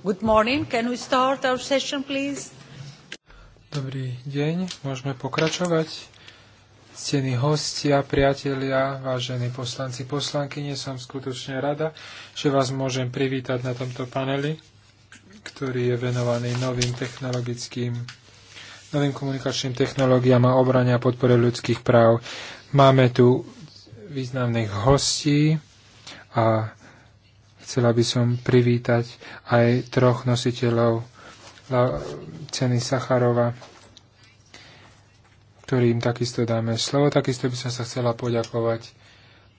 Good morning. Can we start our session, please? Dobrý deň, môžeme pokračovať. Ctení hostia, priatelia, vážení poslanci, poslankyne, som skutočne rada, že vás môžem privítať na tomto paneli, ktorý je venovaný novým technologickým novým komunikačným technológiám a obrania a podpore ľudských práv. Máme tu významných hostí a Chcela by som privítať aj troch nositeľov ceny Sacharova, ktorým takisto dáme slovo. Takisto by som sa chcela poďakovať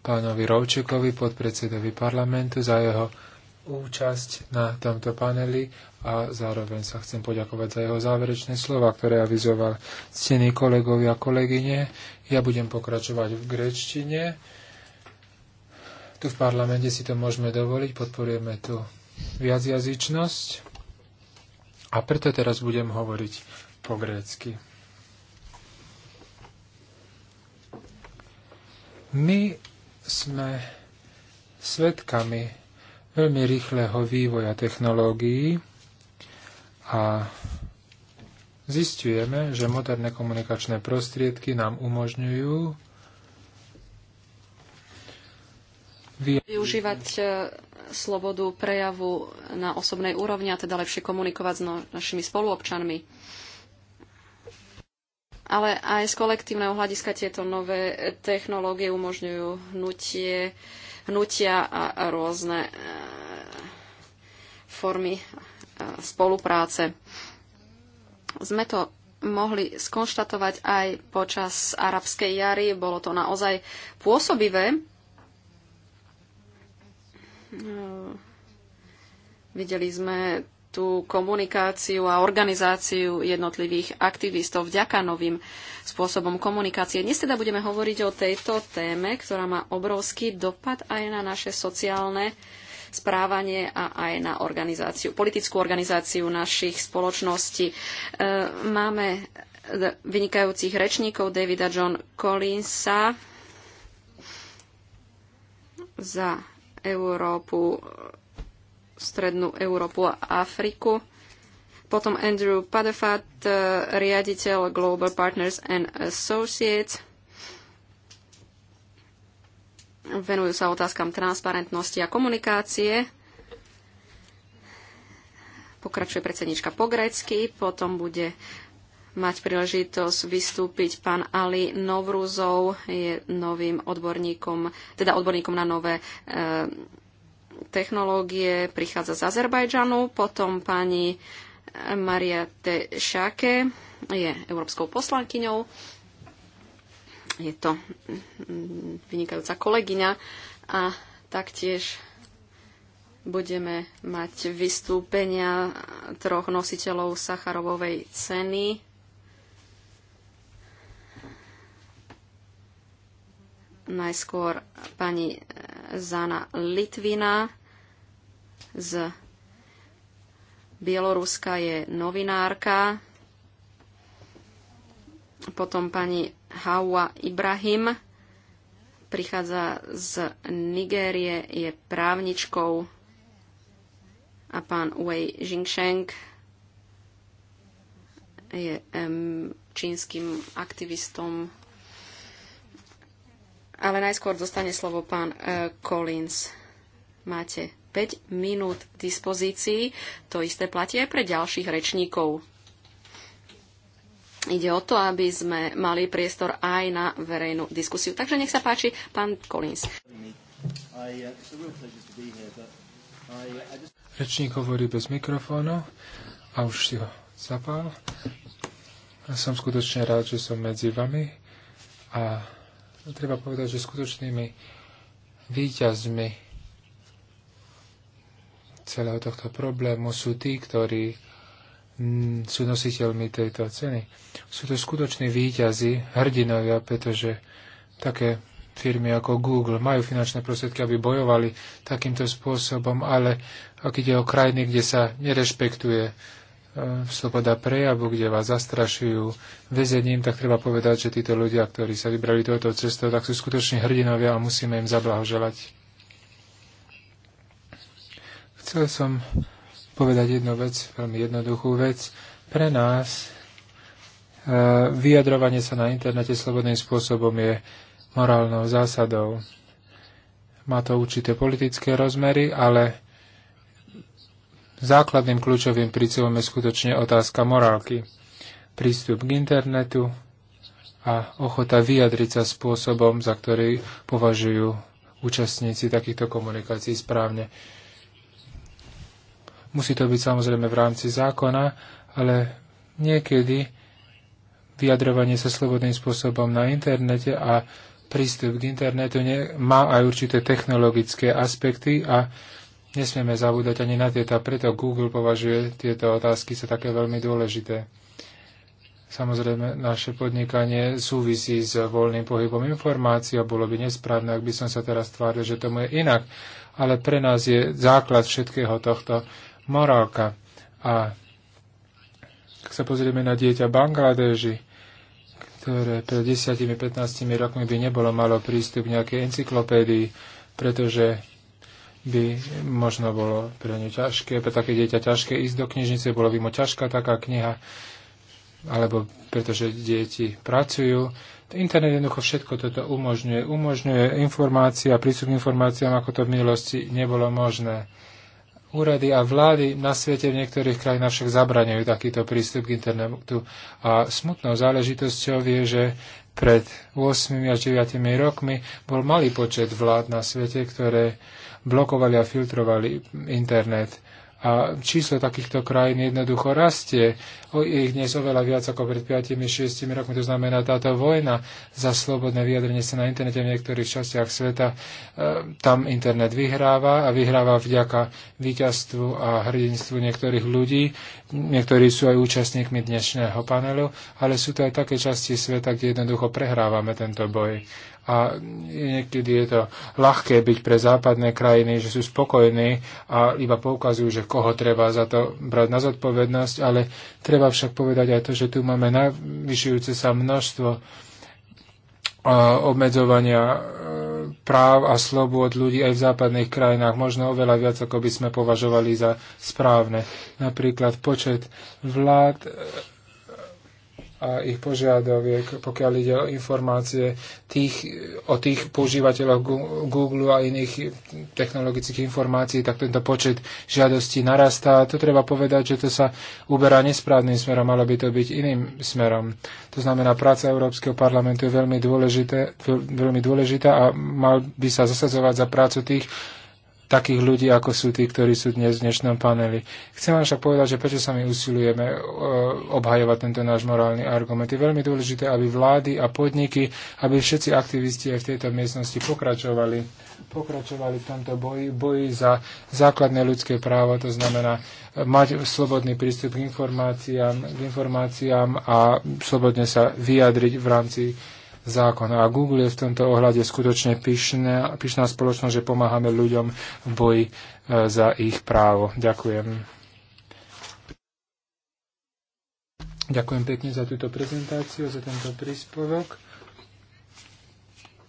pánovi Rovčekovi, podpredsedovi parlamentu, za jeho účasť na tomto paneli a zároveň sa chcem poďakovať za jeho záverečné slova, ktoré avizoval ctení kolegovia a kolegyne. Ja budem pokračovať v grečtine. Tu v parlamente si to môžeme dovoliť, podporujeme tu viacjazyčnosť a preto teraz budem hovoriť po grécky. My sme svetkami veľmi rýchleho vývoja technológií a zistujeme, že moderné komunikačné prostriedky nám umožňujú využívať e, slobodu prejavu na osobnej úrovni a teda lepšie komunikovať s no, našimi spoluobčanmi. Ale aj z kolektívneho hľadiska tieto nové technológie umožňujú hnutie, hnutia a, rôzne e, formy e, spolupráce. Sme to mohli skonštatovať aj počas arabskej jary. Bolo to naozaj pôsobivé No. Videli sme tú komunikáciu a organizáciu jednotlivých aktivistov vďaka novým spôsobom komunikácie. Dnes teda budeme hovoriť o tejto téme, ktorá má obrovský dopad aj na naše sociálne správanie a aj na organizáciu, politickú organizáciu našich spoločností. E, máme vynikajúcich rečníkov Davida John Collinsa za Európu, Strednú Európu a Afriku. Potom Andrew Padefat, e, riaditeľ Global Partners and Associates. Venujú sa otázkam transparentnosti a komunikácie. Pokračuje predsednička po grecky, potom bude mať príležitosť vystúpiť. Pán Ali Novruzov je novým odborníkom, teda odborníkom na nové e, technológie, prichádza z Azerbajdžanu, potom pani eh, Maria Tešake je európskou poslankyňou. Je to mm, vynikajúca kolegyňa a taktiež budeme mať vystúpenia troch nositeľov Sacharovovej ceny Najskôr pani eh, Zana Litvina z Bieloruska je novinárka. Potom pani Hawa Ibrahim prichádza z Nigérie, je právničkou a pán Wei Jingsheng je um, čínskym aktivistom ale najskôr dostane slovo pán e, Collins. Máte 5 minút k dispozícii. To isté platí aj pre ďalších rečníkov. Ide o to, aby sme mali priestor aj na verejnú diskusiu. Takže nech sa páči, pán Collins. Rečník hovorí bez mikrofónu a už si ho zapal. som skutočne rád, že som medzi vami a treba povedať, že skutočnými výťazmi celého tohto problému sú tí, ktorí mm, sú nositeľmi tejto ceny. Sú to skutoční výťazi, hrdinovia, pretože také firmy ako Google majú finančné prostriedky, aby bojovali takýmto spôsobom, ale ak ide o krajiny, kde sa nerešpektuje E, sloboda prejavu, kde vás zastrašujú väzením, tak treba povedať, že títo ľudia, ktorí sa vybrali touto cestou, tak sú skutočne hrdinovia a musíme im zablahoželať. Chcel som povedať jednu vec, veľmi jednoduchú vec. Pre nás e, vyjadrovanie sa na internete slobodným spôsobom je morálnou zásadou. Má to určité politické rozmery, ale základným kľúčovým prícilom je skutočne otázka morálky, prístup k internetu a ochota vyjadriť sa spôsobom, za ktorý považujú účastníci takýchto komunikácií správne. Musí to byť samozrejme v rámci zákona, ale niekedy vyjadrovanie sa slobodným spôsobom na internete a prístup k internetu má aj určité technologické aspekty a Nesmieme zabúdať ani na tieto, a preto Google považuje tieto otázky sa také veľmi dôležité. Samozrejme, naše podnikanie súvisí s voľným pohybom informácií a bolo by nesprávne, ak by som sa teraz tváril, že tomu je inak. Ale pre nás je základ všetkého tohto morálka. A ak sa pozrieme na dieťa Bangladeži, ktoré pred 10-15 rokmi by nebolo malo prístup k nejakej encyklopédii, pretože by možno bolo pre ňu ťažké, pre také dieťa ťažké ísť do knižnice, bolo by mu ťažká taká kniha, alebo pretože deti pracujú. Internet jednoducho všetko toto umožňuje. Umožňuje informácia, prístup k informáciám, ako to v minulosti nebolo možné. Úrady a vlády na svete v niektorých krajinách však zabraňujú takýto prístup k internetu. A smutnou záležitosťou je, že pred 8 až 9 rokmi bol malý počet vlád na svete, ktoré blokovali a filtrovali internet. A číslo takýchto krajín jednoducho rastie. O, je ich dnes oveľa viac ako pred 5-6 rokmi. To znamená, táto vojna za slobodné vyjadrenie sa na internete v niektorých častiach sveta, e, tam internet vyhráva a vyhráva vďaka víťazstvu a hrdinstvu niektorých ľudí. Niektorí sú aj účastníkmi dnešného panelu, ale sú to aj také časti sveta, kde jednoducho prehrávame tento boj a niekedy je to ľahké byť pre západné krajiny, že sú spokojní a iba poukazujú, že koho treba za to brať na zodpovednosť, ale treba však povedať aj to, že tu máme navyšujúce sa množstvo obmedzovania práv a slobôd ľudí aj v západných krajinách, možno oveľa viac, ako by sme považovali za správne. Napríklad počet vlád a ich požiadaviek, pokiaľ ide o informácie tých, o tých používateľoch Google a iných technologických informácií, tak tento počet žiadostí narastá. To treba povedať, že to sa uberá nesprávnym smerom, malo by to byť iným smerom. To znamená, práca Európskeho parlamentu je veľmi, dôležité, veľmi dôležitá a mal by sa zasadzovať za prácu tých, takých ľudí, ako sú tí, ktorí sú dnes v dnešnom paneli. Chcem vám však povedať, že prečo sa my usilujeme e, obhajovať tento náš morálny argument. Je veľmi dôležité, aby vlády a podniky, aby všetci aktivisti aj v tejto miestnosti pokračovali, pokračovali v tomto boji, boji za základné ľudské právo, to znamená e, mať slobodný prístup k informáciám, k informáciám a slobodne sa vyjadriť v rámci zákon. A Google je v tomto ohľade skutočne pyšná, pyšná spoločnosť, že pomáhame ľuďom v boji e, za ich právo. Ďakujem. Ďakujem pekne za túto prezentáciu, za tento príspevok.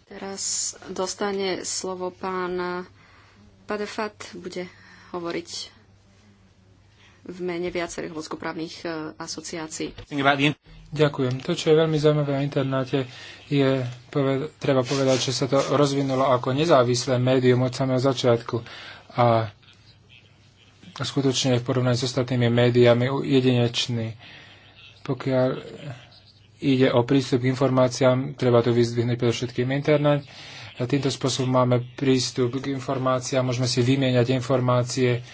Teraz dostane slovo pán Padefat, bude hovoriť v mene viacerých ľudskoprávnych e, asociácií. Ďakujem. To, čo je veľmi zaujímavé na internáte, je, poved- treba povedať, že sa to rozvinulo ako nezávislé médium od samého začiatku. A skutočne je v porovnaní s ostatnými médiami jedinečný. Pokiaľ ide o prístup k informáciám, treba to vyzdvihnúť všetkým internet. A týmto spôsobom máme prístup k informáciám, môžeme si vymieňať informácie,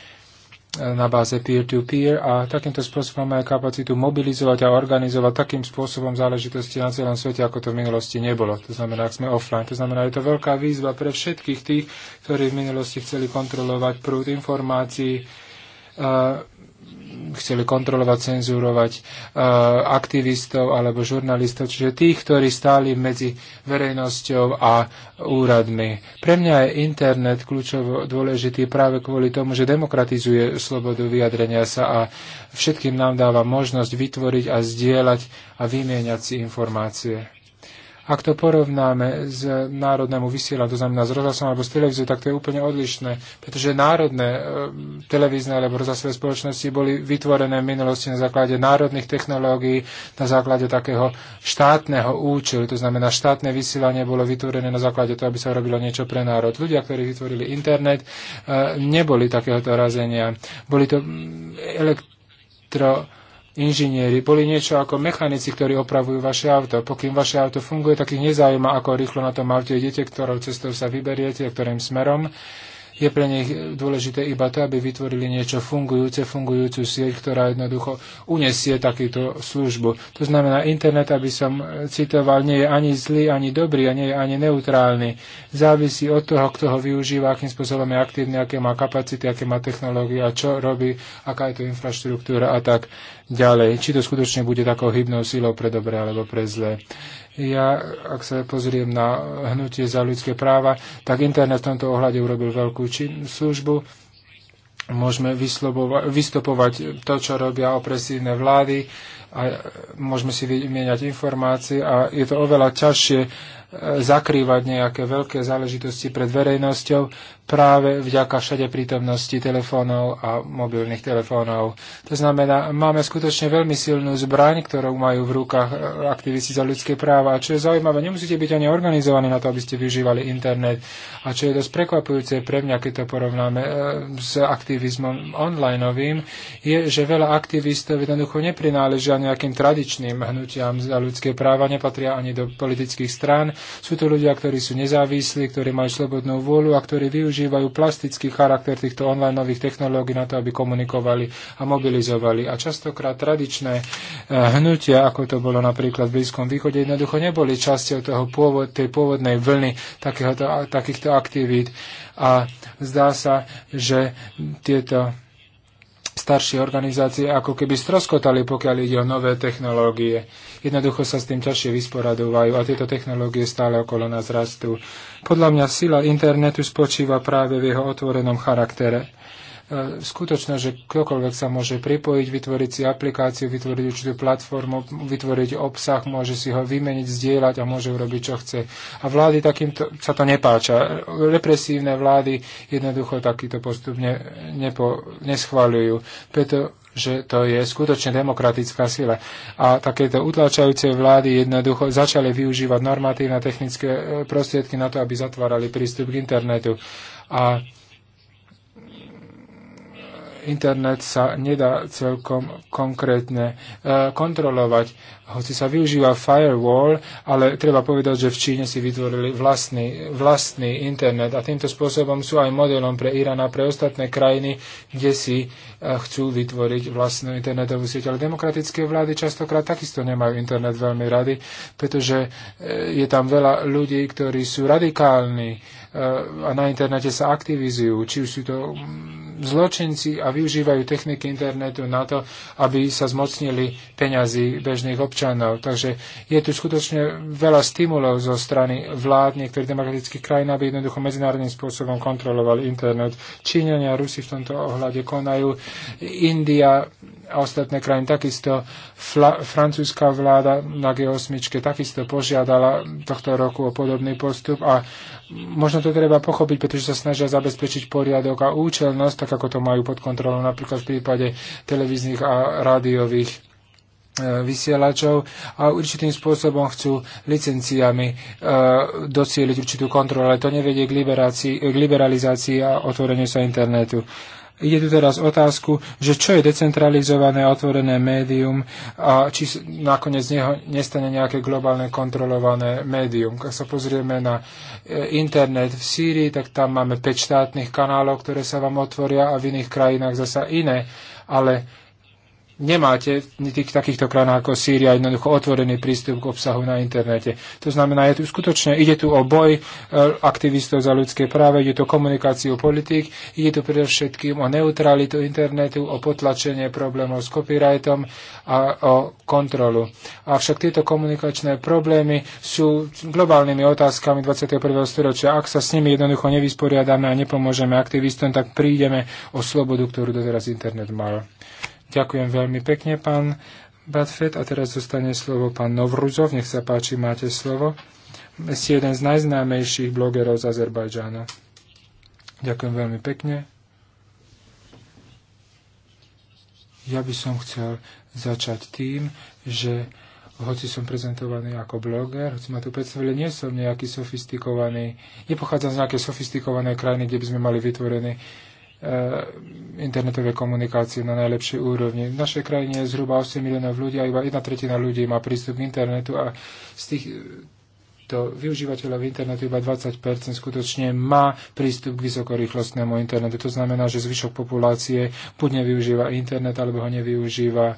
na báze peer-to-peer -peer a takýmto spôsobom majú kapacitu mobilizovať a organizovať takým spôsobom záležitosti na celom svete, ako to v minulosti nebolo. To znamená, ak sme offline. To znamená, je to veľká výzva pre všetkých tých, ktorí v minulosti chceli kontrolovať prúd informácií, chceli kontrolovať, cenzurovať e, aktivistov alebo žurnalistov, čiže tých, ktorí stáli medzi verejnosťou a úradmi. Pre mňa je internet kľúčovo dôležitý práve kvôli tomu, že demokratizuje slobodu vyjadrenia sa a všetkým nám dáva možnosť vytvoriť a zdieľať a vymieňať si informácie. Ak to porovnáme s národnému vysielaním, to znamená s rozhlasom alebo s televíziou, tak to je úplne odlišné, pretože národné e, televízne alebo rozhlasové spoločnosti boli vytvorené v minulosti na základe národných technológií, na základe takého štátneho účelu, to znamená štátne vysielanie bolo vytvorené na základe toho, aby sa robilo niečo pre národ. Ľudia, ktorí vytvorili internet, e, neboli takéhoto razenia. Boli to mm, elektro inžinieri boli niečo ako mechanici, ktorí opravujú vaše auto. Pokým vaše auto funguje, tak ich nezaujíma, ako rýchlo na tom aute idete, ktorou cestou sa vyberiete a ktorým smerom. Je pre nich dôležité iba to, aby vytvorili niečo fungujúce, fungujúcu sieť, ktorá jednoducho unesie takúto službu. To znamená, internet, aby som citoval, nie je ani zlý, ani dobrý a nie je ani neutrálny. Závisí od toho, kto ho využíva, akým spôsobom je aktívny, aké má kapacity, aké má technológie a čo robí, aká je to infraštruktúra a tak ďalej. Či to skutočne bude takou hybnou silou pre dobré alebo pre zlé. Ja, ak sa pozriem na hnutie za ľudské práva, tak internet v tomto ohľade urobil veľkú čin, službu môžeme vystupovať to, čo robia opresívne vlády a môžeme si vymieňať informácie a je to oveľa ťažšie eh, zakrývať nejaké veľké záležitosti pred verejnosťou, práve vďaka všade prítomnosti telefónov a mobilných telefónov. To znamená, máme skutočne veľmi silnú zbraň, ktorú majú v rukách aktivisti za ľudské práva. A čo je zaujímavé, nemusíte byť ani organizovaní na to, aby ste využívali internet. A čo je dosť prekvapujúce pre mňa, keď to porovnáme e, s aktivizmom onlineovým, je, že veľa aktivistov jednoducho neprináležia nejakým tradičným hnutiam za ľudské práva, nepatria ani do politických strán. Sú to ľudia, ktorí sú nezávislí, ktorí majú slobodnú vôľu a ktorí využívajú využívajú plastický charakter týchto online nových technológií na to, aby komunikovali a mobilizovali. A častokrát tradičné eh, hnutia, ako to bolo napríklad v Blízkom východe, jednoducho neboli časťou toho pôvod, tej pôvodnej vlny takéhoto, takýchto aktivít. A zdá sa, že tieto staršie organizácie ako keby stroskotali, pokiaľ ide o nové technológie jednoducho sa s tým ťažšie vysporadovajú a tieto technológie stále okolo nás rastú. Podľa mňa sila internetu spočíva práve v jeho otvorenom charaktere e, skutočno, že ktokoľvek sa môže pripojiť, vytvoriť si aplikáciu, vytvoriť určitú platformu, vytvoriť obsah, môže si ho vymeniť, zdieľať a môže urobiť, čo chce. A vlády takýmto sa to nepáča. Represívne vlády jednoducho takýto postupne nepo, neschvaľujú. Preto že to je skutočne demokratická sila. A takéto utlačajúce vlády jednoducho začali využívať normatívne technické e, prostriedky na to, aby zatvárali prístup k internetu. A internet sa nedá celkom konkrétne e, kontrolovať. Hoci sa využíva firewall, ale treba povedať, že v Číne si vytvorili vlastný, vlastný internet a týmto spôsobom sú aj modelom pre Irán a pre ostatné krajiny, kde si e, chcú vytvoriť vlastnú internetovú sieť. Ale demokratické vlády častokrát takisto nemajú internet veľmi rady, pretože e, je tam veľa ľudí, ktorí sú radikálni a na internete sa aktivizujú, či už sú to mm, zločinci a využívajú techniky internetu na to, aby sa zmocnili peňazí bežných občanov. Takže je tu skutočne veľa stimulov zo strany vlád niektorých demokratických krajín, aby jednoducho medzinárodným spôsobom kontrolovali internet. Číňania a Rusi v tomto ohľade konajú. India a ostatné krajiny takisto. Fla- francúzska vláda na G8 takisto požiadala tohto roku o podobný postup a možno to treba pochopiť, pretože sa snažia zabezpečiť poriadok a účelnosť, tak tak ako to majú pod kontrolou napríklad v prípade televíznych a rádiových e, vysielačov a určitým spôsobom chcú licenciami e, docieliť určitú kontrolu, ale to nevedie k, k liberalizácii a otvoreniu sa internetu ide tu teraz otázku, že čo je decentralizované a otvorené médium a či nakoniec z neho nestane nejaké globálne kontrolované médium. Keď sa pozrieme na e, internet v Sýrii, tak tam máme 5 štátnych kanálov, ktoré sa vám otvoria a v iných krajinách zasa iné. Ale nemáte v tých, takýchto krajinách ako Sýria jednoducho otvorený prístup k obsahu na internete. To znamená, je tu skutočne, ide tu o boj e, aktivistov za ľudské práve, ide tu o komunikáciu politik, ide tu predovšetkým o neutralitu internetu, o potlačenie problémov s copyrightom a o kontrolu. Avšak tieto komunikačné problémy sú globálnymi otázkami 21. storočia. Ak sa s nimi jednoducho nevysporiadame a nepomôžeme aktivistom, tak prídeme o slobodu, ktorú doteraz internet mal. Ďakujem veľmi pekne, pán Batfet. A teraz zostane slovo pán Novruzov. Nech sa páči, máte slovo. Si jeden z najznámejších blogerov z Azerbajdžána. Ďakujem veľmi pekne. Ja by som chcel začať tým, že hoci som prezentovaný ako bloger, hoci ma tu predstavili, nie som nejaký sofistikovaný, nepochádzam z nejaké sofistikované krajiny, kde by sme mali vytvorený Eh, internetové komunikácie na najlepšej úrovni. V našej krajine je zhruba 8 miliónov ľudí a iba jedna tretina ľudí má prístup k internetu a z tých týchto využívateľov internetu iba 20% skutočne má prístup k vysokorýchlostnému internetu. To znamená, že zvyšok populácie buď nevyužíva internet, alebo ho nevyužíva e,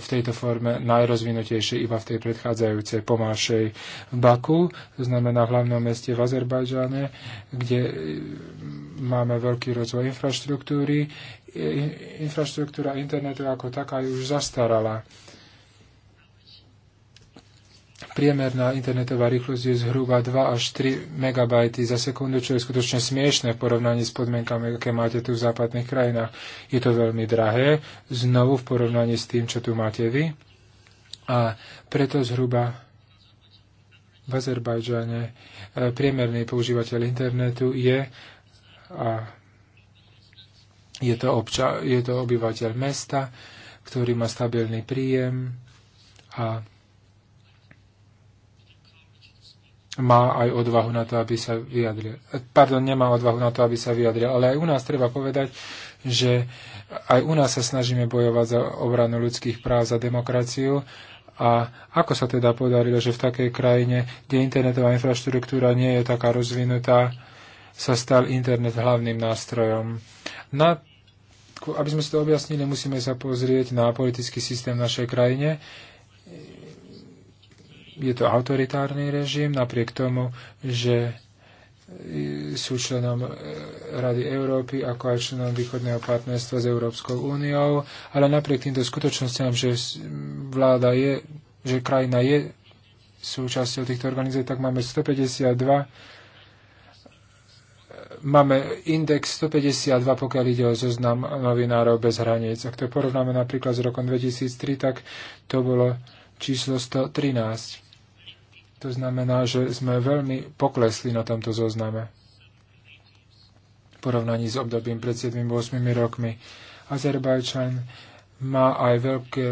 v tejto forme najrozvinutejšie iba v tej predchádzajúcej pomalšej v Baku, to znamená v hlavnom meste v Azerbajdžane, kde e, máme veľký rozvoj infraštruktúry. Infraštruktúra internetu ako taká je už zastarala Priemerná internetová rýchlosť je zhruba 2 až 3 MB za sekundu, čo je skutočne smiešne v porovnaní s podmienkami, aké máte tu v západných krajinách. Je to veľmi drahé, znovu v porovnaní s tým, čo tu máte vy. A preto zhruba v Azerbajdžane e, priemerný používateľ internetu je a je to, obča- je to obyvateľ mesta, ktorý má stabilný príjem a má aj odvahu na to, aby sa vyjadril. Pardon, nemá odvahu na to, aby sa vyjadril, ale aj u nás treba povedať, že aj u nás sa snažíme bojovať za obranu ľudských práv, za demokraciu. A ako sa teda podarilo, že v takej krajine, kde internetová infraštruktúra nie je taká rozvinutá, sa stal internet hlavným nástrojom. Na, aby sme si to objasnili, musíme sa pozrieť na politický systém v našej krajine, je to autoritárny režim, napriek tomu, že sú členom e, Rady Európy, ako aj členom východného partnerstva s Európskou úniou, ale napriek týmto skutočnostiam, že vláda je, že krajina je súčasťou týchto organizácií, tak máme 152 máme index 152, pokiaľ ide o zoznam novinárov bez hraníc. Ak to porovnáme napríklad s rokom 2003, tak to bolo číslo 113. To znamená, že sme veľmi poklesli na tomto zozname v porovnaní s obdobím pred 7-8 rokmi. Azerbajčan má aj veľké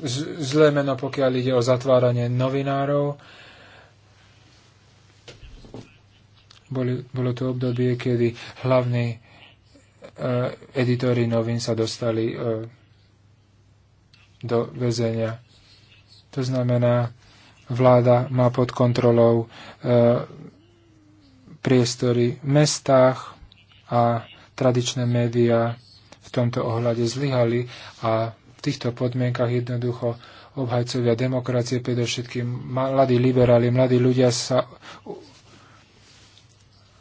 e, zlé meno, pokiaľ ide o zatváranie novinárov. Boli, bolo to obdobie, kedy hlavní e, editori novín sa dostali e, do väzenia. To znamená, vláda má pod kontrolou e, priestory v mestách a tradičné médiá v tomto ohľade zlyhali a v týchto podmienkach jednoducho obhajcovia demokracie, predovšetkým mladí liberáli, mladí ľudia sa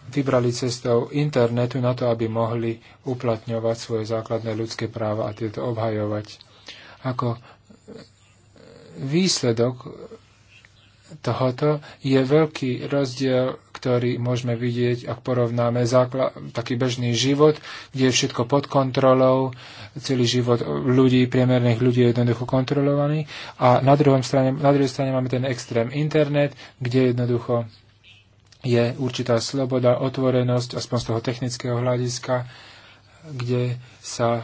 vybrali cestou internetu na to, aby mohli uplatňovať svoje základné ľudské práva a tieto obhajovať. Ako výsledok tohoto je veľký rozdiel, ktorý môžeme vidieť, ak porovnáme základ, taký bežný život, kde je všetko pod kontrolou, celý život ľudí, priemerných ľudí je jednoducho kontrolovaný. A na, druhom strane, na druhej strane máme ten extrém internet, kde jednoducho je určitá sloboda, otvorenosť, aspoň z toho technického hľadiska, kde sa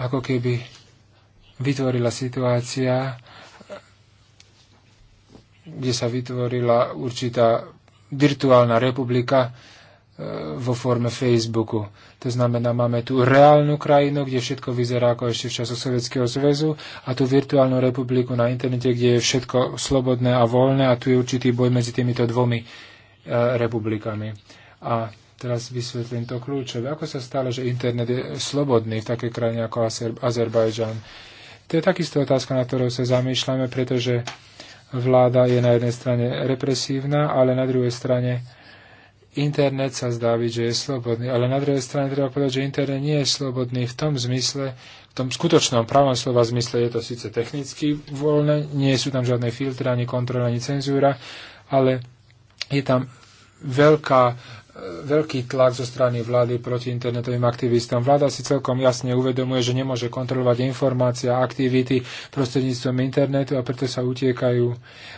ako keby vytvorila situácia, kde sa vytvorila určitá virtuálna republika e, vo forme Facebooku. To znamená, máme tu reálnu krajinu, kde všetko vyzerá ako ešte v času Sovjetského zväzu a tú virtuálnu republiku na internete, kde je všetko slobodné a voľné a tu je určitý boj medzi týmito dvomi e, republikami. A teraz vysvetlím to kľúčové. Ako sa stalo, že internet je slobodný v takej krajine ako Azer- Azerbajdžan? To je takisto otázka, na ktorou sa zamýšľame, pretože vláda je na jednej strane represívna, ale na druhej strane internet sa zdá byť, že je slobodný. Ale na druhej strane treba povedať, že internet nie je slobodný v tom zmysle, v tom skutočnom pravom slova zmysle je to síce technicky voľné, nie sú tam žiadne filtre, ani kontrola, ani cenzúra, ale je tam veľká veľký tlak zo strany vlády proti internetovým aktivistom. Vláda si celkom jasne uvedomuje, že nemôže kontrolovať informácia a aktivity prostredníctvom internetu a preto sa utiekajú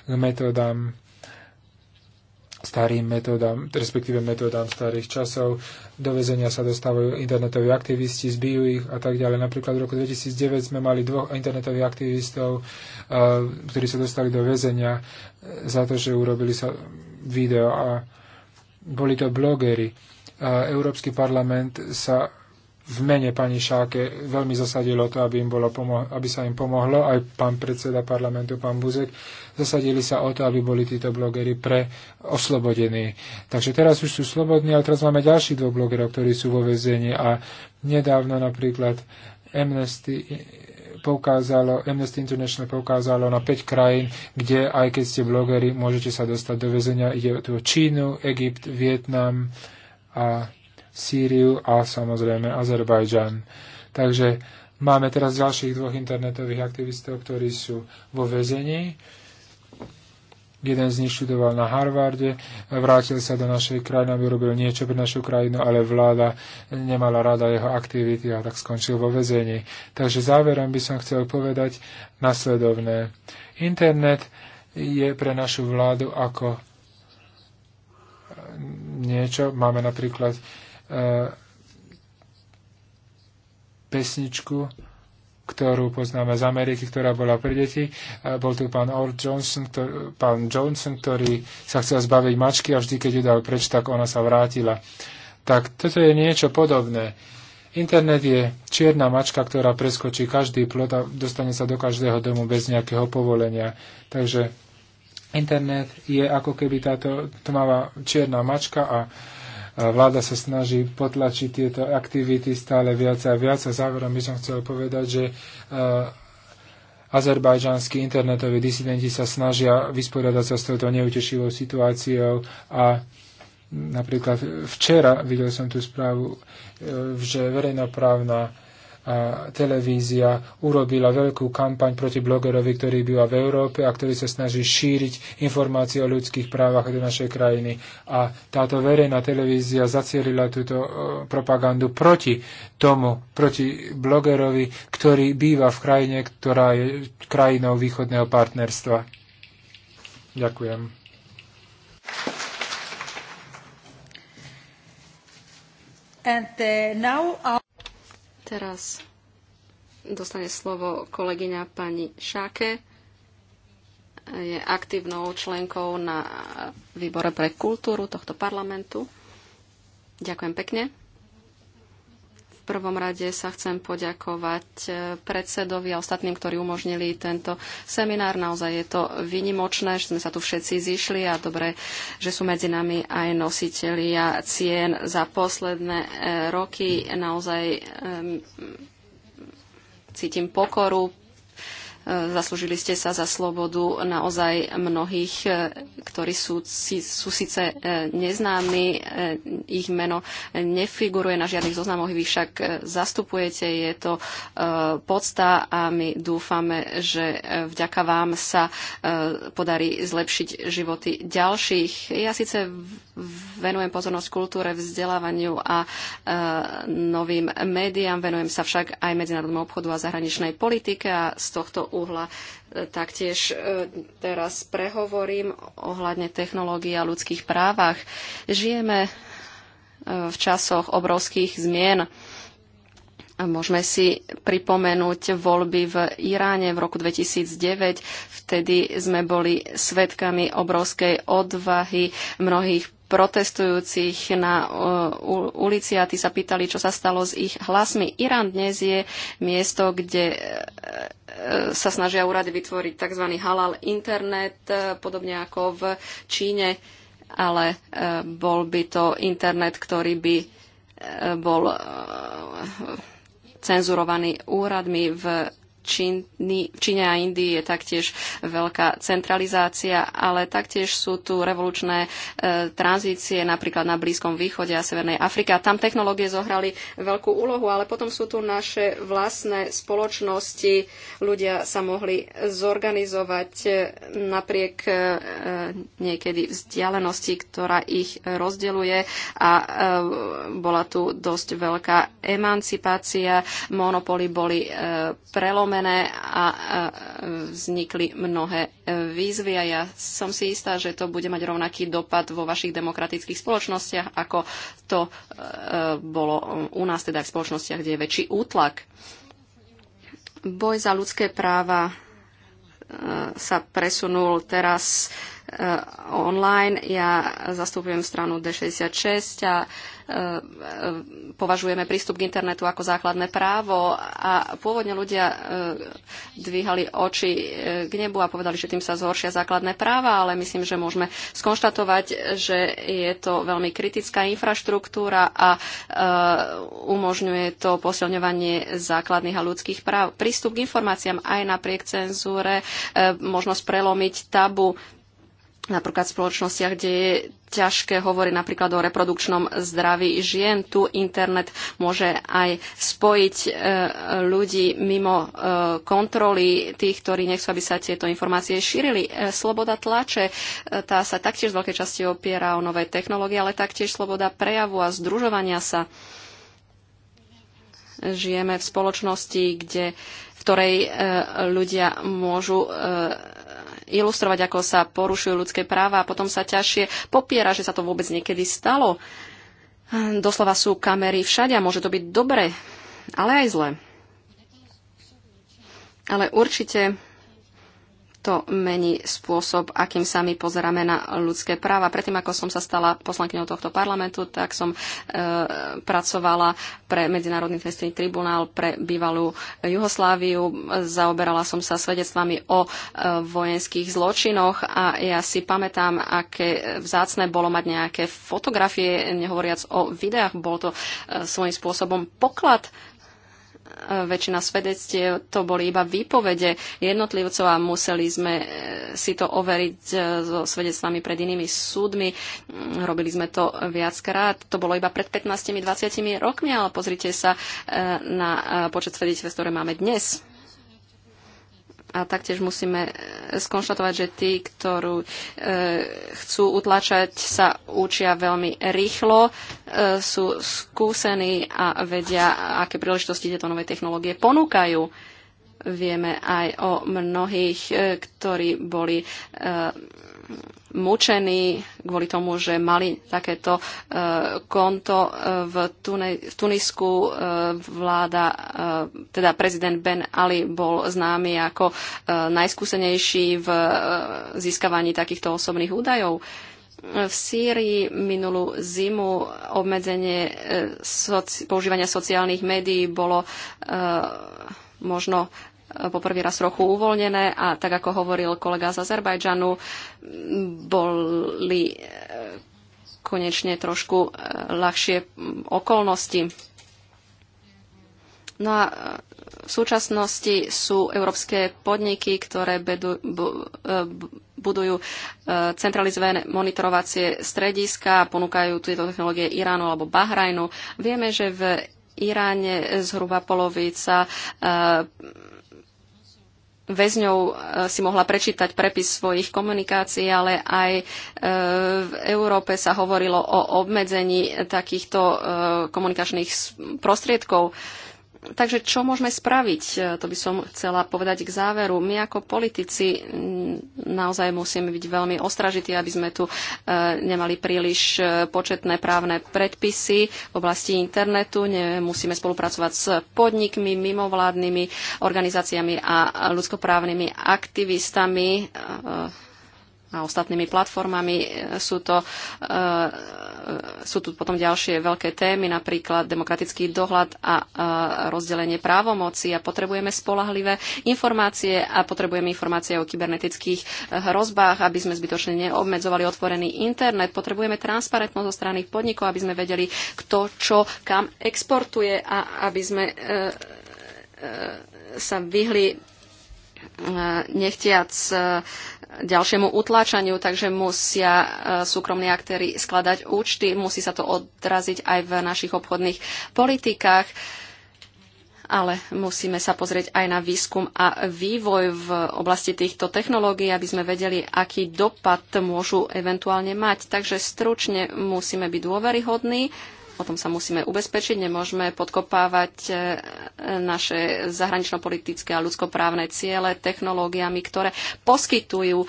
k metodám starým metodám, respektíve metodám starých časov. Do väzenia sa dostávajú internetoví aktivisti, zbijú ich a tak ďalej. Napríklad v roku 2009 sme mali dvoch internetových aktivistov, ktorí sa dostali do väzenia za to, že urobili sa video a boli to blogery. A Európsky parlament sa v mene pani Šáke veľmi zasadilo to, aby, im bolo pomo- aby sa im pomohlo, aj pán predseda parlamentu, pán Buzek, zasadili sa o to, aby boli títo blogery pre oslobodení. Takže teraz už sú slobodní, ale teraz máme ďalších dvoch blogerov, ktorí sú vo väzení a nedávno napríklad Amnesty poukázalo, Amnesty International poukázalo na 5 krajín, kde aj keď ste blogeri, môžete sa dostať do väzenia. Ide tu o Čínu, Egypt, Vietnam a Sýriu a samozrejme Azerbajdžan. Takže máme teraz ďalších dvoch internetových aktivistov, ktorí sú vo väzení Jeden z nich študoval na Harvarde, vrátil sa do našej krajiny, aby robil niečo pre našu krajinu, ale vláda nemala rada jeho aktivity a tak skončil vo väzení. Takže záverom by som chcel povedať nasledovné. Internet je pre našu vládu ako e, niečo. Máme napríklad e, pesničku, ktorú poznáme z Ameriky, ktorá bola pre deti. E, bol tu pán Or Johnson, ktorý, pán Johnson, ktorý sa chcel zbaviť mačky a vždy, keď ju dal preč, tak ona sa vrátila. Tak toto je niečo podobné. Internet je čierna mačka, ktorá preskočí každý plot a dostane sa do každého domu bez nejakého povolenia. Takže internet je ako keby táto tmavá čierna mačka a Vláda sa snaží potlačiť tieto aktivity stále viac a viac. A záverom by som chcel povedať, že eh, azerbajžanskí internetoví disidenti sa snažia vysporiadať sa s touto neutešivou situáciou a napríklad včera videl som tú správu, eh, že verejnoprávna televízia urobila veľkú kampaň proti blogerovi, ktorý býva v Európe a ktorý sa snaží šíriť informácie o ľudských právach do našej krajiny. A táto verejná televízia zacielila túto e, propagandu proti tomu, proti blogerovi, ktorý býva v krajine, ktorá je krajinou východného partnerstva. Ďakujem. And, uh, now... Teraz dostane slovo kolegyňa pani Šáke. Je aktívnou členkou na výbore pre kultúru tohto parlamentu. Ďakujem pekne prvom rade sa chcem poďakovať eh, predsedovi a ostatným, ktorí umožnili tento seminár. Naozaj je to vynimočné, že sme sa tu všetci zišli a dobre, že sú medzi nami aj nositelia cien za posledné eh, roky. Naozaj cítim pokoru Zaslúžili ste sa za slobodu naozaj mnohých, e, ktorí sú, sú síce e, neznámi, e, ich meno nefiguruje na žiadnych zoznamoch, vy však zastupujete, je to podsta a my dúfame, že vďaka vám sa podarí zlepšiť životy ďalších. Ja síce venujem pozornosť kultúre, vzdelávaniu a novým médiám, venujem sa však aj medzinárodnému obchodu a zahraničnej politike a z tohto uhla. Taktiež e, teraz prehovorím ohľadne technológií a ľudských právach. Žijeme e, v časoch obrovských zmien. Môžeme si pripomenúť voľby v Iráne v roku 2009. Vtedy sme boli svedkami obrovskej odvahy mnohých protestujúcich na ulici a tí sa pýtali, čo sa stalo s ich hlasmi. Irán dnes je miesto, kde e, e, sa snažia úrady vytvoriť tzv. halal internet, e, podobne ako v Číne, ale bol by to internet, ktorý by bol cenzurovaný úradmi v Číny, v Číne a Indii je taktiež veľká centralizácia, ale taktiež sú tu revolučné e, tranzície napríklad na Blízkom východe a Severnej Afrike. tam technológie zohrali veľkú úlohu, ale potom sú tu naše vlastné spoločnosti. Ľudia sa mohli zorganizovať e, napriek e, e, niekedy vzdialenosti, ktorá ich rozdeluje a e, bola tu dosť veľká emancipácia. Monopoly boli e, prelom prelomené a vznikli mnohé e, výzvy a ja som si istá, že to bude mať rovnaký dopad vo vašich demokratických spoločnostiach, ako to e, bolo u nás, teda v spoločnostiach, kde je väčší útlak. Boj za ľudské práva e, sa presunul teraz online. Ja zastupujem stranu D66 a E, e, považujeme prístup k internetu ako základné právo a pôvodne ľudia e, dvíhali oči k nebu a povedali, že tým sa zhoršia základné práva, ale myslím, že môžeme skonštatovať, že je to veľmi kritická infraštruktúra a umožňuje to posilňovanie základných a ľudských práv. Prístup k informáciám aj napriek cenzúre, možnosť prelomiť tabu napríklad v spoločnostiach, kde je ťažké hovoriť napríklad o reprodukčnom zdraví žien. Tu internet môže aj spojiť e, ľudí mimo e, kontroly tých, ktorí nechcú, aby sa tieto informácie šírili. E, sloboda tlače, e, tá sa taktiež z veľkej časti opiera o nové technológie, ale taktiež sloboda prejavu a združovania sa. Žijeme v spoločnosti, kde v ktorej e, ľudia môžu e, ilustrovať, ako sa porušujú ľudské práva a potom sa ťažšie popiera, že sa to vôbec niekedy stalo. Doslova sú kamery všade a môže to byť dobre, ale aj zle. Ale určite to mení spôsob, akým sa my pozeráme na ľudské práva. Predtým, ako som sa stala poslankyňou tohto parlamentu, tak som e, pracovala pre Medzinárodný trestný tribunál pre bývalú Jugosláviu. Zaoberala som sa svedectvami o e, vojenských zločinoch a ja si pamätám, aké vzácne bolo mať nejaké fotografie, nehovoriac o videách. Bol to e, svojím spôsobom poklad E, väčšina svedectiev to boli iba výpovede jednotlivcov a museli sme e, si to overiť e, so svedectvami pred inými súdmi. Mm, robili sme to viackrát. To bolo iba pred 15-20 rokmi, ale pozrite sa na počet svedectiev, ktoré máme dnes. A taktiež musíme e, skonštatovať, že tí, ktorú e, chcú utlačať, sa učia veľmi rýchlo, e, sú skúsení a vedia, aké príležitosti tieto nové technológie ponúkajú. Vieme aj o mnohých, e, ktorí boli e, mučení kvôli tomu, že mali takéto e, konto e, v, Tune- v Tunisku. E, vláda, teda prezident Ben Ali bol známy ako najskúsenejší v získavaní takýchto osobných údajov. V Sýrii minulú zimu obmedzenie soci- používania sociálnych médií bolo možno poprvý raz trochu uvoľnené a tak ako hovoril kolega z Azerbajdžanu, boli eh, konečne trošku eh, ľahšie mm, okolnosti. No a eh, v súčasnosti sú európske podniky, ktoré bedu, bu, budujú centralizované monitorovacie strediska a ponúkajú tieto technológie Iránu alebo Bahrajnu. Vieme, že v Iráne zhruba polovica uh, väzňov e, si mohla prečítať prepis svojich komunikácií, ale aj e, v Európe sa hovorilo o obmedzení takýchto e, komunikačných prostriedkov takže čo môžeme spraviť? E, to by som chcela povedať k záveru. My ako politici naozaj musíme byť veľmi ostražití, aby sme tu e, nemali príliš e, početné právne predpisy v oblasti internetu. Musíme spolupracovať s podnikmi, mimovládnymi organizáciami a ľudskoprávnymi aktivistami a ostatnými platformami. E, sú, to, e, sú tu potom ďalšie veľké témy, napríklad demokratický dohľad a e, rozdelenie právomoci a potrebujeme spolahlivé informácie a potrebujeme informácie o kybernetických e, hrozbách, aby sme zbytočne neobmedzovali otvorený internet. Potrebujeme transparentnosť zo strany podnikov, aby sme vedeli, kto čo kam exportuje a aby sme e, e, sa vyhli e, nechtiac ďalšiemu utláčaniu, takže musia e, súkromní aktéry skladať účty, musí sa to odraziť aj v našich obchodných politikách ale musíme sa pozrieť aj na výskum a vývoj v oblasti týchto technológií, aby sme vedeli, aký dopad môžu eventuálne mať. Takže stručne musíme byť dôveryhodní, O tom sa musíme ubezpečiť. Nemôžeme podkopávať e, naše zahranično-politické a ľudskoprávne ciele technológiami, ktoré poskytujú e,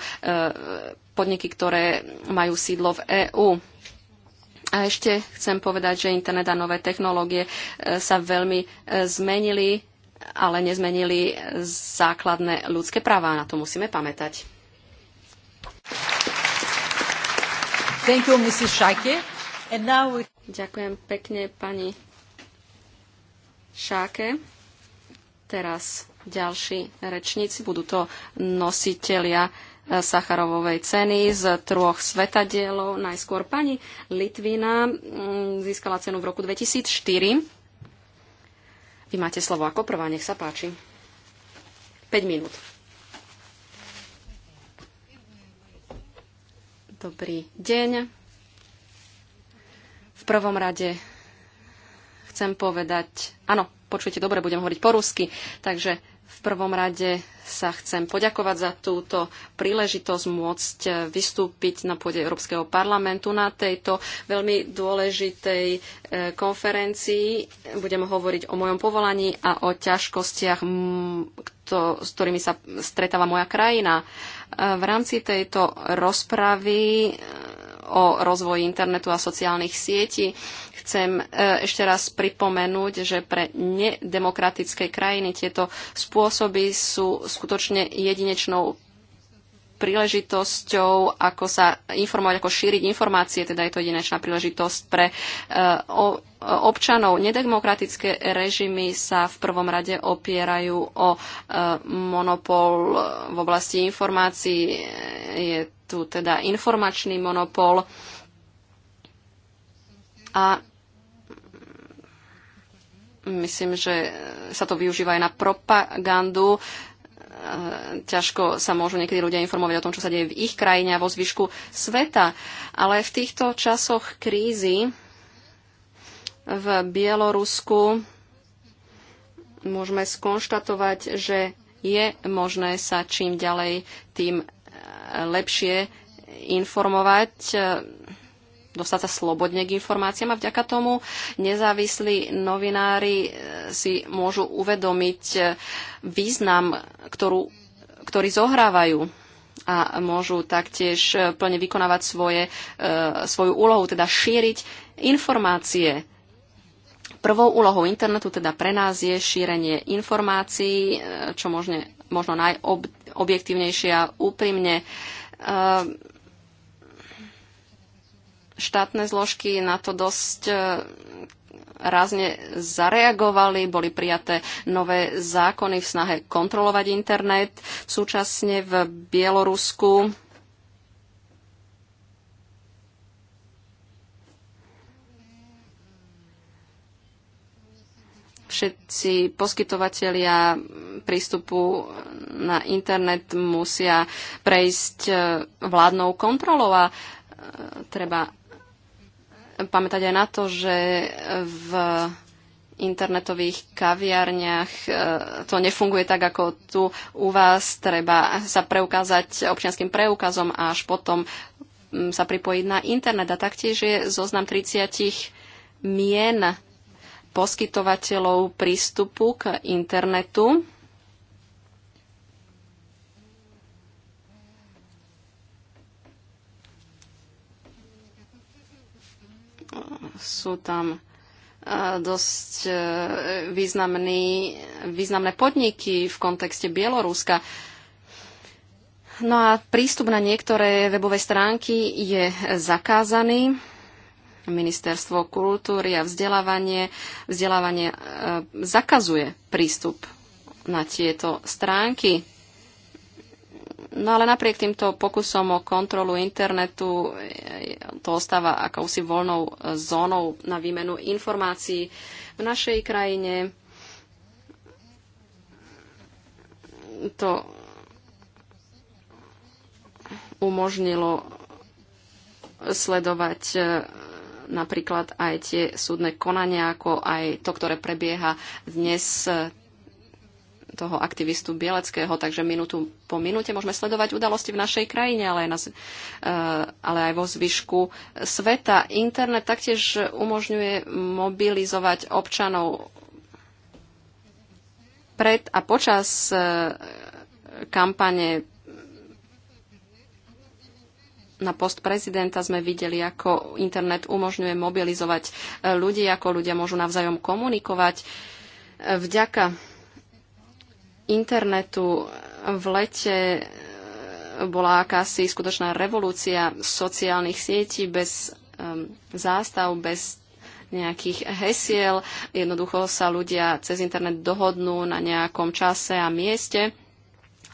podniky, ktoré majú sídlo v EÚ. A ešte chcem povedať, že internet a nové technológie e, sa veľmi zmenili, ale nezmenili základné ľudské práva. Na to musíme pamätať. Thank you, Mrs. Shaki. And now we... Ďakujem pekne pani Šáke. Teraz ďalší rečníci budú to nositelia eh, Sacharovovej ceny z troch svetadielov. Najskôr pani Litvina mm, získala cenu v roku 2004. Vy máte slovo ako prvá, nech sa páči. 5 minút. Dobrý deň. V prvom rade chcem povedať, áno, počujete dobre, budem hovoriť po rusky, takže v prvom rade sa chcem poďakovať za túto príležitosť môcť vystúpiť na pôde Európskeho parlamentu na tejto veľmi dôležitej e, konferencii. Budem hovoriť o mojom povolaní a o ťažkostiach, to, s ktorými sa stretáva moja krajina. E, v rámci tejto rozpravy e, o rozvoji internetu a sociálnych sietí. Chcem e, ešte raz pripomenúť, že pre nedemokratické krajiny tieto spôsoby sú skutočne jedinečnou príležitosťou, ako sa informovať, ako šíriť informácie, teda je to jedinečná príležitosť pre e, občanov. Nedemokratické režimy sa v prvom rade opierajú o e, monopol v oblasti informácií. Je tu teda informačný monopol a myslím, že sa to využíva aj na propagandu. E, ťažko sa môžu niekedy ľudia informovať o tom, čo sa deje v ich krajine a vo zvyšku sveta. Ale v týchto časoch krízy v Bielorusku môžeme skonštatovať, že je možné sa čím ďalej tým lepšie informovať, e, dostať sa slobodne k informáciám a vďaka tomu nezávislí novinári e, si môžu uvedomiť e, význam, ktorú, ktorý zohrávajú a môžu taktiež plne vykonávať svoje, svoju úlohu, teda šíriť informácie. Prvou úlohou internetu teda pre nás je šírenie informácií, čo možne, možno najob, objektívnejšie a úprimne. Ehm, štátne zložky na to dosť e, rázne zareagovali, boli prijaté nové zákony v snahe kontrolovať internet. Súčasne v Bielorusku Všetci poskytovatelia prístupu na internet musia prejsť e, vládnou kontrolou a e, treba pamätať aj na to, že v internetových kaviarniach e, to nefunguje tak, ako tu u vás. Treba sa preukázať občianským preukazom a až potom sa pripojiť na internet. A taktiež je zoznam 30 mien poskytovateľov prístupu k internetu. Sú tam dosť e, významný, významné podniky v kontexte Bieloruska. No a prístup na niektoré webové stránky je zakázaný. Ministerstvo kultúry a vzdelávanie, vzdelávanie e, zakazuje prístup na tieto stránky. No ale napriek týmto pokusom o kontrolu internetu e, to ostáva akousi voľnou e, zónou na výmenu informácií v našej krajine. To umožnilo sledovať e, napríklad aj tie súdne konania, ako aj to, ktoré prebieha dnes toho aktivistu Bieleckého, takže minútu po minúte môžeme sledovať udalosti v našej krajine, ale aj, na, eh, ale aj vo zvyšku sveta. Internet taktiež umožňuje mobilizovať občanov pred a počas eh, kampane na post prezidenta sme videli, ako internet umožňuje mobilizovať e, ľudí, ako ľudia môžu navzájom komunikovať. E, vďaka internetu e, v lete bola akási skutočná revolúcia sociálnych sietí bez um, zástav, bez nejakých hesiel. Jednoducho sa ľudia cez internet dohodnú na nejakom čase a mieste,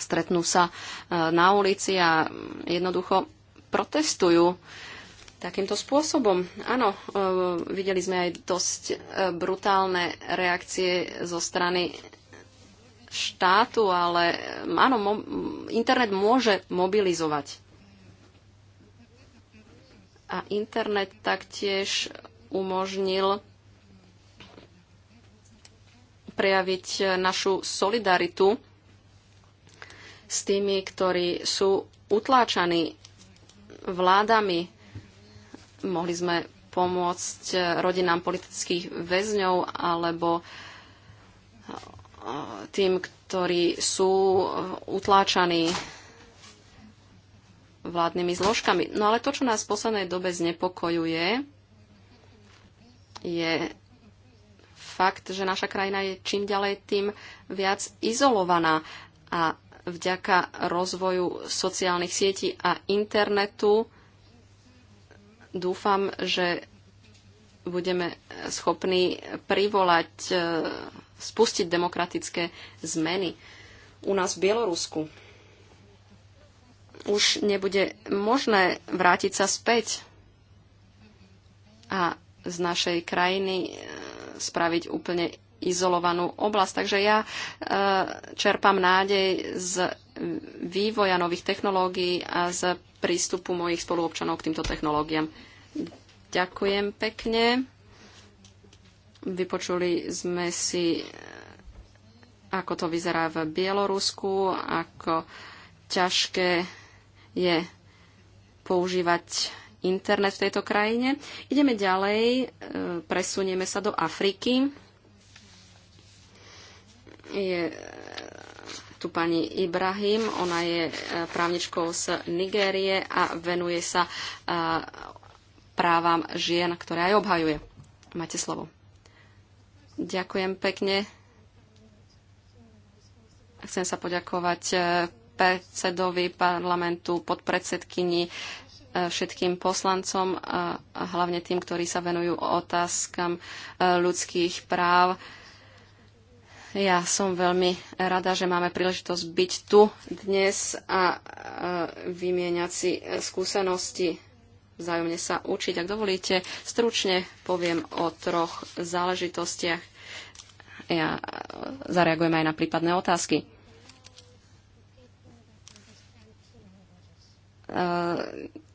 stretnú sa uh, na ulici a jednoducho protestujú takýmto spôsobom. Áno, e, videli sme aj dosť e, brutálne reakcie zo strany štátu, ale e, áno, mo- internet môže mobilizovať. A internet taktiež umožnil prejaviť našu solidaritu s tými, ktorí sú utláčaní vládami. Mohli sme pomôcť eh, rodinám politických väzňov alebo eh, tým, ktorí sú eh, utláčaní vládnymi zložkami. No ale to, čo nás v poslednej dobe znepokojuje, je fakt, že naša krajina je čím ďalej tým viac izolovaná a vďaka rozvoju sociálnych sietí a internetu dúfam, že budeme schopní privolať, e, spustiť demokratické zmeny u nás v Bielorusku. Už nebude možné vrátiť sa späť a z našej krajiny e, spraviť úplne izolovanú oblasť. Takže ja e, čerpám nádej z vývoja nových technológií a z prístupu mojich spoluobčanov k týmto technológiám. Ďakujem pekne. Vypočuli sme si, e, ako to vyzerá v Bielorusku, ako ťažké je používať internet v tejto krajine. Ideme ďalej, e, presunieme sa do Afriky. Je e, tu pani Ibrahim, ona je e, právničkou z Nigérie a venuje sa e, právam žien, ktoré aj obhajuje. Máte slovo. Ďakujem pekne. Chcem sa poďakovať predsedovi parlamentu, podpredsedkyni, všetkým poslancom a hlavne tým, ktorí sa venujú otázkam ľudských práv ja som veľmi rada, že máme príležitosť byť tu dnes a e, vymieňať si e, skúsenosti, vzájomne sa učiť. Ak dovolíte, stručne poviem o troch záležitostiach. Ja e, zareagujem aj na prípadné otázky.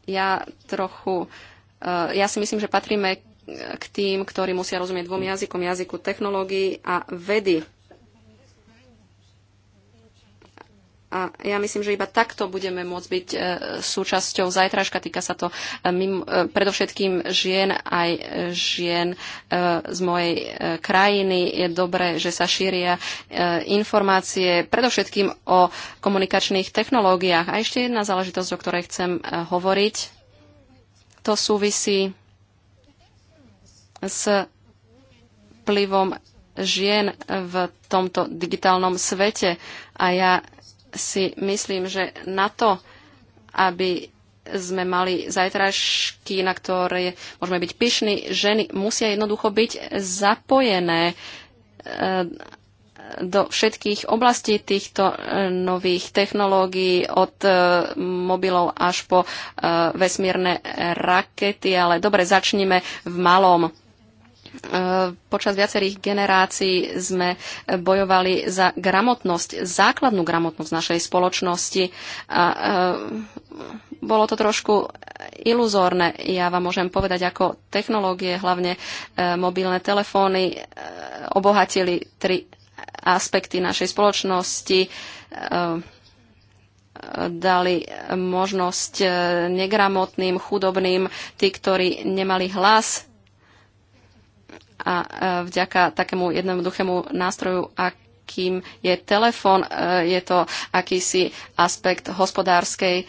Ja trochu, ja si myslím, že patríme k tým, ktorí musia rozumieť dvom jazykom, jazyku technológií a vedy A ja myslím, že iba takto budeme môcť byť e, súčasťou zajtražka. Týka sa to e, mimo, e, predovšetkým žien, aj žien z mojej krajiny. Je dobré, že sa šíria informácie predovšetkým o komunikačných technológiách. A ešte jedna záležitosť, o ktorej chcem hovoriť. To súvisí s vplyvom žien v tomto digitálnom svete. A ja si myslím, že na to, aby sme mali zajtražky, na ktoré môžeme byť pyšní, ženy musia jednoducho byť zapojené eh, do všetkých oblastí týchto eh, nových technológií, od eh, mobilov až po vesmírne rakety, ale dobre, začnime v malom E, počas viacerých generácií sme bojovali za gramotnosť, základnú gramotnosť našej spoločnosti. A, e, bolo to trošku iluzórne. Ja vám môžem povedať, ako technológie, hlavne e, mobilné telefóny, obohatili tri aspekty našej spoločnosti dali možnosť negramotným, chudobným, tí, ktorí nemali hlas, a e, vďaka takému jednoduchému nástroju, akým je telefón, e, je to akýsi aspekt hospodárskej e,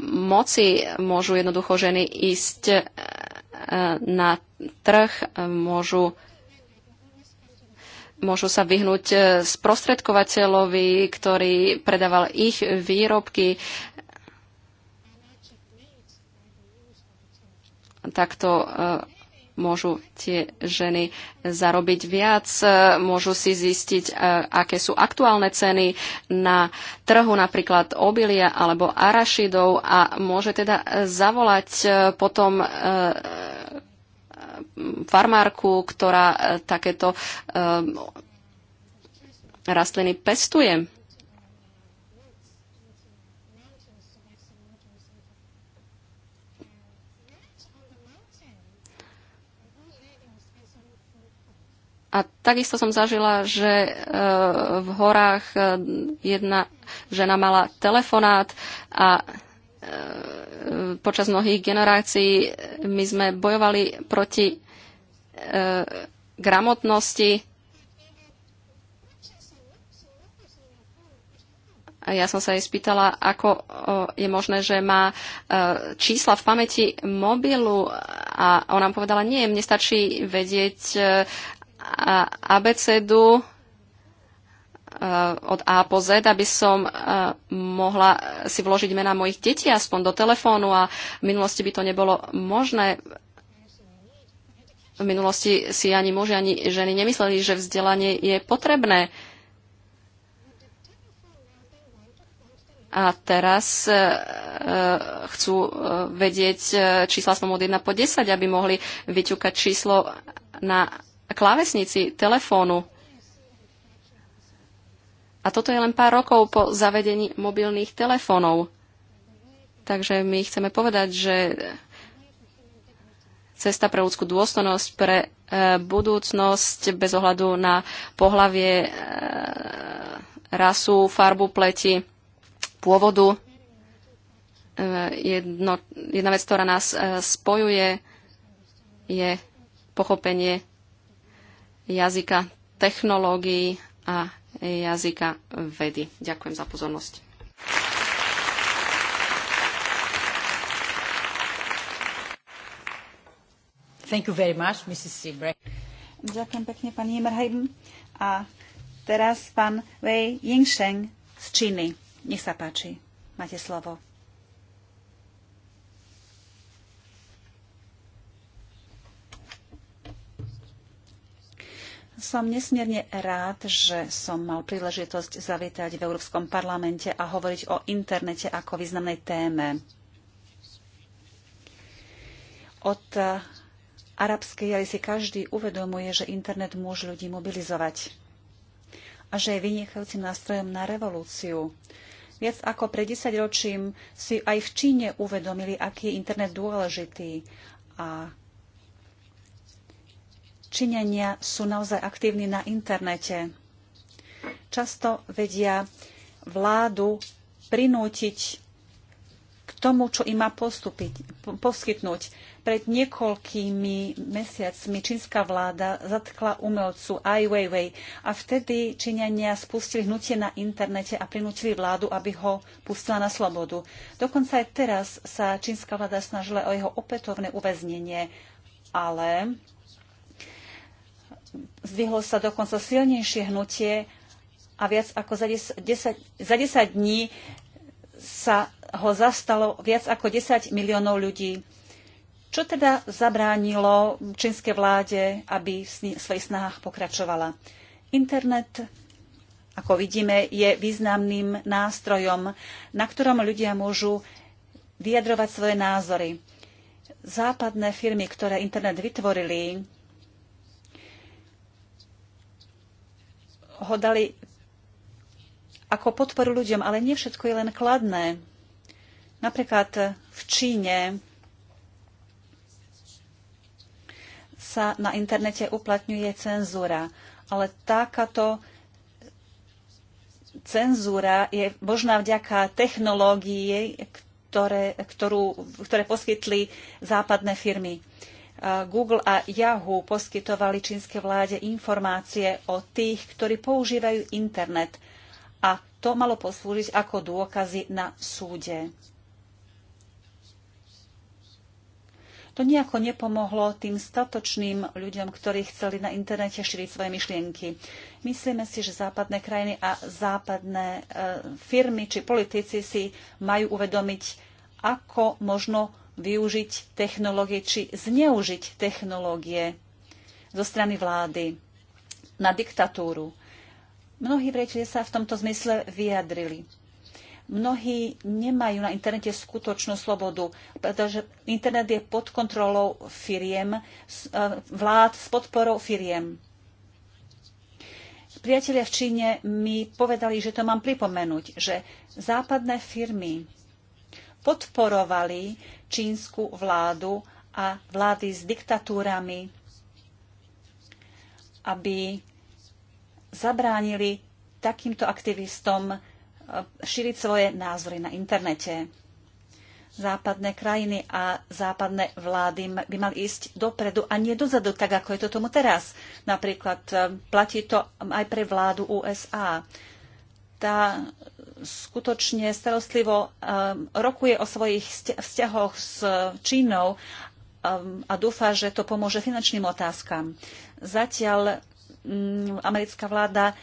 moci. Môžu jednoducho ženy ísť na trh, môžu môžu sa vyhnúť sprostredkovateľovi, ktorý predával ich výrobky. Takto môžu tie ženy zarobiť viac, môžu si zistiť, e, aké sú aktuálne ceny na trhu napríklad obilia alebo arašidov a môže teda zavolať e, potom e, farmárku, ktorá takéto rastliny pestuje. A takisto som zažila, že e, v horách e, jedna žena mala telefonát a e, počas mnohých generácií my sme bojovali proti gramotnosti. A ja som sa jej spýtala, ako je možné, že má čísla v pamäti mobilu a ona povedala, nie, mne stačí vedieť, abecedu e, od A po Z, aby som e, mohla si vložiť mená mojich detí aspoň do telefónu a v minulosti by to nebolo možné. V minulosti si ani muži, ani ženy nemysleli, že vzdelanie je potrebné. A teraz e, chcú vedieť čísla som od 1 po 10, aby mohli vyťukať číslo na klávesnici telefónu. A toto je len pár rokov po zavedení mobilných telefónov. Takže my chceme povedať, že cesta pre ľudskú dôstojnosť, pre e, budúcnosť bez ohľadu na pohlavie, e, rasu, farbu pleti, pôvodu. E, jedno, jedna vec, ktorá nás e, spojuje, je pochopenie jazyka technológií a jazyka vedy. Ďakujem za pozornosť. Thank you very much, Mrs. Ďakujem pekne, pani Emerheim. A teraz pán Wei Yingsheng z Číny. Nech sa páči. Máte slovo. Som nesmierne rád, že som mal príležitosť zavítať v Európskom parlamente a hovoriť o internete ako významnej téme. Od eh, arabskej jary si každý uvedomuje, že internet môže ľudí mobilizovať a že je vynikajúcim nástrojom na revolúciu. Viac ako pred desaťročím si aj v Číne uvedomili, aký je internet dôležitý a Číňania sú naozaj aktívni na internete. Často vedia vládu prinútiť k tomu, čo im má postupiť, poskytnúť. Pred niekoľkými mesiacmi čínska vláda zatkla umelcu Ai Weiwei a vtedy Číňania spustili hnutie na internete a prinútili vládu, aby ho pustila na slobodu. Dokonca aj teraz sa čínska vláda snažila o jeho opätovné uväznenie, ale zdvihlo sa dokonca silnejšie hnutie a viac ako za 10, 10, za 10 dní sa ho zastalo viac ako 10 miliónov ľudí. Čo teda zabránilo čínskej vláde, aby v svojich snahách pokračovala? Internet, ako vidíme, je významným nástrojom, na ktorom ľudia môžu vyjadrovať svoje názory. Západné firmy, ktoré internet vytvorili, ho dali ako podporu ľuďom, ale nie všetko je len kladné. Napríklad v Číne sa na internete uplatňuje cenzúra, ale takáto cenzúra je možná vďaka technológii, ktoré, ktorú, ktoré poskytli západné firmy. Google a Yahoo poskytovali čínskej vláde informácie o tých, ktorí používajú internet a to malo poslúžiť ako dôkazy na súde. To nejako nepomohlo tým statočným ľuďom, ktorí chceli na internete šíriť svoje myšlienky. Myslíme si, že západné krajiny a západné e, firmy či politici si majú uvedomiť, ako možno využiť technológie či zneužiť technológie zo strany vlády na diktatúru. Mnohí priatelia sa v tomto zmysle vyjadrili. Mnohí nemajú na internete skutočnú slobodu, pretože internet je pod kontrolou firiem, e, vlád s podporou firiem. Priatelia v Číne mi povedali, že to mám pripomenúť, že západné firmy podporovali čínsku vládu a vlády s diktatúrami, aby zabránili takýmto aktivistom eh, šíriť svoje názory na internete. Západné krajiny a západné vlády by mali ísť dopredu a nie dozadu, tak ako je to tomu teraz. Napríklad eh, platí to aj pre vládu USA. Tá skutočne starostlivo um, rokuje o svojich vzťahoch s Čínou um, a dúfa, že to pomôže finančným otázkam. Zatiaľ um, americká vláda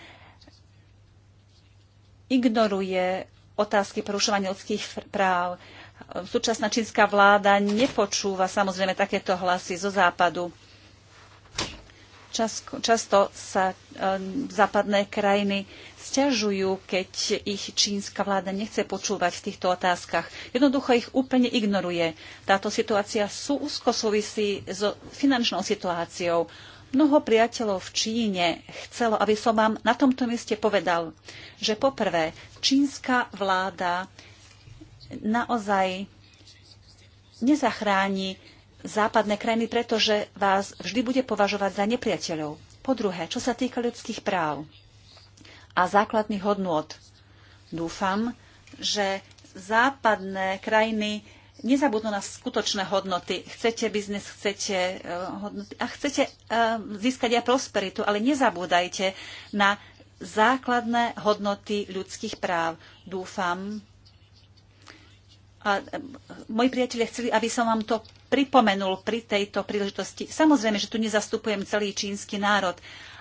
ignoruje otázky porušovania ľudských práv. Súčasná čínska vláda nepočúva samozrejme takéto hlasy zo západu. Čas, často sa západné krajiny sťažujú, keď ich čínska vláda nechce počúvať v týchto otázkach. Jednoducho ich úplne ignoruje. Táto situácia sú úzko súvisí s finančnou situáciou. Mnoho priateľov v Číne chcelo, aby som vám na tomto mieste povedal, že poprvé, čínska vláda naozaj nezachráni západné krajiny, pretože vás vždy bude považovať za nepriateľov. Po druhé, čo sa týka ľudských práv a základných hodnôt, dúfam, že západné krajiny nezabudnú na skutočné hodnoty. Chcete biznes, chcete eh, hodnoty a chcete eh, získať aj prosperitu, ale nezabúdajte na základné hodnoty ľudských práv. Dúfam, a eh, moji priatelia chceli, aby som vám to pripomenul pri tejto príležitosti. Samozrejme, že tu nezastupujem celý čínsky národ,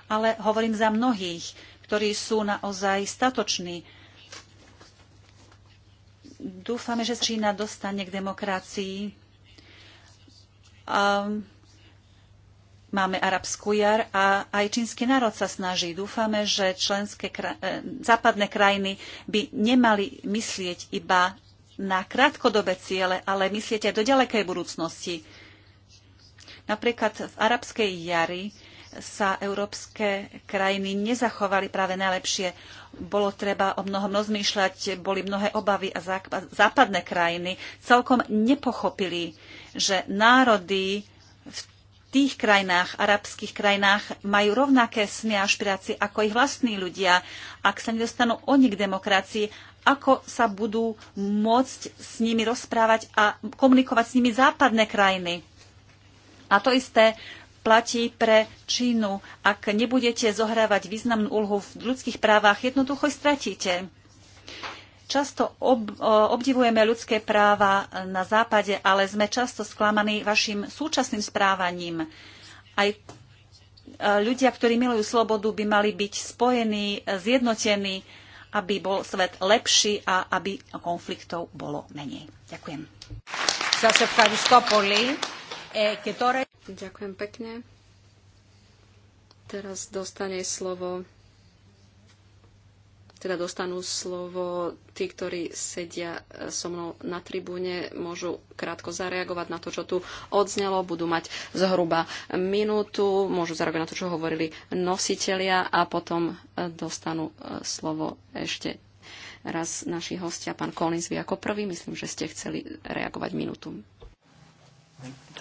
ale hovorím za mnohých, ktorí sú naozaj statoční. Dúfame, že Čína dostane k demokracii. A Máme arabskú jar a aj čínsky národ sa snaží. Dúfame, že členské kraj- e, západné krajiny by nemali myslieť iba na krátkodobé ciele, ale myslíte aj do ďalekej budúcnosti. Napríklad v arabskej jari sa európske krajiny nezachovali práve najlepšie. Bolo treba o mnohom rozmýšľať, boli mnohé obavy a západné krajiny celkom nepochopili, že národy v tých krajinách, arabských krajinách, majú rovnaké sny a ako ich vlastní ľudia. Ak sa nedostanú oni k demokracii, ako sa budú môcť s nimi rozprávať a komunikovať s nimi západné krajiny. A to isté platí pre Čínu. Ak nebudete zohrávať významnú úlohu v ľudských právach, jednoducho stratíte. Často ob, obdivujeme ľudské práva na západe, ale sme často sklamaní vašim súčasným správaním. Aj e, ľudia, ktorí milujú slobodu, by mali byť spojení, e, zjednotení aby bol svet lepší a aby konfliktov bolo menej. Ďakujem. Ďakujem pekne. Teraz dostane slovo teda dostanú slovo tí, ktorí sedia e, so mnou na tribúne, môžu krátko zareagovať na to, čo tu odznelo, budú mať zhruba minútu, môžu zareagovať na to, čo hovorili nositelia a potom e, dostanú e, slovo ešte raz naši hostia, pán Collins, vy ako prvý, myslím, že ste chceli reagovať minútu.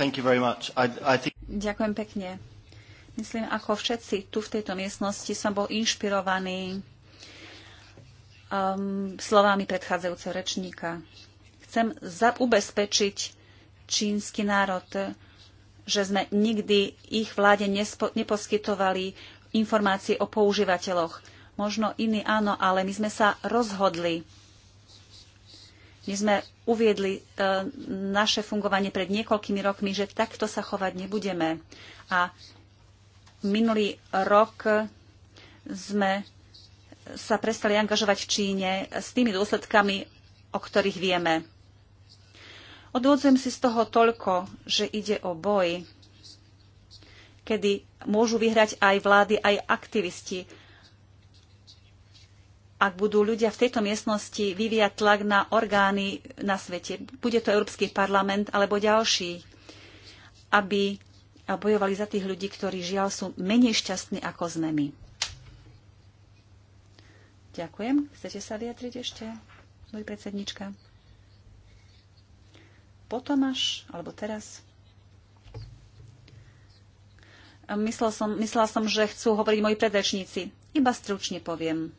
Thank you very much. I, I think... Ďakujem pekne. Myslím, ako všetci tu v tejto miestnosti som bol inšpirovaný um, slovami predchádzajúceho rečníka. Chcem ubezpečiť čínsky národ, že sme nikdy ich vláde neposkytovali informácie o používateľoch. Možno iní áno, ale my sme sa rozhodli. My sme uviedli e, naše fungovanie pred niekoľkými rokmi, že takto sa chovať nebudeme. A minulý rok sme sa prestali angažovať v Číne s tými dôsledkami, o ktorých vieme. Odvodzujem si z toho toľko, že ide o boj, kedy môžu vyhrať aj vlády, aj aktivisti, ak budú ľudia v tejto miestnosti vyvíjať tlak na orgány na svete, bude to Európsky parlament alebo ďalší, aby bojovali za tých ľudí, ktorí žiaľ sú menej šťastní ako sme my. Ďakujem. Chcete sa vyjadriť ešte, môj predsednička? Potom až, alebo teraz? Myslel som, myslela som, že chcú hovoriť moji predrečníci. Iba stručne poviem.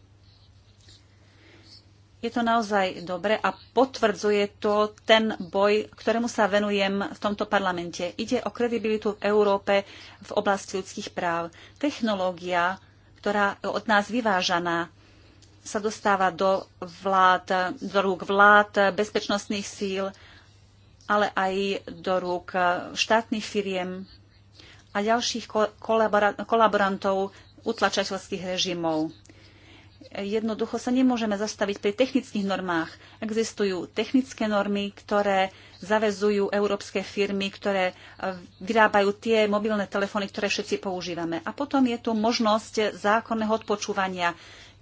Je to naozaj dobre a potvrdzuje to ten boj, ktorému sa venujem v tomto parlamente. Ide o kredibilitu v Európe v oblasti ľudských práv. Technológia, ktorá je od nás vyvážaná, sa dostáva do, vlád, do rúk vlád, bezpečnostných síl, ale aj do rúk štátnych firiem a ďalších kolaborantov utlačateľských režimov. Jednoducho sa nemôžeme zastaviť pri technických normách. Existujú technické normy, ktoré zavezujú európske firmy, ktoré e, vyrábajú tie mobilné telefóny, ktoré všetci používame. A potom je tu možnosť zákonného odpočúvania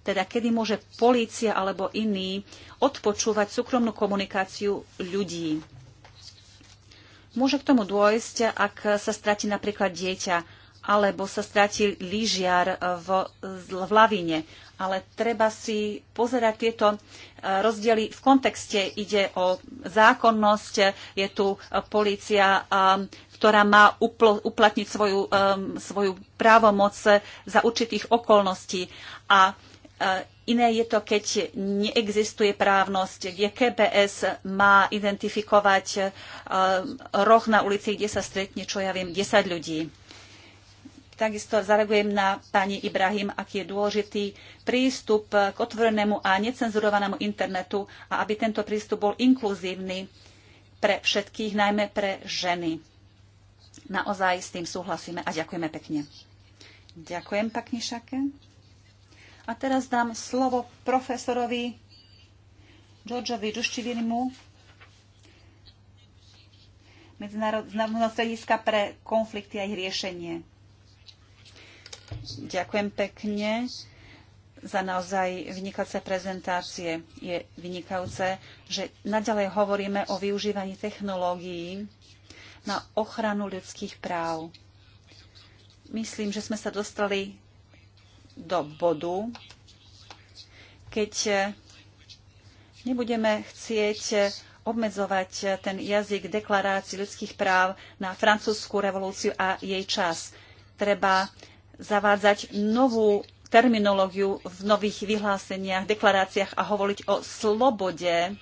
teda kedy môže polícia alebo iný odpočúvať súkromnú komunikáciu ľudí. Môže k tomu dôjsť, ak sa stratí napríklad dieťa alebo sa stratí lyžiar v, v lavine. Ale treba si pozerať tieto e, rozdiely v kontexte. Ide o zákonnosť, je tu polícia, e, ktorá má uplatniť svoju, e, svoju právomoc za určitých okolností. A Eh, iné je to, keď neexistuje právnosť, kde KBS má identifikovať eh, roh na ulici, kde sa stretne, čo ja viem, 10 ľudí. Takisto zareagujem na pani Ibrahim, aký je dôležitý prístup k otvorenému a necenzurovanému internetu a aby tento prístup bol inkluzívny pre všetkých, najmä pre ženy. Naozaj s tým súhlasíme a ďakujeme pekne. Ďakujem, pani Šake. A teraz dám slovo profesorovi Georgeovi Ruštivinimu Medzinárodného strediska pre konflikty a ich riešenie. Ďakujem pekne za naozaj vynikajúce prezentácie. Je vynikajúce, že naďalej hovoríme o využívaní technológií na ochranu ľudských práv. Myslím, že sme sa dostali do bodu, keď eh, nebudeme chcieť eh, obmedzovať eh, ten jazyk deklarácií ľudských práv na francúzskú revolúciu a jej čas. Treba zavádzať novú terminológiu v nových vyhláseniach, deklaráciách a hovoriť o slobode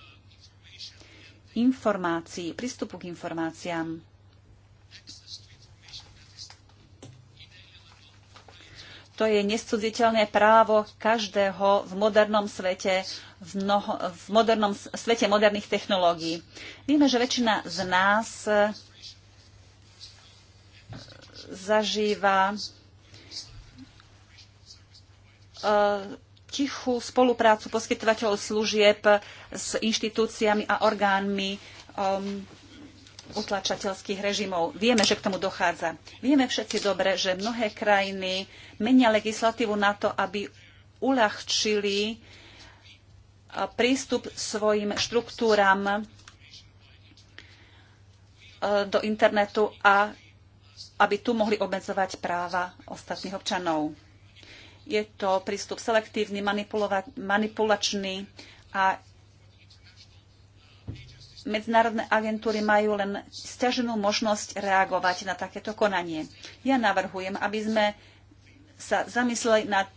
informácií, prístupu k informáciám. To je nescudziteľné právo každého v modernom svete, v, mnoho, v modernom svete moderných technológií. Vieme, že väčšina z nás e, zažíva e, tichú spoluprácu poskytovateľov služieb s inštitúciami a orgánmi um, utlačateľských režimov. Vieme, že k tomu dochádza. Vieme všetci dobre, že mnohé krajiny menia legislatívu na to, aby uľahčili prístup svojim štruktúram do internetu a aby tu mohli obmedzovať práva ostatných občanov. Je to prístup selektívny, manipulačný a medzinárodné agentúry majú len stiaženú možnosť reagovať na takéto konanie. Ja navrhujem, aby sme sa zamysleli nad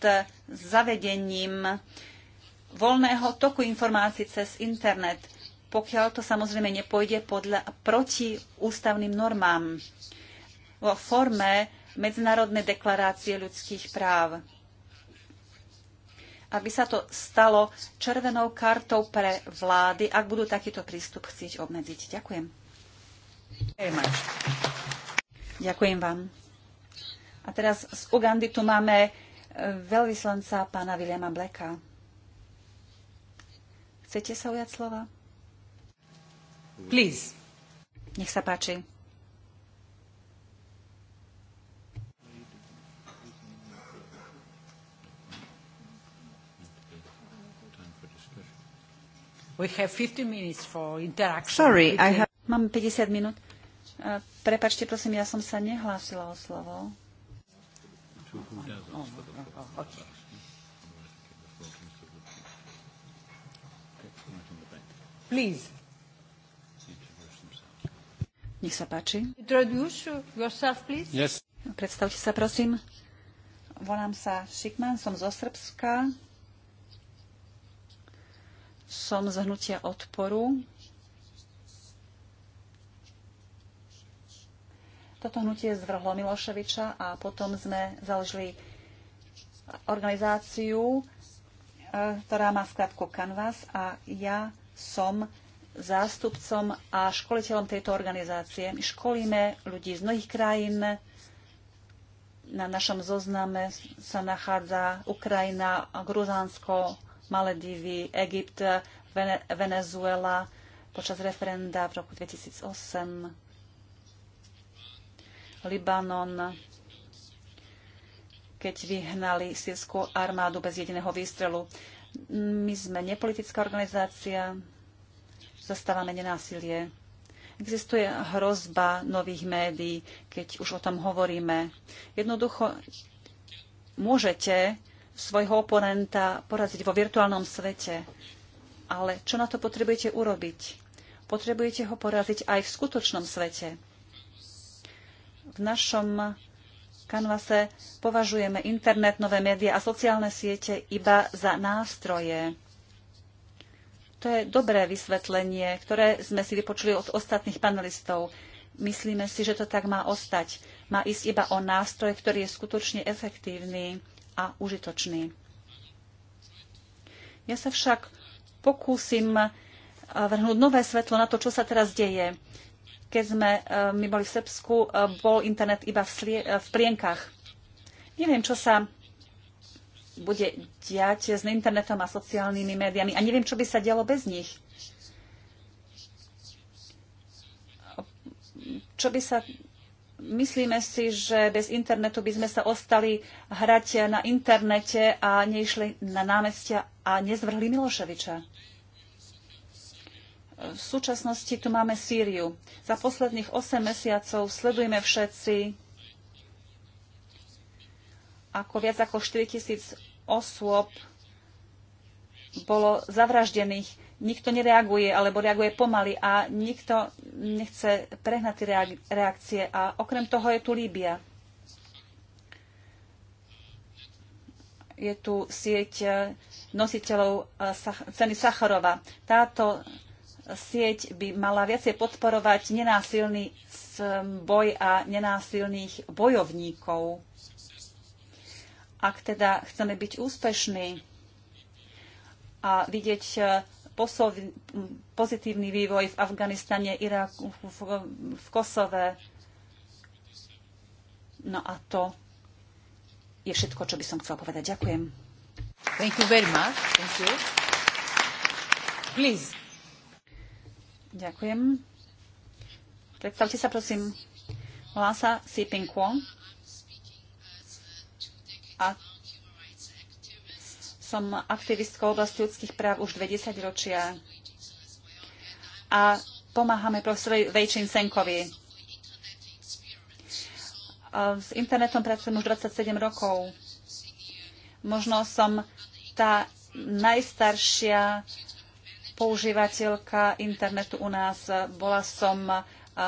zavedením voľného toku informácií cez internet, pokiaľ to samozrejme nepôjde podľa, proti ústavným normám vo forme Medzinárodnej deklarácie ľudských práv aby sa to stalo červenou kartou pre vlády, ak budú takýto prístup chcieť obmedziť. Ďakujem. Ďakujem vám. A teraz z Ugandy tu máme e, veľvyslanca pána Williama Blacka. Chcete sa ujať slova? Please. Nech sa páči. Sorry, I have... Mám 50 minút. Prepačte, prosím, ja som sa nehlásila o slovo. Please. Nech sa páči. Yes. Predstavte sa, prosím. Volám sa Šikman, som zo Srbska som z hnutia odporu. Toto hnutie zvrhlo Miloševiča a potom sme založili organizáciu, e, ktorá má skratku Canvas a ja som zástupcom a školiteľom tejto organizácie. My školíme ľudí z mnohých krajín. Na našom zozname sa nachádza Ukrajina, Gruzánsko, Maledivy, Egypt, Vene Venezuela počas referenda v roku 2008, Libanon, keď vyhnali sírskú armádu bez jediného výstrelu. My sme nepolitická organizácia, zastávame nenásilie. Existuje hrozba nových médií, keď už o tom hovoríme. Jednoducho môžete svojho oponenta poraziť vo virtuálnom svete. Ale čo na to potrebujete urobiť? Potrebujete ho poraziť aj v skutočnom svete. V našom kanvase považujeme internet, nové médiá a sociálne siete iba za nástroje. To je dobré vysvetlenie, ktoré sme si vypočuli od ostatných panelistov. Myslíme si, že to tak má ostať. Má ísť iba o nástroj, ktorý je skutočne efektívny a užitočný. Ja sa však pokúsim eh, vrhnúť nové svetlo na to, čo sa teraz deje. Keď sme eh, my boli v Srbsku, eh, bol internet iba v, slie, v plienkach. Neviem, čo sa bude diať s internetom a sociálnymi médiami a neviem, čo by sa dialo bez nich. Čo by sa myslíme si, že bez internetu by sme sa ostali hrať na internete a neišli na námestia a nezvrhli Miloševiča. V súčasnosti tu máme Sýriu. Za posledných 8 mesiacov sledujeme všetci, ako viac ako 4000 osôb bolo zavraždených nikto nereaguje alebo reaguje pomaly a nikto nechce prehnať tie reakcie. A okrem toho je tu Líbia. Je tu sieť e, nositeľov e, ceny Sacharova. Táto sieť by mala viacej podporovať nenásilný boj a nenásilných bojovníkov. Ak teda chceme byť úspešní a vidieť e, pozitívny vývoj v Afganistane, Iraku, v, v Kosove. No a to je všetko, čo by som chcela povedať. Ďakujem. Thank you very much. Thank you. Please. Ďakujem. Predstavte sa, prosím. Volám sa Sipin Kwon a som aktivistkou oblasti ľudských práv už 20 ročia a pomáhame profesorovi Vejčin Senkovi. S internetom pracujem už 27 rokov. Možno som tá najstaršia používateľka internetu u nás. Bola som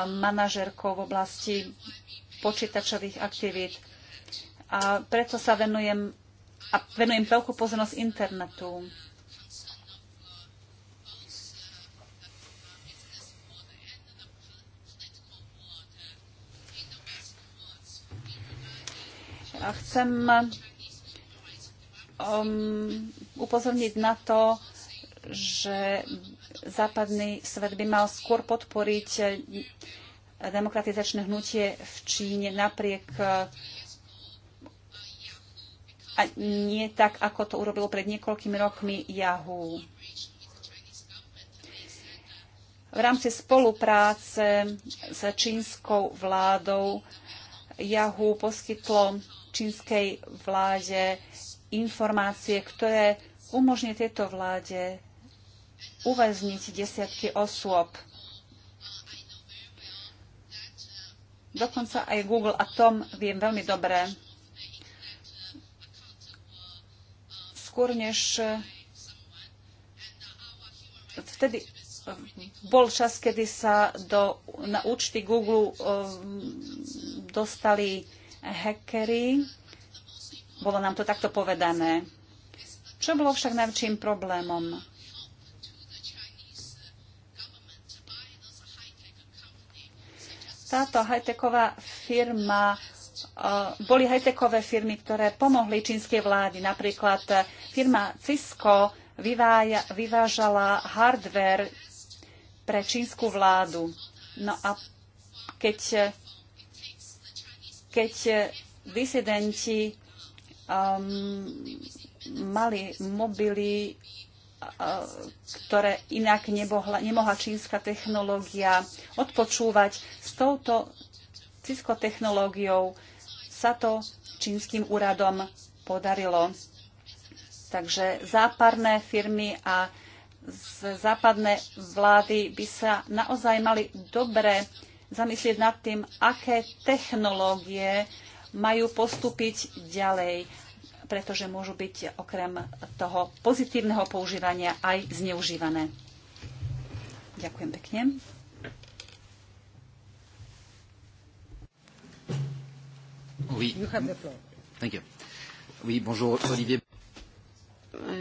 manažerkou v oblasti počítačových aktivít. A preto sa venujem a venujem veľkú pozornosť internetu. A chcem um, upozorniť na to, že západný svet by mal skôr podporiť demokratizačné hnutie v Číne napriek uh, a nie tak, ako to urobilo pred niekoľkými rokmi Yahoo. V rámci spolupráce s čínskou vládou Yahoo poskytlo čínskej vláde informácie, ktoré umožní tieto vláde uväzniť desiatky osôb. Dokonca aj Google a Tom viem veľmi dobre, skôr než e, vtedy bol čas, kedy sa do, na účty Google um, dostali hackery. Bolo nám to takto povedané. Čo bolo však najväčším problémom? Táto high-techová firma Eh, boli high-techové firmy, ktoré pomohli čínskej vláde. Napríklad eh, firma Cisco vyvája, vyvážala hardware pre čínsku vládu. No a keď, eh, keď disidenti um, mali mobily, uh, ktoré inak nebohla, nemohla čínska technológia odpočúvať, s touto Cisco technológiou sa to čínskym úradom podarilo. Takže západné firmy a západné vlády by sa naozaj mali dobre zamyslieť nad tým, aké technológie majú postúpiť ďalej, pretože môžu byť okrem toho pozitívneho používania aj zneužívané. Ďakujem pekne. Oui. You have the floor. Thank you. Oui, bonjour, Olivier.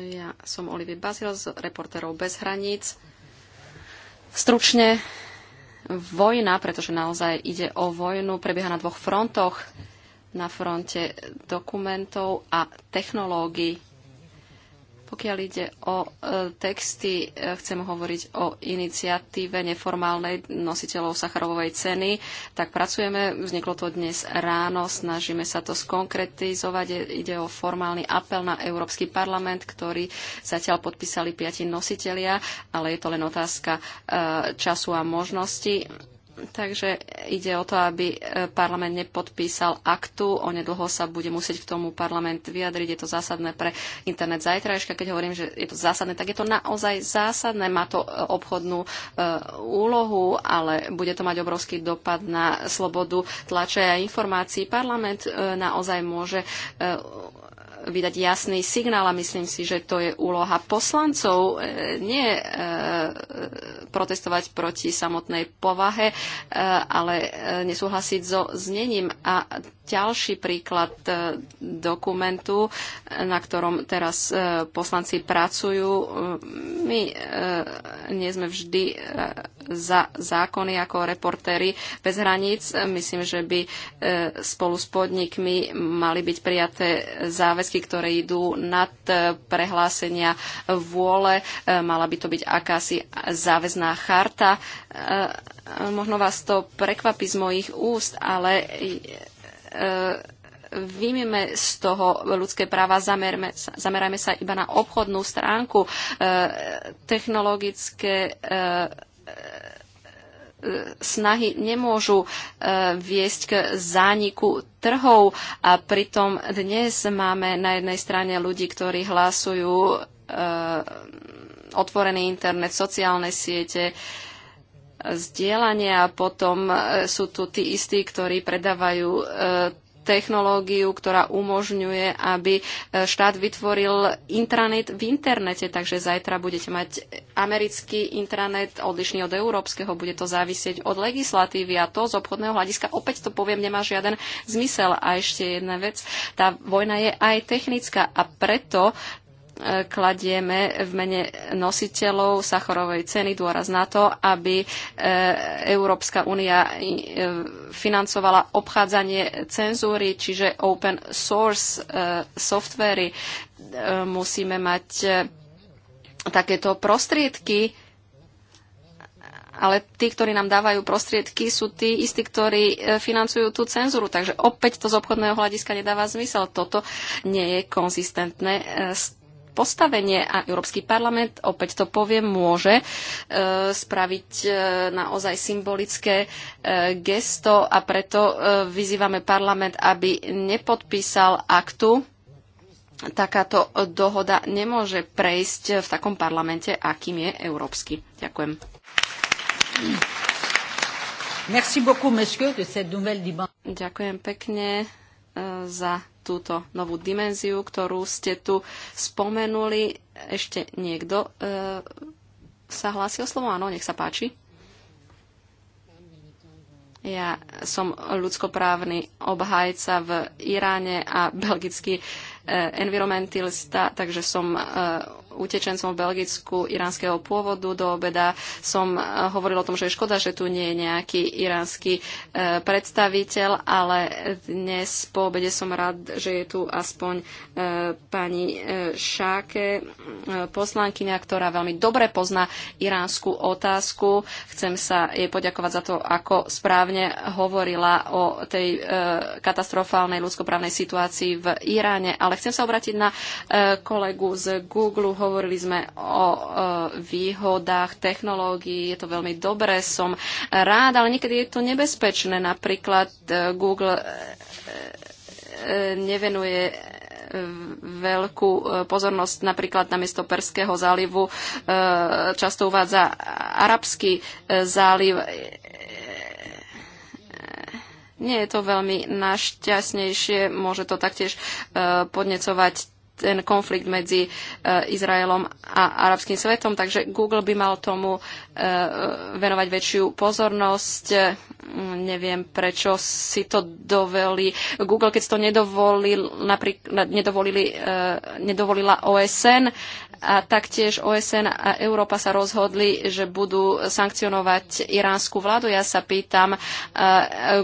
Ja som Olivier Bazil z reportérov Bez hraníc. Stručne, vojna, pretože naozaj ide o vojnu, prebieha na dvoch frontoch. Na fronte dokumentov a technológií pokiaľ ide o e, texty, e, chcem hovoriť o iniciatíve neformálnej nositeľov Sacharovovej ceny. Tak pracujeme, vzniklo to dnes ráno, snažíme sa to skonkretizovať. Ide o formálny apel na Európsky parlament, ktorý zatiaľ podpísali piati nositelia, ale je to len otázka e, času a možnosti Takže ide o to, aby e, parlament nepodpísal aktu. O nedlho sa bude musieť k tomu parlament vyjadriť. Je to zásadné pre internet zajtrajška. Keď hovorím, že je to zásadné, tak je to naozaj zásadné. Má to e, obchodnú e, úlohu, ale bude to mať obrovský dopad na slobodu tlače a informácií. Parlament e, naozaj môže e, vydať jasný signál a myslím si, že to je úloha poslancov, e, nie e, protestovať proti samotnej povahe, e, ale nesúhlasiť so znením. A ďalší príklad dokumentu, na ktorom teraz poslanci pracujú, my nie sme vždy za zákony ako reportéry bez hraníc. Myslím, že by spolu s podnikmi mali byť prijaté záväzky, ktoré idú nad e, prehlásenia vôle. E, mala by to byť akási záväzná charta. E, možno vás to prekvapí z mojich úst, ale vymime z toho ľudské práva, zamerme, zamerajme sa iba na obchodnú stránku. Technologické snahy nemôžu e, viesť k zániku trhov a pritom dnes máme na jednej strane ľudí, ktorí hlasujú e, otvorený internet, sociálne siete, e, zdieľanie a potom sú tu tí istí, ktorí predávajú technológiu, ktorá umožňuje, aby e, štát vytvoril intranet v internete, takže zajtra budete mať americký intranet odlišný od európskeho, bude to závisieť od legislatívy a to z obchodného hľadiska, opäť to poviem, nemá žiaden zmysel. A ešte jedna vec, tá vojna je aj technická a preto kladieme v mene nositeľov Sachorovej ceny dôraz na to, aby e, Európska únia e, financovala obchádzanie cenzúry, čiže open source e, softvery. Musíme mať takéto prostriedky, ale tí, ktorí nám dávajú prostriedky, sú tí istí, ktorí financujú tú cenzúru. Takže opäť to z obchodného hľadiska nedáva zmysel. Toto nie je konzistentné s postavenie a Európsky parlament, opäť to poviem, môže e, spraviť e, naozaj symbolické e, gesto a preto vyzývame parlament, aby nepodpísal aktu. Takáto dohoda nemôže prejsť v takom parlamente, akým je európsky. Ďakujem. Merci beaucoup, monsieur, de cette nouvelle Ďakujem pekne za túto novú dimenziu, ktorú ste tu spomenuli. Ešte niekto e, sa hlási o slovo? Áno, nech sa páči. Ja som ľudskoprávny obhajca v Iráne a belgický e, environmentalista, takže som e, utečencom v Belgicku iránskeho pôvodu. Do obeda som e, hovoril o tom, že je škoda, že tu nie je nejaký iránsky e, predstaviteľ, ale dnes po obede som rád, že je tu aspoň e, pani Šáke, poslankyňa, ktorá veľmi dobre pozná iránsku otázku. Chcem sa jej poďakovať za to, ako správne hovorila o tej katastrofálnej ľudskoprávnej situácii v Iráne. Ale chcem sa obrátiť na kolegu z Google hovorili sme o e, výhodách technológií, je to veľmi dobré, som rád, ale niekedy je to nebezpečné. Napríklad e, Google e, nevenuje veľkú pozornosť napríklad namiesto Perského zálivu. Často uvádza Arabský záliv. Nie je to veľmi našťastnejšie, môže to taktiež podnecovať ten konflikt medzi e, Izraelom a arabským svetom, takže Google by mal tomu e, venovať väčšiu pozornosť. E, neviem, prečo si to dovolí. Google, keď to nedovolil, napríklad nedovolili, nedovolila OSN, a taktiež OSN a Európa sa rozhodli, že budú sankcionovať iránsku vládu. Ja sa pýtam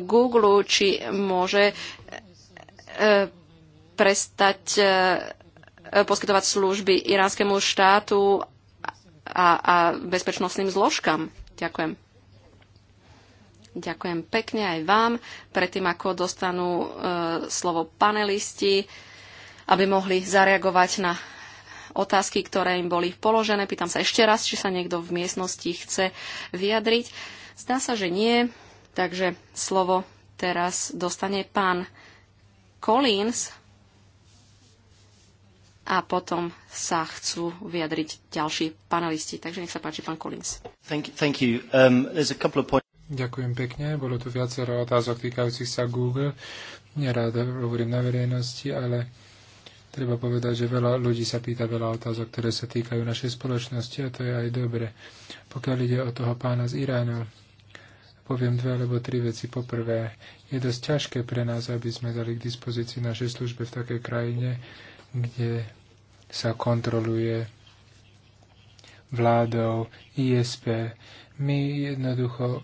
Google, či môže prestať E, poskytovať služby iránskemu štátu a, a bezpečnostným zložkám. Ďakujem. Ďakujem pekne aj vám. Predtým, ako dostanú e, slovo panelisti, aby mohli zareagovať na otázky, ktoré im boli položené. Pýtam sa ešte raz, či sa niekto v miestnosti chce vyjadriť. Zdá sa, že nie. Takže slovo teraz dostane pán Collins a potom sa chcú vyjadriť ďalší panelisti. Takže nech sa páči, pán Collins. Thank you. Thank you. Um, there's a couple of points. Ďakujem pekne. Bolo tu viacero otázok týkajúcich sa Google. Nerád hovorím na verejnosti, ale treba povedať, že veľa ľudí sa pýta veľa otázok, ktoré sa týkajú našej spoločnosti a to je aj dobre. Pokiaľ ide o toho pána z Iránu, poviem dve alebo tri veci. Poprvé, je dosť ťažké pre nás, aby sme dali k dispozícii našej službe v takej krajine, kde sa kontroluje vládou, ISP. My jednoducho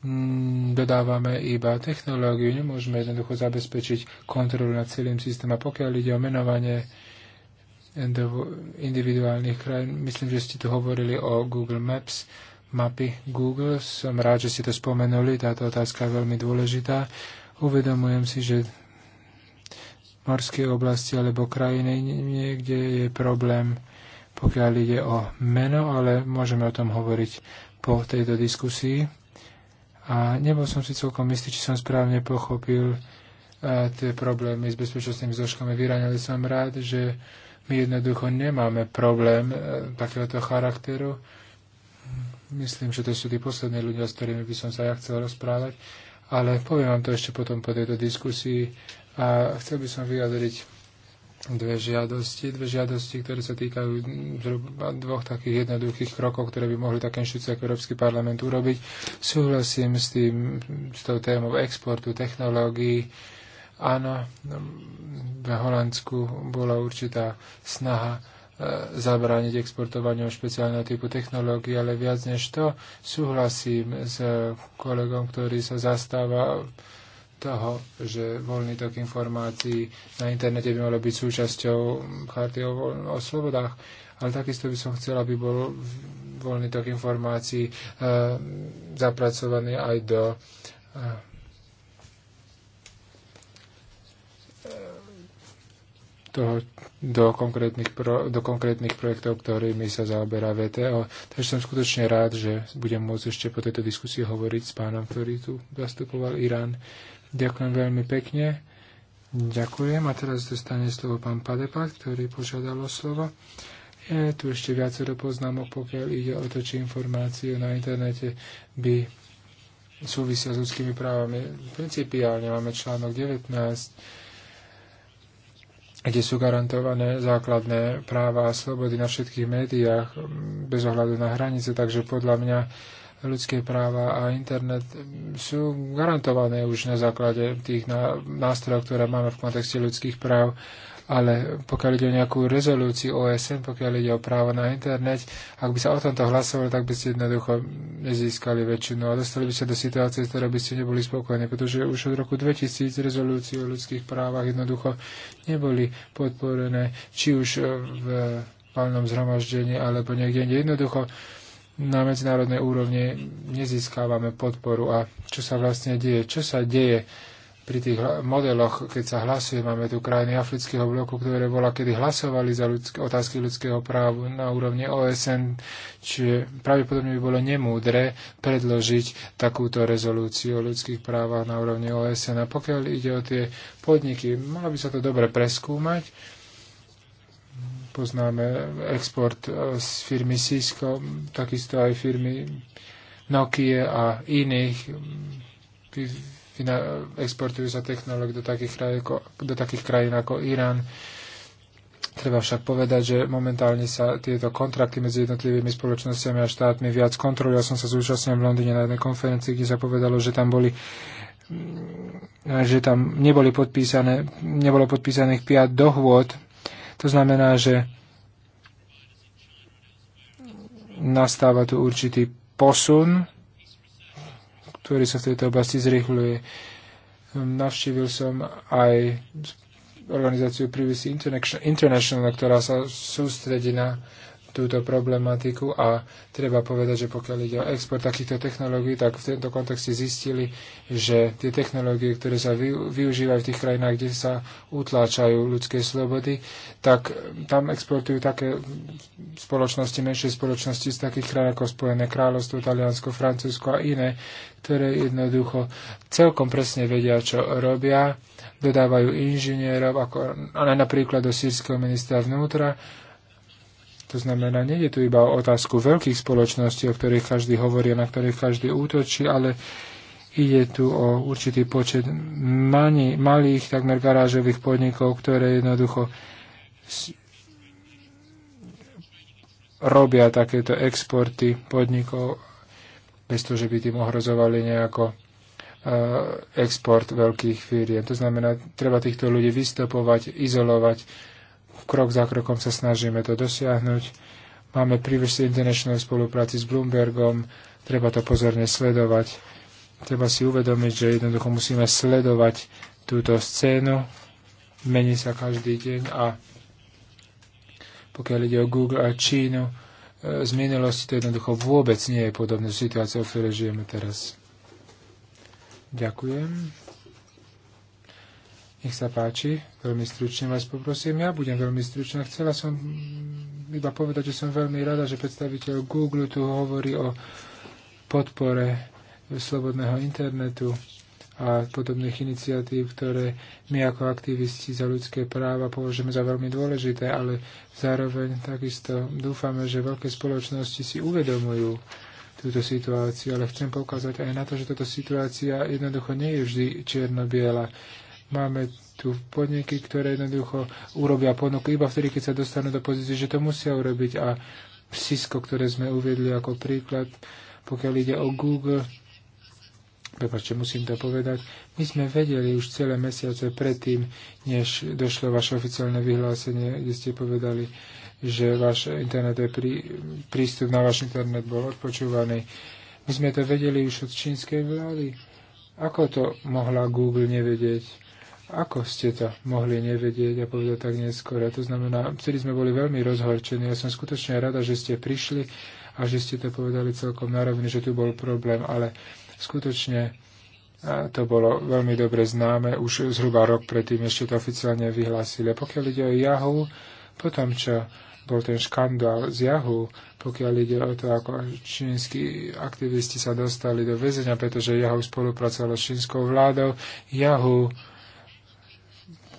mm, dodávame iba technológiu, nemôžeme jednoducho zabezpečiť kontrolu nad celým systémom. A pokiaľ ide o menovanie individuálnych krajín, myslím, že ste tu hovorili o Google Maps, mapy Google. Som rád, že ste to spomenuli, táto otázka je veľmi dôležitá. Uvedomujem si, že morskej oblasti alebo krajine, niekde je problém, pokiaľ ide o meno, ale môžeme o tom hovoriť po tejto diskusii. A nebol som si celkom istý, či som správne pochopil e, tie problémy s bezpečnostnými zložkami v Iráne, ale som rád, že my jednoducho nemáme problém e, takéhoto charakteru. Myslím, že to sú tí poslední ľudia, s ktorými by som sa ja chcel rozprávať, ale poviem vám to ešte potom po tejto diskusii a chcel by som vyjadriť dve žiadosti, dve žiadosti, ktoré sa týkajú zhruba dvoch takých jednoduchých krokov, ktoré by mohli také inštitúcie ako Európsky parlament urobiť. Súhlasím s tým, s tou témou exportu technológií. Áno, v Holandsku bola určitá snaha e, zabrániť exportovaniu špeciálneho typu technológií, ale viac než to súhlasím s kolegom, ktorý sa zastáva toho, že voľný tok informácií na internete by malo byť súčasťou charty o, o slobodách, ale takisto by som chcela, aby bol voľný tok informácií e, zapracovaný aj do e, toho, do, konkrétnych pro, do konkrétnych projektov, ktorými sa zaoberá VTO. Takže som skutočne rád, že budem môcť ešte po tejto diskusii hovoriť s pánom, ktorý tu zastupoval Irán. Uh, Ďakujem veľmi pekne. Ďakujem. A teraz dostane slovo pán Padepa, ktorý požiadal o slovo. Je tu ešte viacero poznámok, pokiaľ ide o to, či informácie na internete by súvisia s ľudskými právami. Principiálne máme článok 19, kde sú garantované základné práva a slobody na všetkých médiách bez ohľadu na hranice, takže podľa mňa ľudské práva a internet sú garantované už na základe tých nástrojov, ktoré máme v kontexte ľudských práv, ale pokiaľ ide o nejakú rezolúciu OSN, pokiaľ ide o právo na internet, ak by sa o tomto hlasovalo, tak by ste jednoducho nezískali väčšinu a dostali by sa do situácie, z ktorej by ste neboli spokojní, pretože už od roku 2000 rezolúcie o ľudských právach jednoducho neboli podporené, či už v palnom zhromaždení alebo niekde inde. Jednoducho na medzinárodnej úrovni nezískávame podporu a čo sa vlastne deje. Čo sa deje pri tých modeloch, keď sa hlasuje, máme tu krajiny afrického bloku, ktoré bola, kedy hlasovali za ľudské, otázky ľudského právu na úrovni OSN, čiže pravdepodobne by bolo nemúdre predložiť takúto rezolúciu o ľudských právach na úrovni OSN. A pokiaľ ide o tie podniky, malo by sa to dobre preskúmať, Poznáme export e, z firmy Cisco, takisto aj firmy Nokia a iných. Exportujú sa technológie do takých, krajín, do takých krajín ako Irán. Treba však povedať, že momentálne sa tieto kontrakty medzi jednotlivými spoločnosťami a štátmi viac kontrolujú. Ja som sa zúčastnil v Londýne na jednej konferencii, kde sa povedalo, že tam boli že tam neboli podpísané, nebolo podpísaných 5 dohôd to znamená, že nastáva tu určitý posun, ktorý sa v tejto oblasti zrychľuje. Navštívil som aj organizáciu Privacy International, ktorá sa sústredí na túto problematiku a treba povedať, že pokiaľ ide o export takýchto technológií, tak v tento kontexte zistili, že tie technológie, ktoré sa využívajú v tých krajinách, kde sa utláčajú ľudské slobody, tak tam exportujú také spoločnosti, menšie spoločnosti z takých krajín ako Spojené kráľovstvo, Taliansko, Francúzsko a iné, ktoré jednoducho celkom presne vedia, čo robia, dodávajú inžinierov, ako napríklad do sírskeho ministra vnútra, to znamená, nie je tu iba o otázku veľkých spoločností, o ktorých každý hovorí a na ktorých každý útočí, ale ide tu o určitý počet mani, malých, takmer garážových podnikov, ktoré jednoducho robia takéto exporty podnikov bez toho, že by tým ohrozovali nejako e, export veľkých firiem. To znamená, treba týchto ľudí vystopovať, izolovať, krok za krokom sa snažíme to dosiahnuť. Máme príliš internačnú spolupráci s Bloombergom, treba to pozorne sledovať. Treba si uvedomiť, že jednoducho musíme sledovať túto scénu, mení sa každý deň a pokiaľ ide o Google a Čínu, e, z minulosti to jednoducho vôbec nie je podobné situáciou, o ktorej žijeme teraz. Ďakujem. Nech sa páči, veľmi stručne vás poprosím. Ja budem veľmi stručná. Chcela som iba povedať, že som veľmi rada, že predstaviteľ Google tu hovorí o podpore slobodného internetu a podobných iniciatív, ktoré my ako aktivisti za ľudské práva považujeme za veľmi dôležité, ale zároveň takisto dúfame, že veľké spoločnosti si uvedomujú túto situáciu, ale chcem poukázať aj na to, že táto situácia jednoducho nie je vždy čierno-biela. Máme tu podniky, ktoré jednoducho urobia ponuku iba vtedy, keď sa dostanú do pozície, že to musia urobiť. A Cisco, ktoré sme uviedli ako príklad, pokiaľ ide o Google, prepáčte, musím to povedať, my sme vedeli už celé mesiace predtým, než došlo vaše oficiálne vyhlásenie, kde ste povedali, že váš internet je prí, prístup na váš internet bol odpočúvaný. My sme to vedeli už od čínskej vlády. Ako to mohla Google nevedieť? Ako ste to mohli nevedieť a povedať tak A To znamená, vtedy sme boli veľmi rozhorčení. Ja som skutočne rada, že ste prišli a že ste to povedali celkom narovne, že tu bol problém, ale skutočne to bolo veľmi dobre známe už zhruba rok predtým, ešte to oficiálne vyhlásili. A pokiaľ ide o Yahoo, potom čo bol ten škandál z Yahoo, pokiaľ ide o to, ako čínsky aktivisti sa dostali do väzenia, pretože Yahoo spolupracovalo s čínskou vládou, Yahoo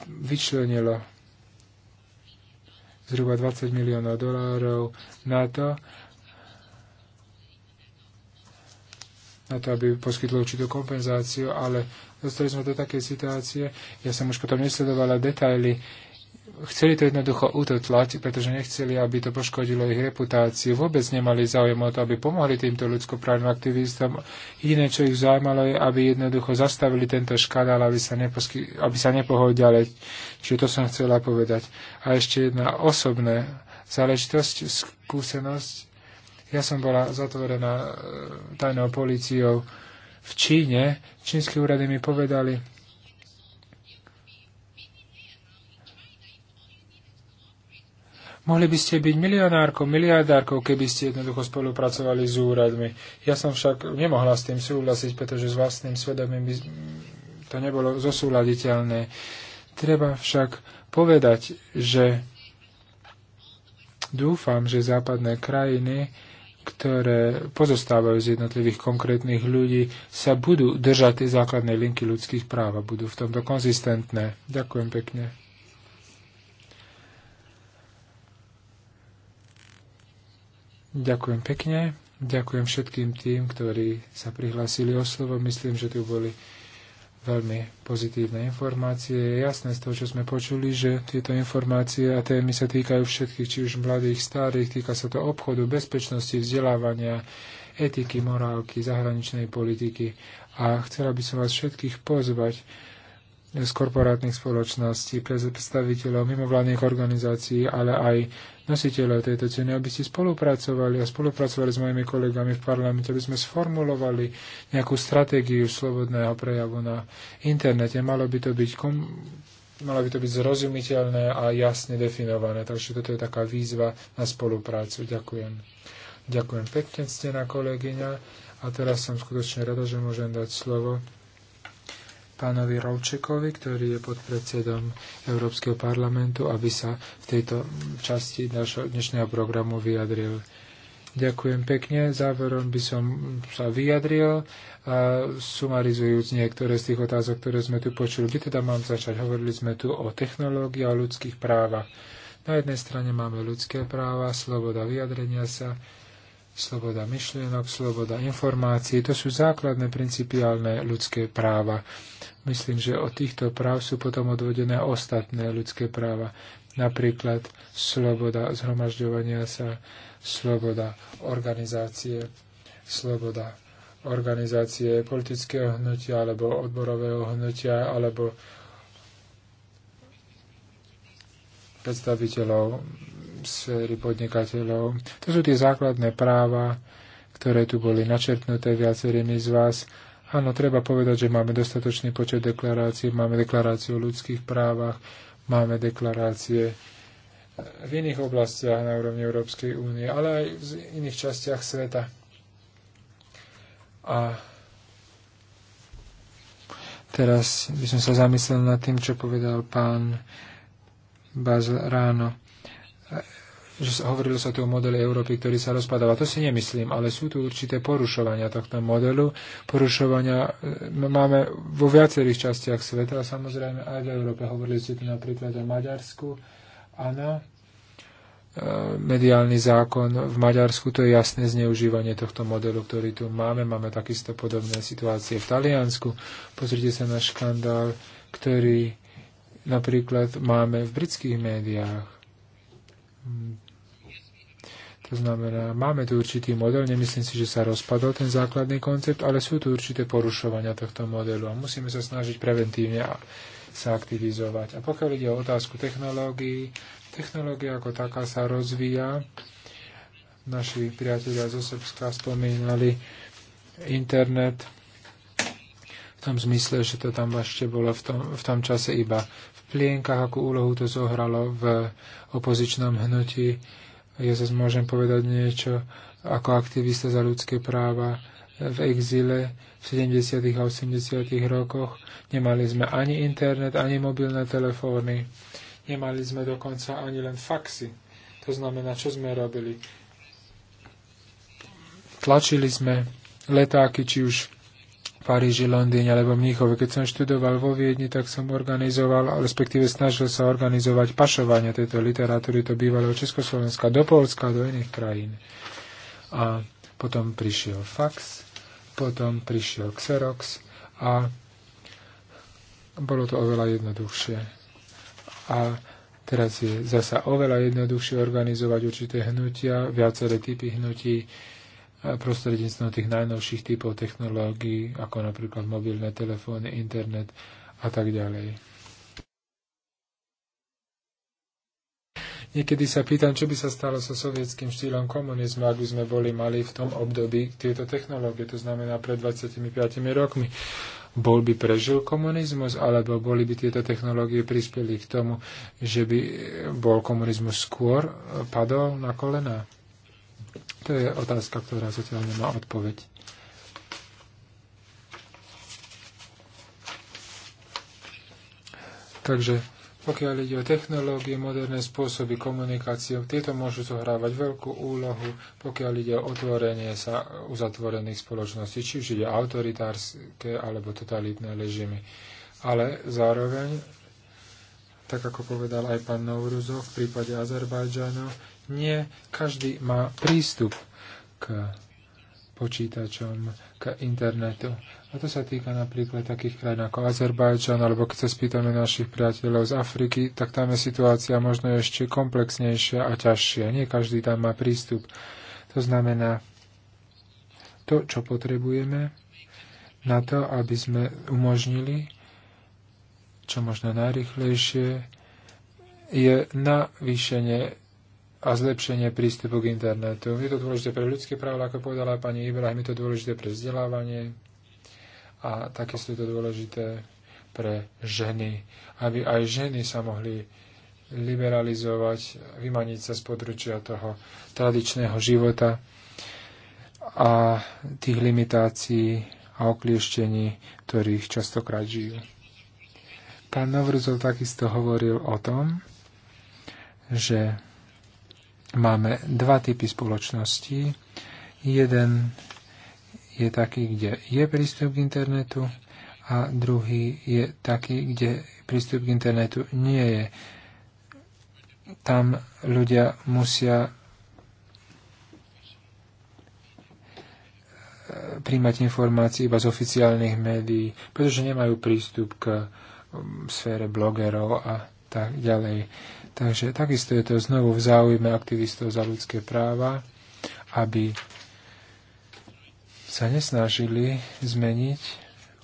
vyčlenilo zhruba 20 miliónov dolárov na to, na to, aby poskytlo určitú kompenzáciu, ale dostali sme do takej situácie, ja som už potom nesledovala detaily chceli to jednoducho utotlať, pretože nechceli, aby to poškodilo ich reputáciu. Vôbec nemali záujem o to, aby pomohli týmto ľudskoprávnym aktivistom. Jediné, čo ich zaujímalo, je, aby jednoducho zastavili tento škandál, aby sa, neposky, aby sa nepohol ďalej. Čiže to som chcela povedať. A ešte jedna osobná záležitosť, skúsenosť. Ja som bola zatvorená e, tajnou policiou v Číne. Čínsky úrady mi povedali, Mohli by ste byť milionárkou, miliardárkou, keby ste jednoducho spolupracovali s úradmi. Ja som však nemohla s tým súhlasiť, pretože s vlastným svedomím by to nebolo zosúladiteľné. Treba však povedať, že dúfam, že západné krajiny, ktoré pozostávajú z jednotlivých konkrétnych ľudí, sa budú držať tie základné linky ľudských práv a budú v tomto konzistentné. Ďakujem pekne. Ďakujem pekne. Ďakujem všetkým tým, ktorí sa prihlásili o slovo. Myslím, že tu boli veľmi pozitívne informácie. Je jasné z toho, čo sme počuli, že tieto informácie a témy sa týkajú všetkých, či už mladých, starých, týka sa to obchodu, bezpečnosti, vzdelávania, etiky, morálky, zahraničnej politiky. A chcela by som vás všetkých pozvať, z korporátnych spoločností, predstaviteľov mimovládnych organizácií, ale aj nositeľov tejto ceny, aby ste spolupracovali a spolupracovali s mojimi kolegami v parlamente, aby sme sformulovali nejakú stratégiu slobodného prejavu na internete. Malo by to byť, kom... Malo by to byť zrozumiteľné a jasne definované. Takže toto je taká výzva na spoluprácu. Ďakujem. Ďakujem pekne, na kolegyňa. A teraz som skutočne rada, že môžem dať slovo pánovi Rovčekovi, ktorý je podpredsedom Európskeho parlamentu, aby sa v tejto časti našho dnešného programu vyjadril. Ďakujem pekne. Záverom by som sa vyjadril, a sumarizujúc niektoré z tých otázok, ktoré sme tu počuli. Kde teda mám začať? Hovorili sme tu o technológii a ľudských právach. Na jednej strane máme ľudské práva, sloboda vyjadrenia sa, sloboda myšlienok, sloboda informácií. To sú základné principiálne ľudské práva. Myslím, že od týchto práv sú potom odvodené ostatné ľudské práva. Napríklad sloboda zhromažďovania sa, sloboda organizácie, sloboda organizácie politického hnutia alebo odborového hnutia alebo predstaviteľov sféry podnikateľov. To sú tie základné práva, ktoré tu boli načrtnuté viacerými z vás. Áno, treba povedať, že máme dostatočný počet deklarácií, máme deklaráciu o ľudských právach, máme deklarácie v iných oblastiach na úrovni Európskej únie, ale aj v iných častiach sveta. A teraz by som sa zamyslel nad tým, čo povedal pán Baz ráno že sa, hovorilo sa tu o modele Európy, ktorý sa rozpadáva. To si nemyslím, ale sú tu určité porušovania tohto modelu. Porušovania e, máme vo viacerých častiach sveta samozrejme aj v Európe. Hovorili ste tu napríklad o Maďarsku. Áno, e, mediálny zákon v Maďarsku, to je jasné zneužívanie tohto modelu, ktorý tu máme. Máme takisto podobné situácie v Taliansku. Pozrite sa na škandál, ktorý napríklad máme v britských médiách to znamená, máme tu určitý model, nemyslím si, že sa rozpadol ten základný koncept, ale sú tu určité porušovania tohto modelu a musíme sa snažiť preventívne sa aktivizovať. A pokiaľ ide o otázku technológií, technológia ako taká sa rozvíja. Naši priatelia zo Srbska spomínali internet v tom zmysle, že to tam ešte bolo v tom, v tom čase iba v plienkach, akú úlohu to zohralo v opozičnom hnutí ja sa môžem povedať niečo ako aktivista za ľudské práva v exile v 70. a 80. rokoch. Nemali sme ani internet, ani mobilné telefóny. Nemali sme dokonca ani len faxy. To znamená, čo sme robili? Tlačili sme letáky, či už Paríži, Londýne alebo Mníchove. Keď som študoval vo Viedni, tak som organizoval, respektíve snažil sa organizovať pašovanie tejto literatúry to bývalého Československa, do Polska, do iných krajín. A potom prišiel fax, potom prišiel Xerox a bolo to oveľa jednoduchšie. A teraz je zasa oveľa jednoduchšie organizovať určité hnutia, viaceré typy hnutí, prostredníctvom tých najnovších typov technológií, ako napríklad mobilné telefóny, internet a tak ďalej. Niekedy sa pýtam, čo by sa stalo so sovietským štýlom komunizmu, ak by sme boli mali v tom období tieto technológie, to znamená pred 25 rokmi. Bol by prežil komunizmus, alebo boli by tieto technológie prispeli k tomu, že by bol komunizmus skôr padol na kolená? To je otázka, ktorá zatiaľ nemá odpoveď. Takže pokiaľ ide o technológie, moderné spôsoby komunikácie, tieto môžu zohrávať veľkú úlohu, pokiaľ ide o otvorenie sa uzatvorených spoločností, či už ide autoritárske alebo totalitné režimy. Ale zároveň, tak ako povedal aj pán Nouruzov: v prípade Azerbajdžanu, nie každý má prístup k počítačom, k internetu. A to sa týka napríklad takých krajín ako Azerbajdžan, alebo keď sa spýtame našich priateľov z Afriky, tak tam je situácia možno ešte komplexnejšia a ťažšia. Nie každý tam má prístup. To znamená, to, čo potrebujeme na to, aby sme umožnili čo možno najrychlejšie, je navýšenie a zlepšenie prístupu k internetu. Je to dôležité pre ľudské práva, ako povedala pani Ibrahim, je to dôležité pre vzdelávanie a takisto je to dôležité pre ženy, aby aj ženy sa mohli liberalizovať, vymaniť sa z područia toho tradičného života a tých limitácií a oklieštení, ktorých častokrát žijú. Pán Novruzov takisto hovoril o tom, že máme dva typy spoločností. Jeden je taký, kde je prístup k internetu a druhý je taký, kde prístup k internetu nie je. Tam ľudia musia e, príjmať informácie iba z oficiálnych médií, pretože nemajú prístup k sfére blogerov a tak ďalej. Takže takisto je to znovu v záujme aktivistov za ľudské práva, aby sa nesnažili zmeniť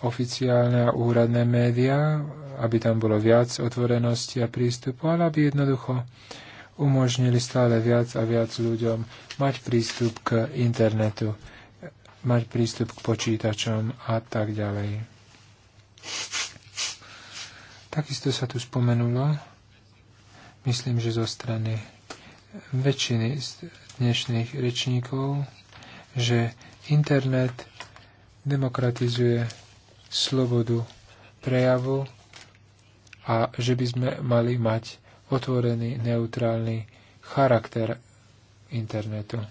oficiálne a úradné médiá, aby tam bolo viac otvorenosti a prístupu, ale aby jednoducho umožnili stále viac a viac ľuďom mať prístup k internetu, mať prístup k počítačom a tak ďalej. Takisto sa tu spomenulo, Myslím, že zo strany väčšiny z dnešných rečníkov, že internet demokratizuje slobodu prejavu a že by sme mali mať otvorený, neutrálny charakter internetu.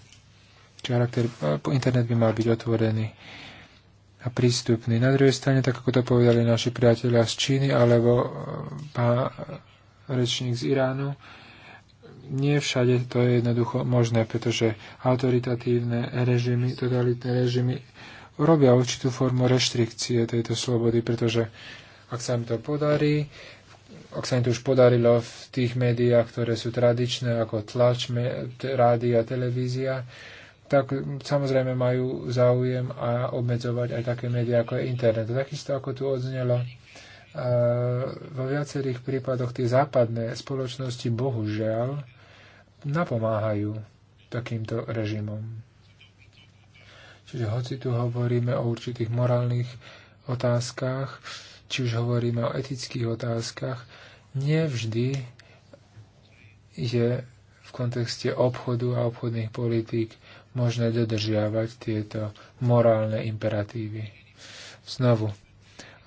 charakter, internet by mal byť otvorený a prístupný. Na druhej strane, tak ako to povedali naši priatelia z Číny, alebo e, pán rečník z Iránu. Nie všade to je jednoducho možné, pretože autoritatívne režimy, totalitné režimy robia určitú formu reštrikcie tejto slobody, pretože ak sa im to podarí, ak sa im to už podarilo v tých médiách, ktoré sú tradičné, ako tlač, rádia, televízia, tak samozrejme majú záujem a obmedzovať aj také médiá, ako je internet. Takisto ako tu odznelo, vo viacerých prípadoch tie západné spoločnosti bohužiaľ napomáhajú takýmto režimom. Čiže hoci tu hovoríme o určitých morálnych otázkach, či už hovoríme o etických otázkach, nevždy je v kontexte obchodu a obchodných politík možné dodržiavať tieto morálne imperatívy. Znovu,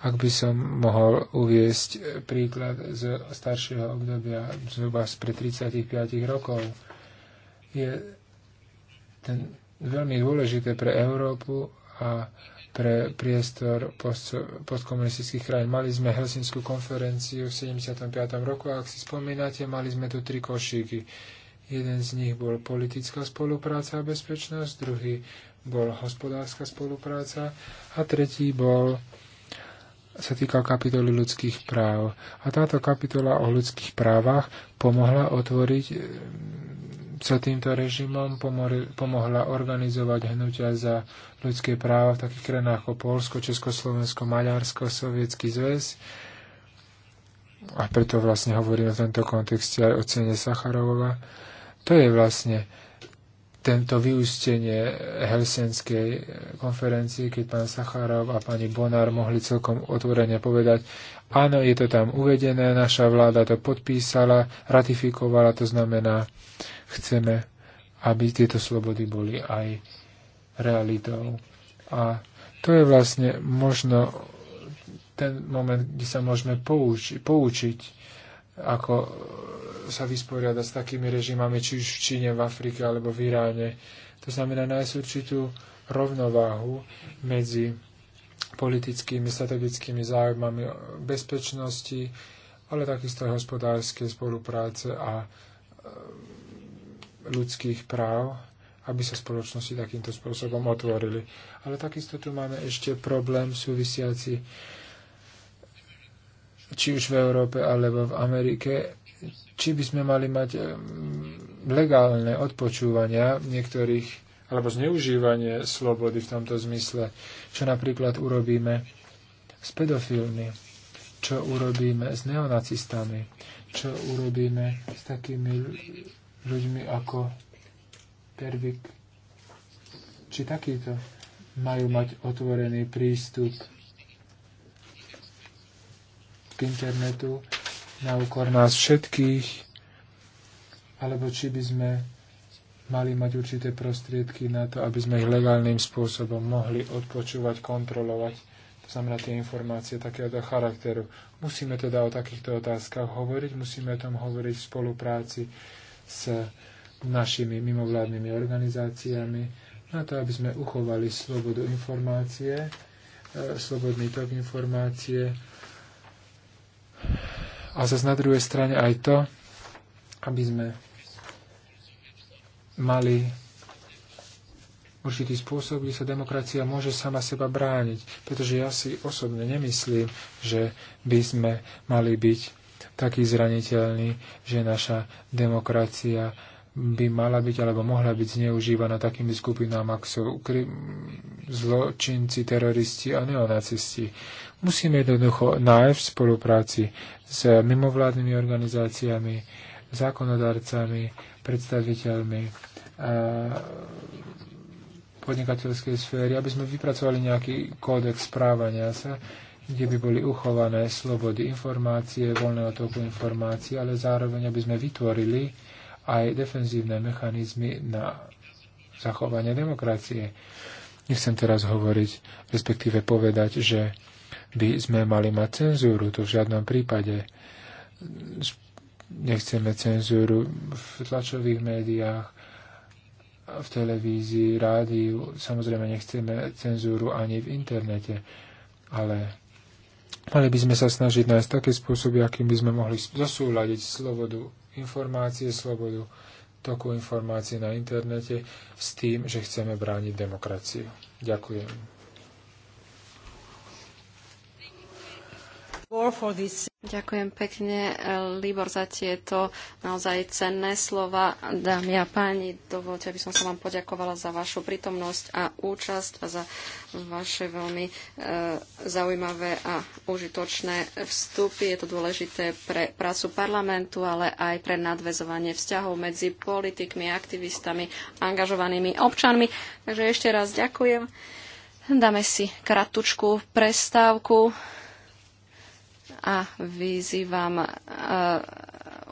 ak by som mohol uviesť príklad z staršieho obdobia, zhruba z pre 35 rokov, je ten veľmi dôležité pre Európu a pre priestor post, postkomunistických krajín. Mali sme Helsinskú konferenciu v 75. roku a ak si spomínate, mali sme tu tri košíky. Jeden z nich bol politická spolupráca a bezpečnosť, druhý bol hospodárska spolupráca a tretí bol sa týkal kapitoly ľudských práv. A táto kapitola o ľudských právach pomohla otvoriť e, sa týmto režimom, pomohla organizovať hnutia za ľudské práva v takých krajinách ako Polsko, Československo, Maďarsko, Sovietský zväz. A preto vlastne hovoríme v tomto kontexte aj o cene Sacharovova. To je vlastne tento vyústenie Helsenskej konferencie, keď pán Sacharov a pani Bonár mohli celkom otvorene povedať, áno, je to tam uvedené, naša vláda to podpísala, ratifikovala, to znamená, chceme, aby tieto slobody boli aj realitou. A to je vlastne možno ten moment, kde sa môžeme pouči, poučiť ako sa vysporiadať s takými režimami, či už v Číne, v Afrike alebo v Iráne. To znamená nájsť určitú rovnováhu medzi politickými, strategickými záujmami bezpečnosti, ale takisto aj hospodárskej spolupráce a e, ľudských práv, aby sa spoločnosti takýmto spôsobom otvorili. Ale takisto tu máme ešte problém súvisiaci či už v Európe alebo v Amerike či by sme mali mať legálne odpočúvania niektorých alebo zneužívanie slobody v tomto zmysle, čo napríklad urobíme s pedofilmi, čo urobíme s neonacistami, čo urobíme s takými ľuďmi ako Pervik, či takýto majú mať otvorený prístup k internetu na úkor nás všetkých, alebo či by sme mali mať určité prostriedky na to, aby sme ich legálnym spôsobom mohli odpočúvať, kontrolovať, to znamená tie informácie takéhoto charakteru. Musíme teda o takýchto otázkach hovoriť, musíme o tom hovoriť v spolupráci s našimi mimovládnymi organizáciami, na to, aby sme uchovali slobodu informácie, e, slobodný tok informácie a zase na druhej strane aj to, aby sme mali určitý spôsob, kde sa demokracia môže sama seba brániť. Pretože ja si osobne nemyslím, že by sme mali byť takí zraniteľní, že naša demokracia by mala byť alebo mohla byť zneužívaná takými skupinami, ako sú zločinci, teroristi a neonacisti. Musíme jednoducho nájsť v spolupráci s mimovládnymi organizáciami, zákonodarcami, predstaviteľmi podnikateľskej sféry, aby sme vypracovali nejaký kódex správania sa, kde by boli uchované slobody informácie, voľného toku informácií, ale zároveň aby sme vytvorili aj defenzívne mechanizmy na zachovanie demokracie. Nechcem teraz hovoriť, respektíve povedať, že by sme mali mať cenzúru, to v žiadnom prípade. Nechceme cenzúru v tlačových médiách, v televízii, rádiu, samozrejme nechceme cenzúru ani v internete, ale Mali by sme sa snažiť nájsť také spôsoby, akým by sme mohli zosúľadiť slobodu informácie, slobodu toku informácie na internete s tým, že chceme brániť demokraciu. Ďakujem. Ďakujem pekne, Libor, za tieto naozaj cenné slova. Dámy a páni, dovolte, aby som sa vám poďakovala za vašu prítomnosť a účasť a za vaše veľmi e, zaujímavé a užitočné vstupy. Je to dôležité pre prácu parlamentu, ale aj pre nadvezovanie vzťahov medzi politikmi, aktivistami, angažovanými občanmi. Takže ešte raz ďakujem. Dáme si kratučku prestávku a vyzývam e,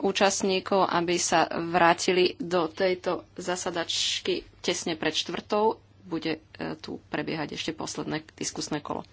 účastníkov, aby sa vrátili do tejto zasadačky tesne pred štvrtou. Bude e, tu prebiehať ešte posledné diskusné kolo.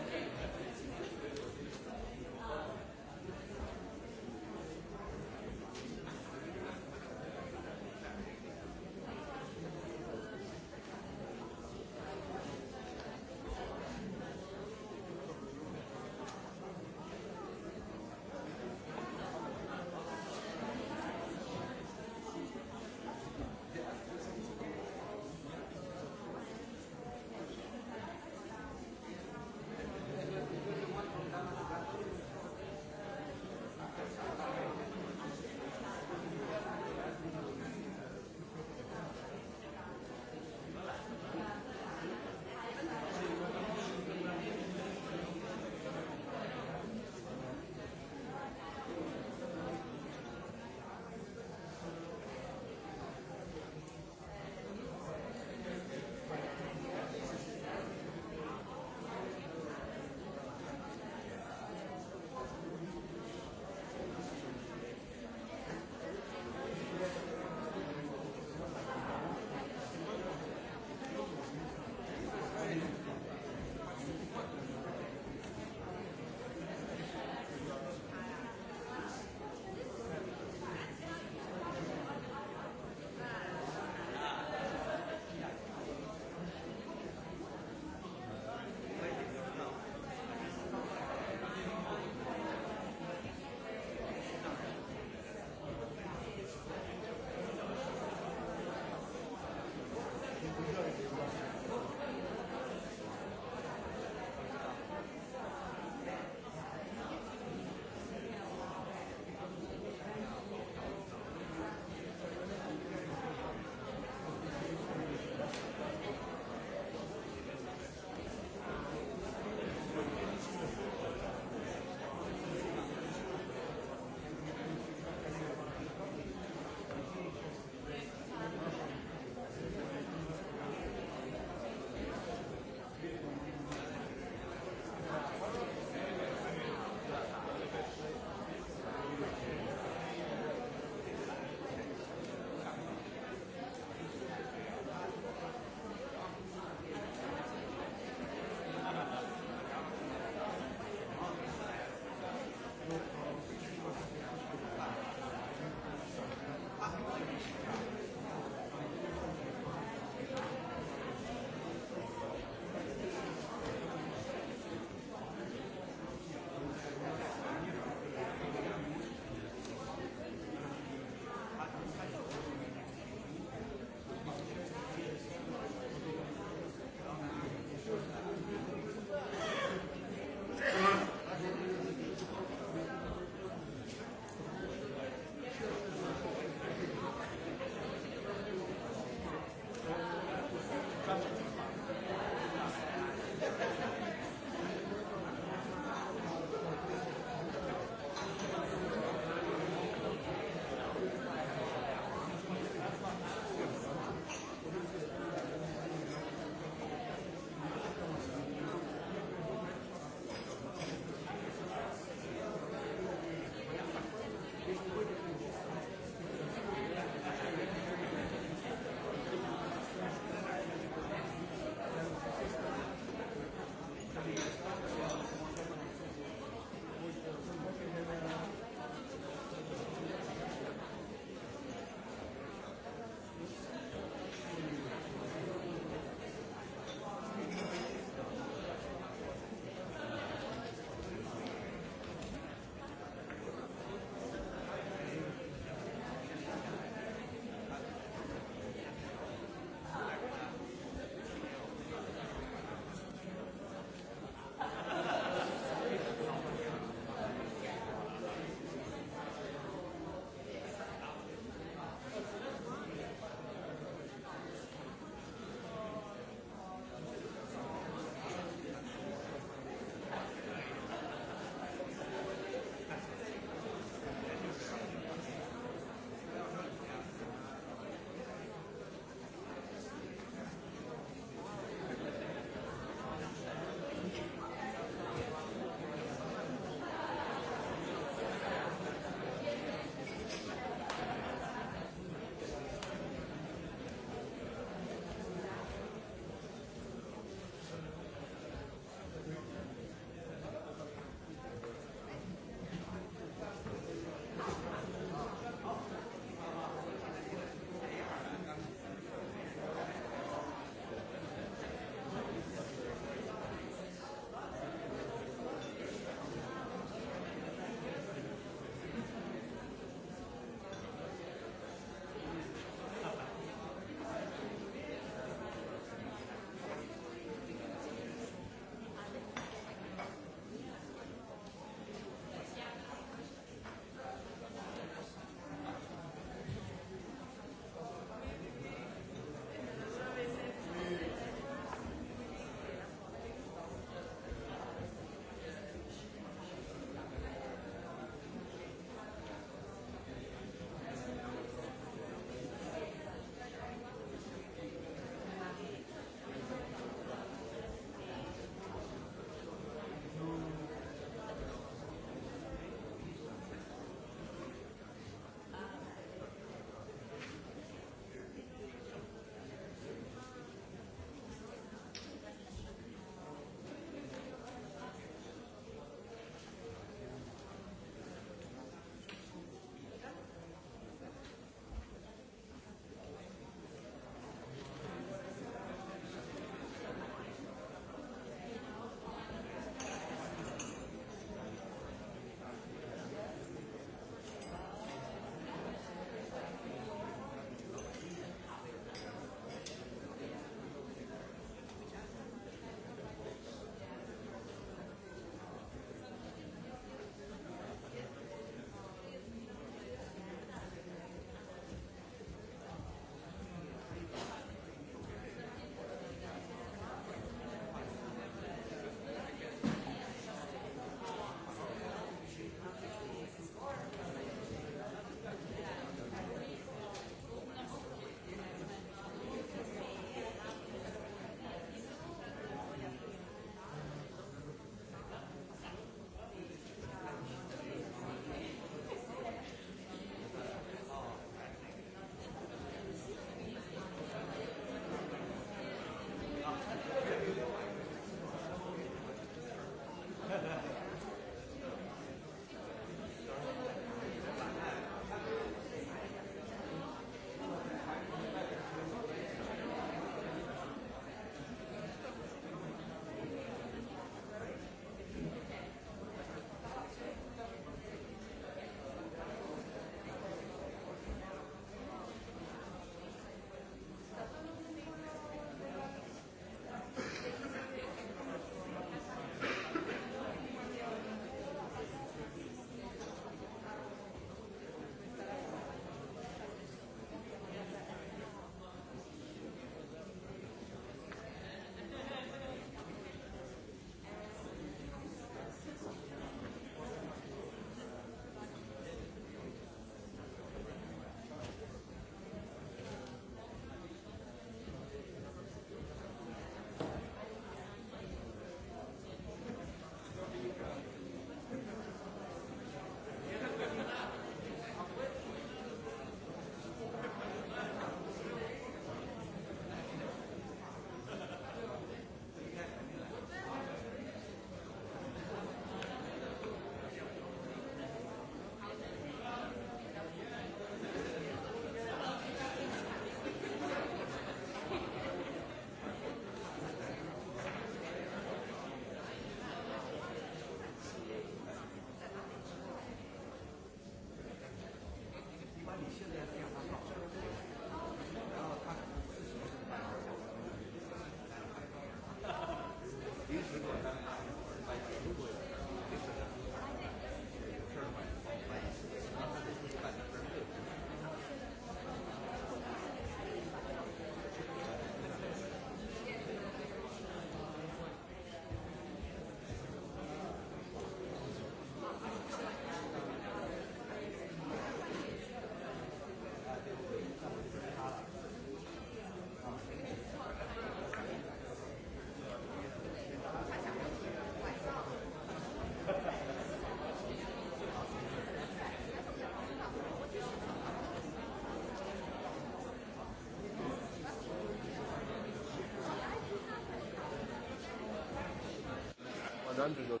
an antidote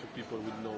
to people with no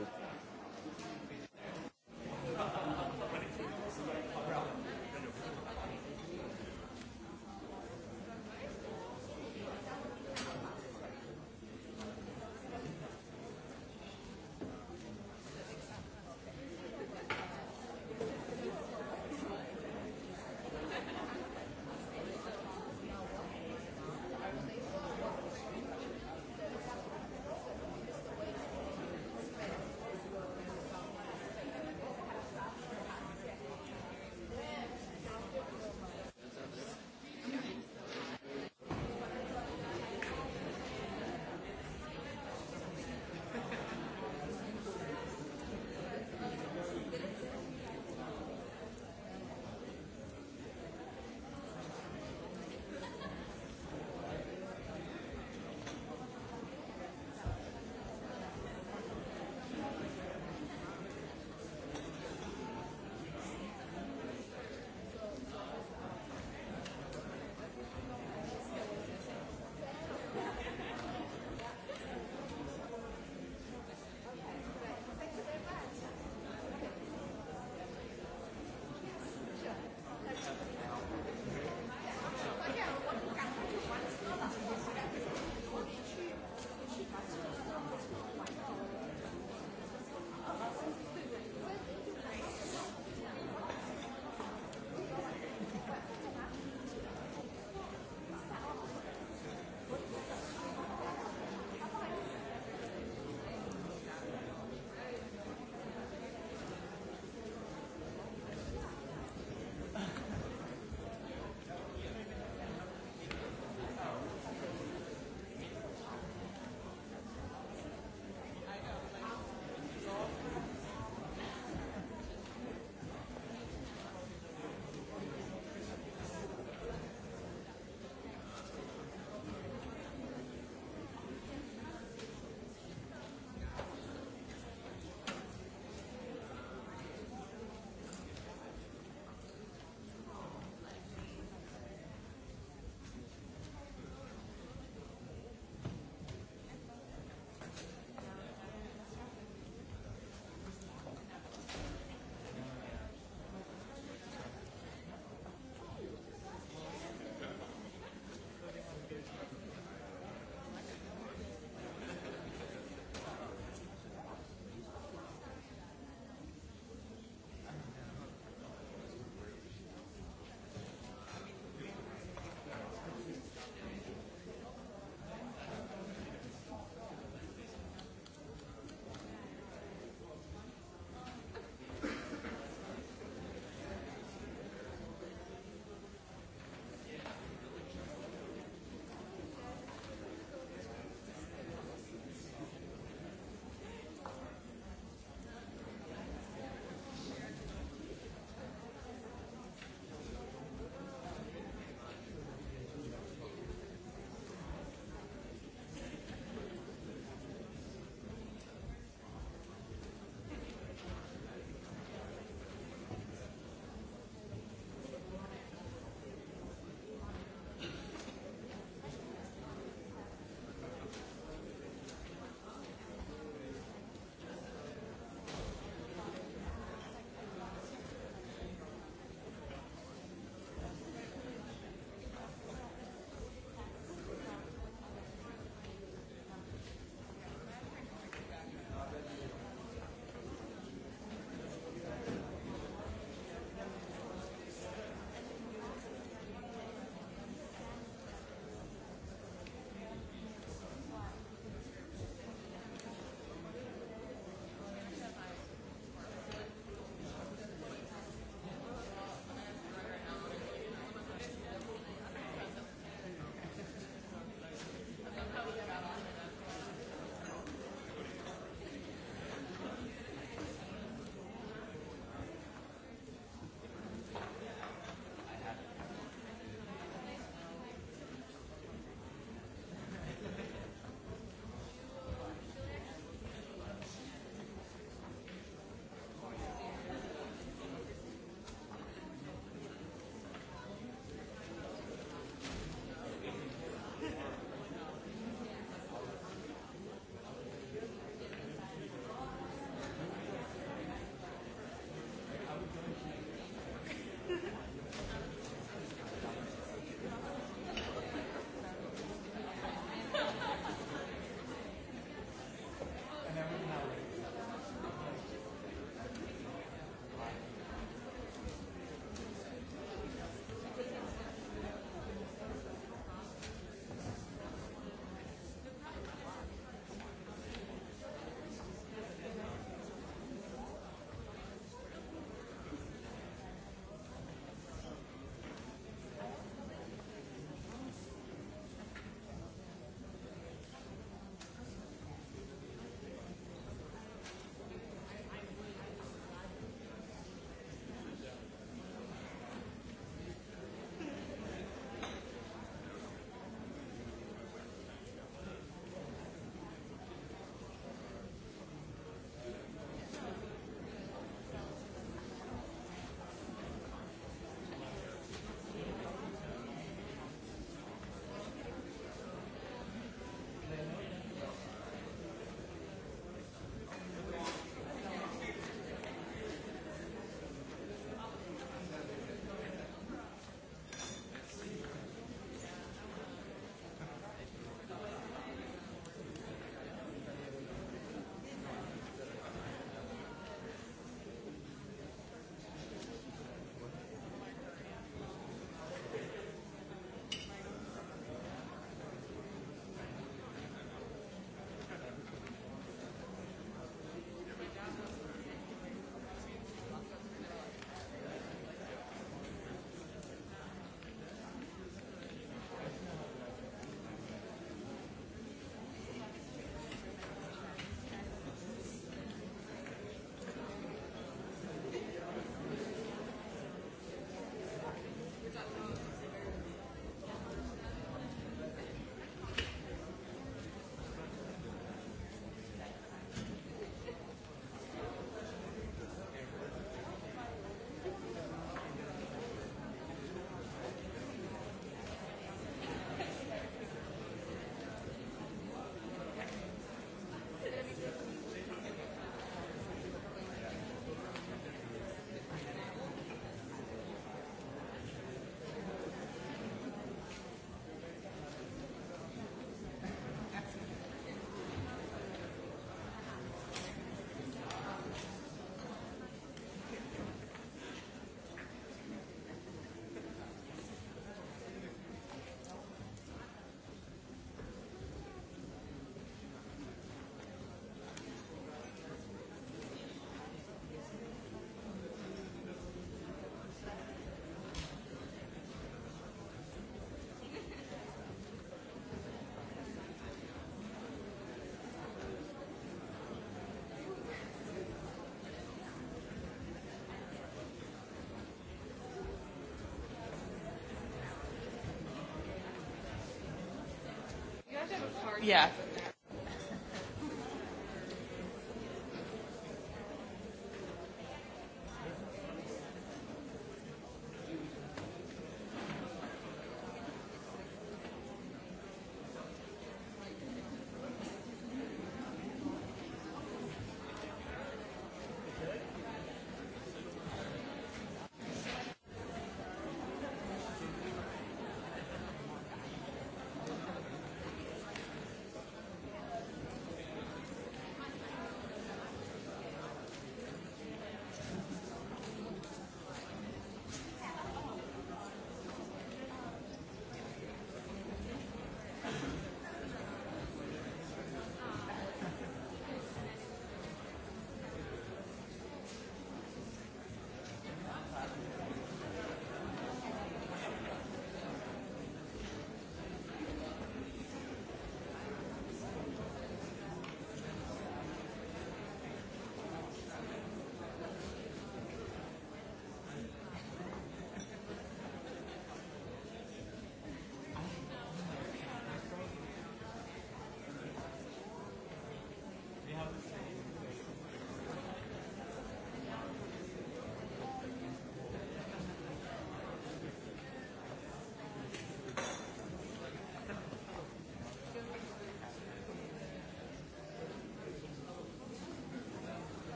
Yeah.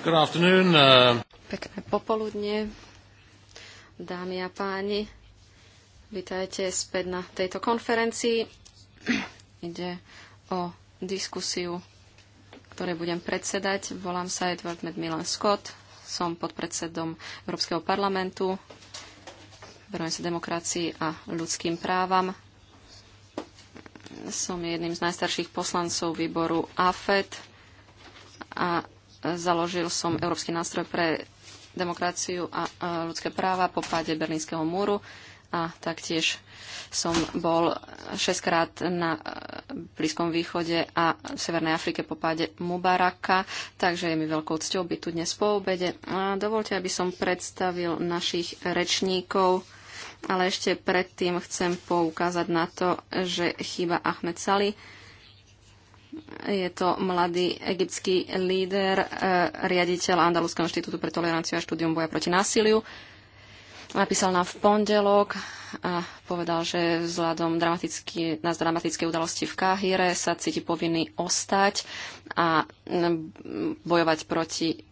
Good afternoon. Uh, Pekné popoludne, dámy a páni. Vítajte späť na tejto konferencii. Ide o diskusiu, ktorej budem predsedať. Volám sa Edward Medmillan Scott. Som podpredsedom Európskeho parlamentu. Verujem sa demokracii a ľudským právam. Som jedným z najstarších poslancov výboru AFED Založil som Európsky nástroj pre demokraciu a ľudské práva po páde Berlínskeho múru a taktiež som bol šestkrát na e, Blízkom východe a v Severnej Afrike po páde Mubaraka, takže je mi veľkou cťou byť tu dnes po obede. A dovolte, aby som predstavil našich rečníkov, ale ešte predtým chcem poukázať na to, že chýba Ahmed Sali, je to mladý egyptský líder, e, riaditeľ Andalúského inštitútu pre toleranciu a štúdium boja proti násiliu. Napísal nám v pondelok a povedal, že vzhľadom na dramatické udalosti v Káhire sa cíti povinný ostať a bojovať proti e,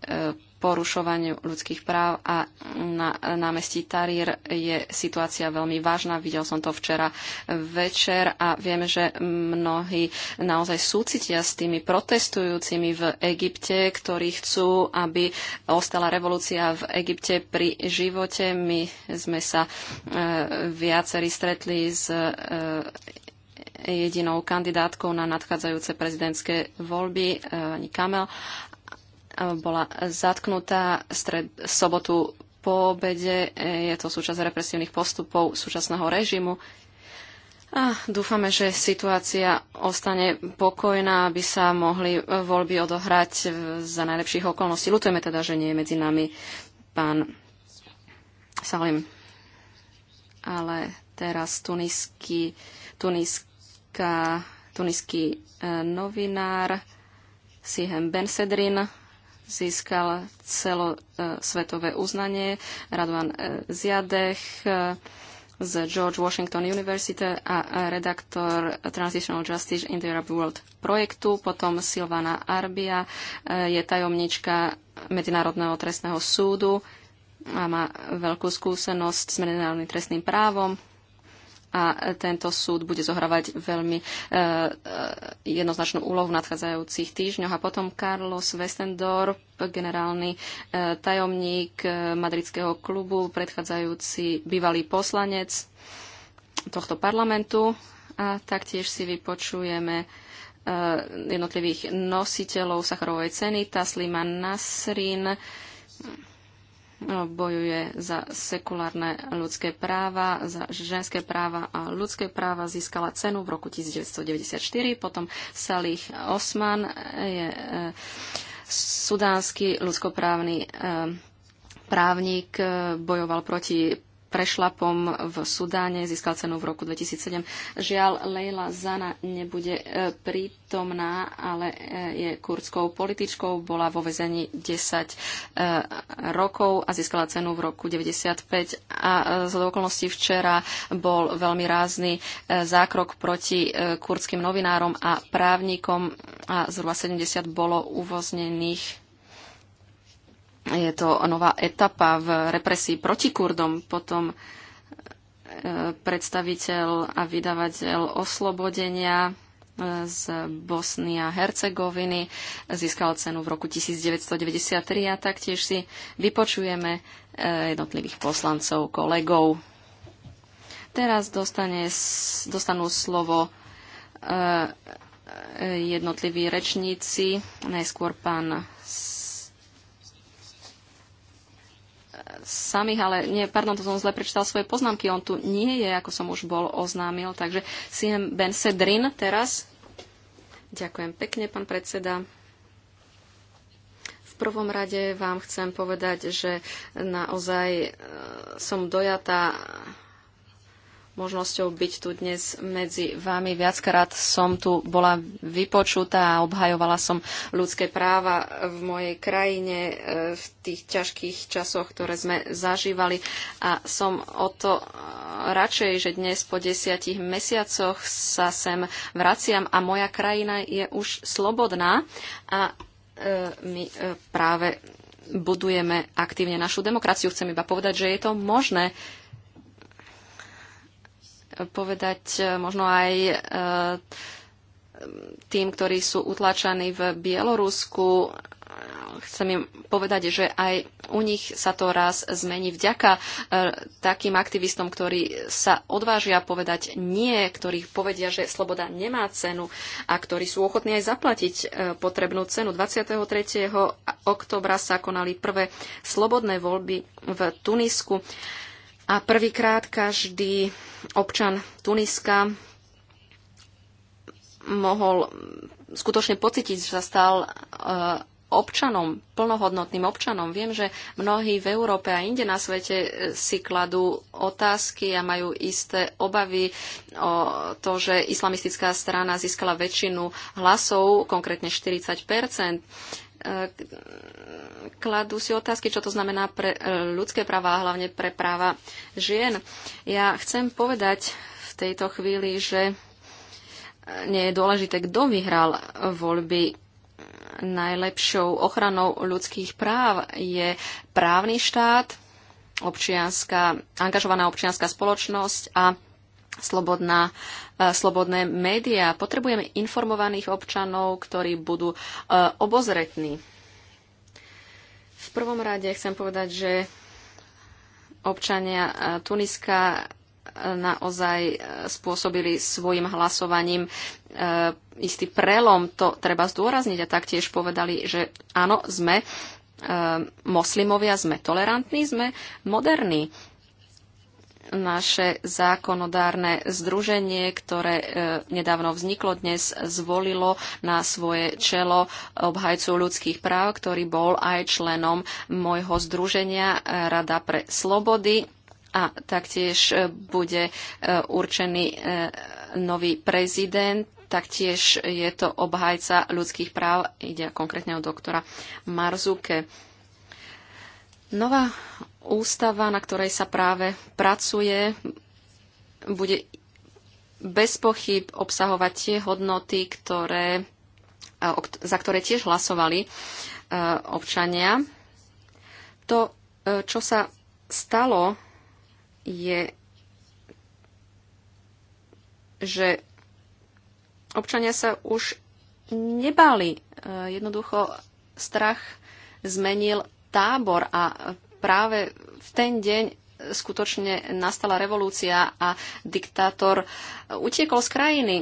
porušovaniu ľudských práv a na námestí Tarír je situácia veľmi vážna. Videl som to včera večer a viem, že mnohí naozaj súcitia s tými protestujúcimi v Egypte, ktorí chcú, aby ostala revolúcia v Egypte pri živote. My sme sa e, viacerí stretli s e, jedinou kandidátkou na nadchádzajúce prezidentské voľby, e, ani Kamel bola zatknutá stred sobotu po obede. Je to súčasť represívnych postupov súčasného režimu. A dúfame, že situácia ostane pokojná, aby sa mohli voľby odohrať za najlepších okolností. Lutujeme teda, že nie je medzi nami pán Salim. Ale teraz tunisky, tuniska, tuniský e, novinár Sihem Bensedrin získal celosvetové uznanie. Radvan eh, Ziadech eh, z George Washington University a eh, redaktor Transitional Justice in the Arab World projektu. Potom Silvana Arbia je tajomnička Medzinárodného trestného súdu a má veľkú skúsenosť s medzinárodným trestným právom a tento súd bude zohrávať veľmi e, e, jednoznačnú úlohu v nadchádzajúcich týždňoch. A potom Carlos Westendorp, generálny e, tajomník e, madridského klubu, predchádzajúci bývalý poslanec tohto parlamentu. A taktiež si vypočujeme e, jednotlivých nositeľov Sacharovej ceny, Taslima Nasrin, bojuje za sekulárne ľudské práva, za ženské práva a ľudské práva. Získala cenu v roku 1994. Potom Salih Osman je eh, sudánsky ľudskoprávny eh, právnik, eh, bojoval proti prešlapom v Sudáne, získal cenu v roku 2007. Žiaľ, Leila Zana nebude e, prítomná, ale e, je kurdskou političkou, bola vo vezení 10 e, rokov a získala cenu v roku 95 a z okolností včera bol veľmi rázny zákrok proti kurdským novinárom a právnikom a zhruba 70 bolo uvoznených je to nová etapa v represii proti Kurdom, potom e, predstaviteľ a vydavateľ oslobodenia e, z Bosny a Hercegoviny. Získal cenu v roku 1993 a taktiež si vypočujeme e, jednotlivých poslancov, kolegov. Teraz dostane, dostanú slovo jednotliví rečníci, najskôr pán samých, ale nie, pardon, to som zle prečítal svoje poznámky, on tu nie je, ako som už bol oznámil, takže Siem Ben Sedrin teraz. Ďakujem pekne, pán predseda. V prvom rade vám chcem povedať, že naozaj e, som dojatá možnosťou byť tu dnes medzi vami. Viackrát som tu bola vypočutá a obhajovala som ľudské práva v mojej krajine e, v tých ťažkých časoch, ktoré sme zažívali. A som o to e, radšej, že dnes po desiatich mesiacoch sa sem vraciam a moja krajina je už slobodná a e, my práve budujeme aktívne našu demokraciu. Chcem iba povedať, že je to možné povedať e, možno aj e, tým, ktorí sú utlačaní v Bielorusku. Chcem im povedať, že aj u nich sa to raz zmení vďaka e, takým aktivistom, ktorí sa odvážia povedať nie, ktorých povedia, že sloboda nemá cenu a ktorí sú ochotní aj zaplatiť potrebnú cenu. 23. oktobra sa konali prvé slobodné voľby v Tunisku. A prvýkrát každý občan Tuniska mohol skutočne pocítiť, že sa stal e, občanom, plnohodnotným občanom. Viem, že mnohí v Európe a inde na svete e, si kladú otázky a majú isté obavy o to, že islamistická strana získala väčšinu hlasov, konkrétne 40 kladú si otázky, čo to znamená pre e, ľudské práva a hlavne pre práva žien. Ja chcem povedať v tejto chvíli, že e, nie je dôležité, kto vyhral voľby. Najlepšou ochranou ľudských práv je právny štát, občianská, angažovaná občianská spoločnosť a slobodná, e, slobodné médiá. Potrebujeme informovaných občanov, ktorí budú e, obozretní. V prvom rade chcem povedať, že občania e, Tuniska naozaj spôsobili svojim hlasovaním istý prelom. To treba zdôrazniť a taktiež povedali, že áno, sme moslimovia, sme tolerantní, sme moderní naše zákonodárne združenie, ktoré e, nedávno vzniklo, dnes zvolilo na svoje čelo obhajcu ľudských práv, ktorý bol aj členom môjho združenia Rada pre slobody a taktiež e, bude e, určený nový prezident taktiež je to obhajca ľudských práv, ide konkrétne o doktora Marzuke. Nová ústava, na ktorej sa práve pracuje, bude bez pochyb obsahovať tie hodnoty, ktoré, za ktoré tiež hlasovali e, občania. To, e, čo sa stalo, je, že občania sa už nebali. E, jednoducho strach zmenil tábor a práve v ten deň skutočne nastala revolúcia a diktátor utiekol z krajiny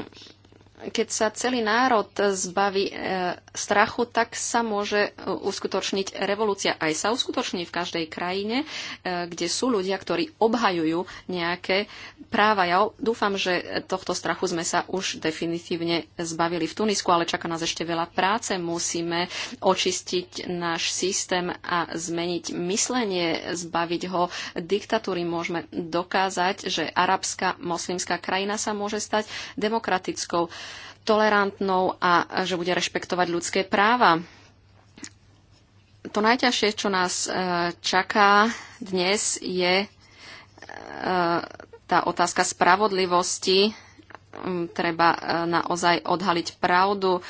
keď sa celý národ zbaví e, strachu, tak sa môže e, uskutočniť revolúcia. Aj sa uskutoční v každej krajine, e, kde sú ľudia, ktorí obhajujú nejaké práva. Ja dúfam, že tohto strachu sme sa už definitívne zbavili v Tunisku, ale čaká nás ešte veľa práce. Musíme očistiť náš systém a zmeniť myslenie, zbaviť ho diktatúry. Môžeme dokázať, že arabská moslimská krajina sa môže stať demokratickou tolerantnou a že bude rešpektovať ľudské práva. To najťažšie, čo nás e, čaká dnes, je e, tá otázka spravodlivosti Mm, treba e, naozaj odhaliť pravdu, e,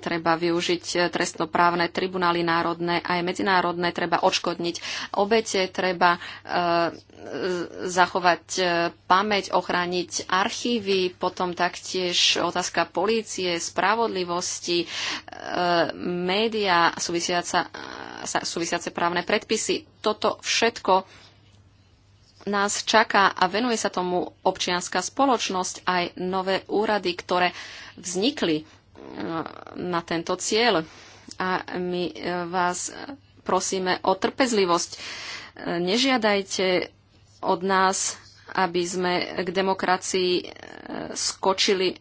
treba využiť e, trestnoprávne tribunály národné aj medzinárodné, treba odškodniť obete, treba zachovať pamäť, ochrániť archívy, potom taktiež otázka polície, spravodlivosti, média, súvisiace právne predpisy. Toto všetko nás čaká a venuje sa tomu občianská spoločnosť aj nové úrady, ktoré vznikli e, na tento cieľ. A my e, vás prosíme o trpezlivosť. E, nežiadajte od nás, aby sme k demokracii skočili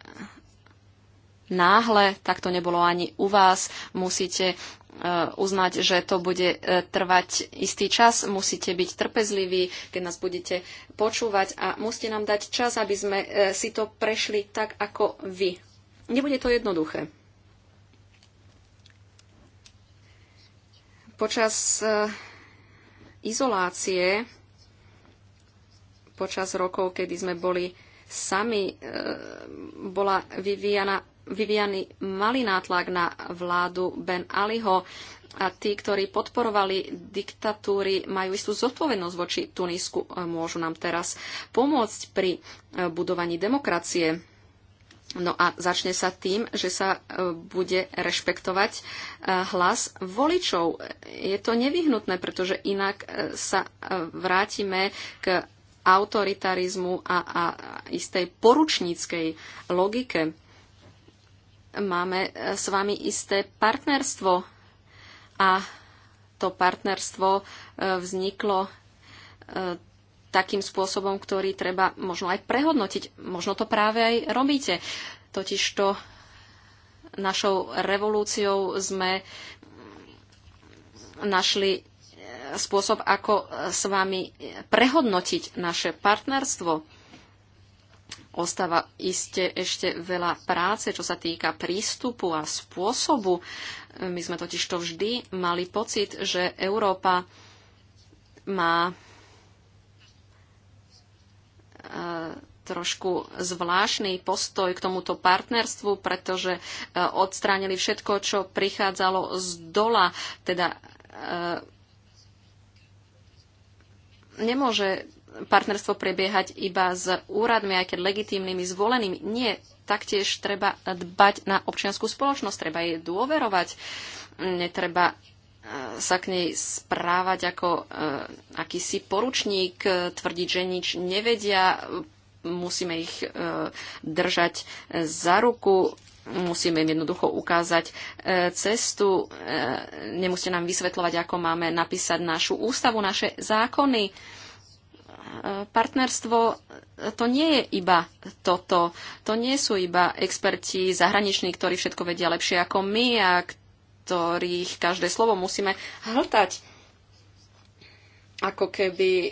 náhle, tak to nebolo ani u vás. Musíte Eh, uznať, že to bude eh, trvať istý čas. Musíte byť trpezliví, keď nás budete počúvať a musíte nám dať čas, aby sme eh, si to prešli tak, ako vy. Nebude to jednoduché. Počas izolácie, počas rokov, kedy sme boli sami, bola vyvíjana vyvíjaný malý nátlak na vládu Ben Aliho a tí, ktorí podporovali diktatúry, majú istú zodpovednosť voči Tunisku. E, môžu nám teraz pomôcť pri e, budovaní demokracie. No a začne sa tým, že sa e, bude rešpektovať hlas voličov. Je to nevyhnutné, pretože inak sa vrátime k autoritarizmu a, a istej poručníckej logike máme eh, s vami isté partnerstvo a to partnerstvo eh, vzniklo eh, takým spôsobom, ktorý treba možno aj prehodnotiť. Možno to práve aj robíte. Totižto našou revolúciou sme našli spôsob, ako s vami prehodnotiť naše partnerstvo Ostáva iste ešte veľa práce, čo sa týka prístupu a spôsobu. My sme totiž to vždy mali pocit, že Európa má e, trošku zvláštny postoj k tomuto partnerstvu, pretože e, odstránili všetko, čo prichádzalo z dola. Teda e, nemôže partnerstvo prebiehať iba s úradmi, aj keď legitímnymi zvolenými. Nie, taktiež treba dbať na občianskú spoločnosť, treba jej dôverovať, netreba e, sa k nej správať ako uh, akýsi poručník, e, tvrdiť, že nič nevedia, musíme ich uh, držať za ruku, musíme im jednoducho ukázať cestu, nemusíte nám vysvetľovať, ako máme napísať našu ústavu, naše zákony partnerstvo to nie je iba toto. To nie sú iba experti zahraniční, ktorí všetko vedia lepšie ako my a ktorých každé slovo musíme hltať. Ako keby e,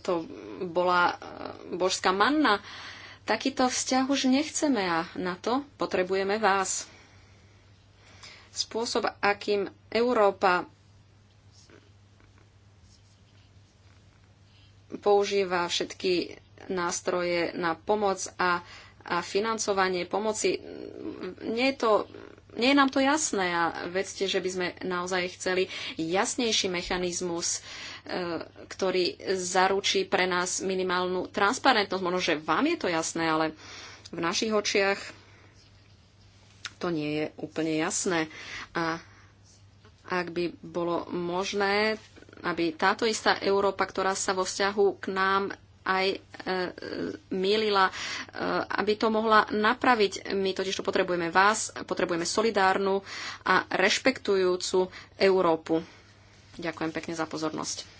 to bola e, božská manna. Takýto vzťah už nechceme a na to potrebujeme vás. Spôsob, akým Európa používa všetky nástroje na pomoc a, a financovanie pomoci. Nie je, to, nie je nám to jasné a vedzte, že by sme naozaj chceli jasnejší mechanizmus, e, ktorý zaručí pre nás minimálnu transparentnosť. Možno, že vám je to jasné, ale v našich očiach to nie je úplne jasné. A ak by bolo možné, aby táto istá Európa, ktorá sa vo vzťahu k nám aj e, mýlila, e, aby to mohla napraviť. My totiž to potrebujeme vás, potrebujeme solidárnu a rešpektujúcu Európu. Ďakujem pekne za pozornosť.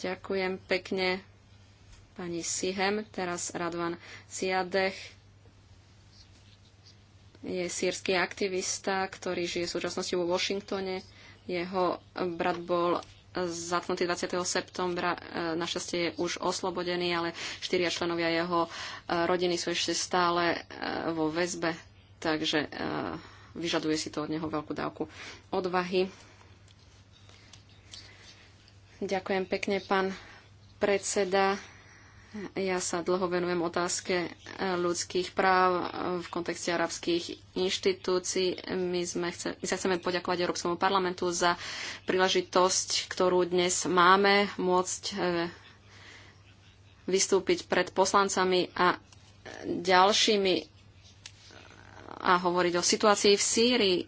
Ďakujem pekne pani Sihem, teraz Radvan Siadech je sírsky aktivista, ktorý žije v súčasnosti vo Washingtone. Jeho brat bol zatknutý 20. septembra. E, našťastie je už oslobodený, ale štyria členovia jeho e, rodiny sú ešte stále e, vo väzbe, takže vyžaduje si to od neho veľkú dávku odvahy. Ďakujem pekne, pán predseda. Ja sa dlho venujem otázke eh, ľudských práv eh, v kontexte arabských inštitúcií. My, sme chce, my sa chceme poďakovať Európskemu parlamentu za príležitosť, ktorú dnes máme, môcť eh, vystúpiť pred poslancami a ďalšími a hovoriť o situácii v Sýrii.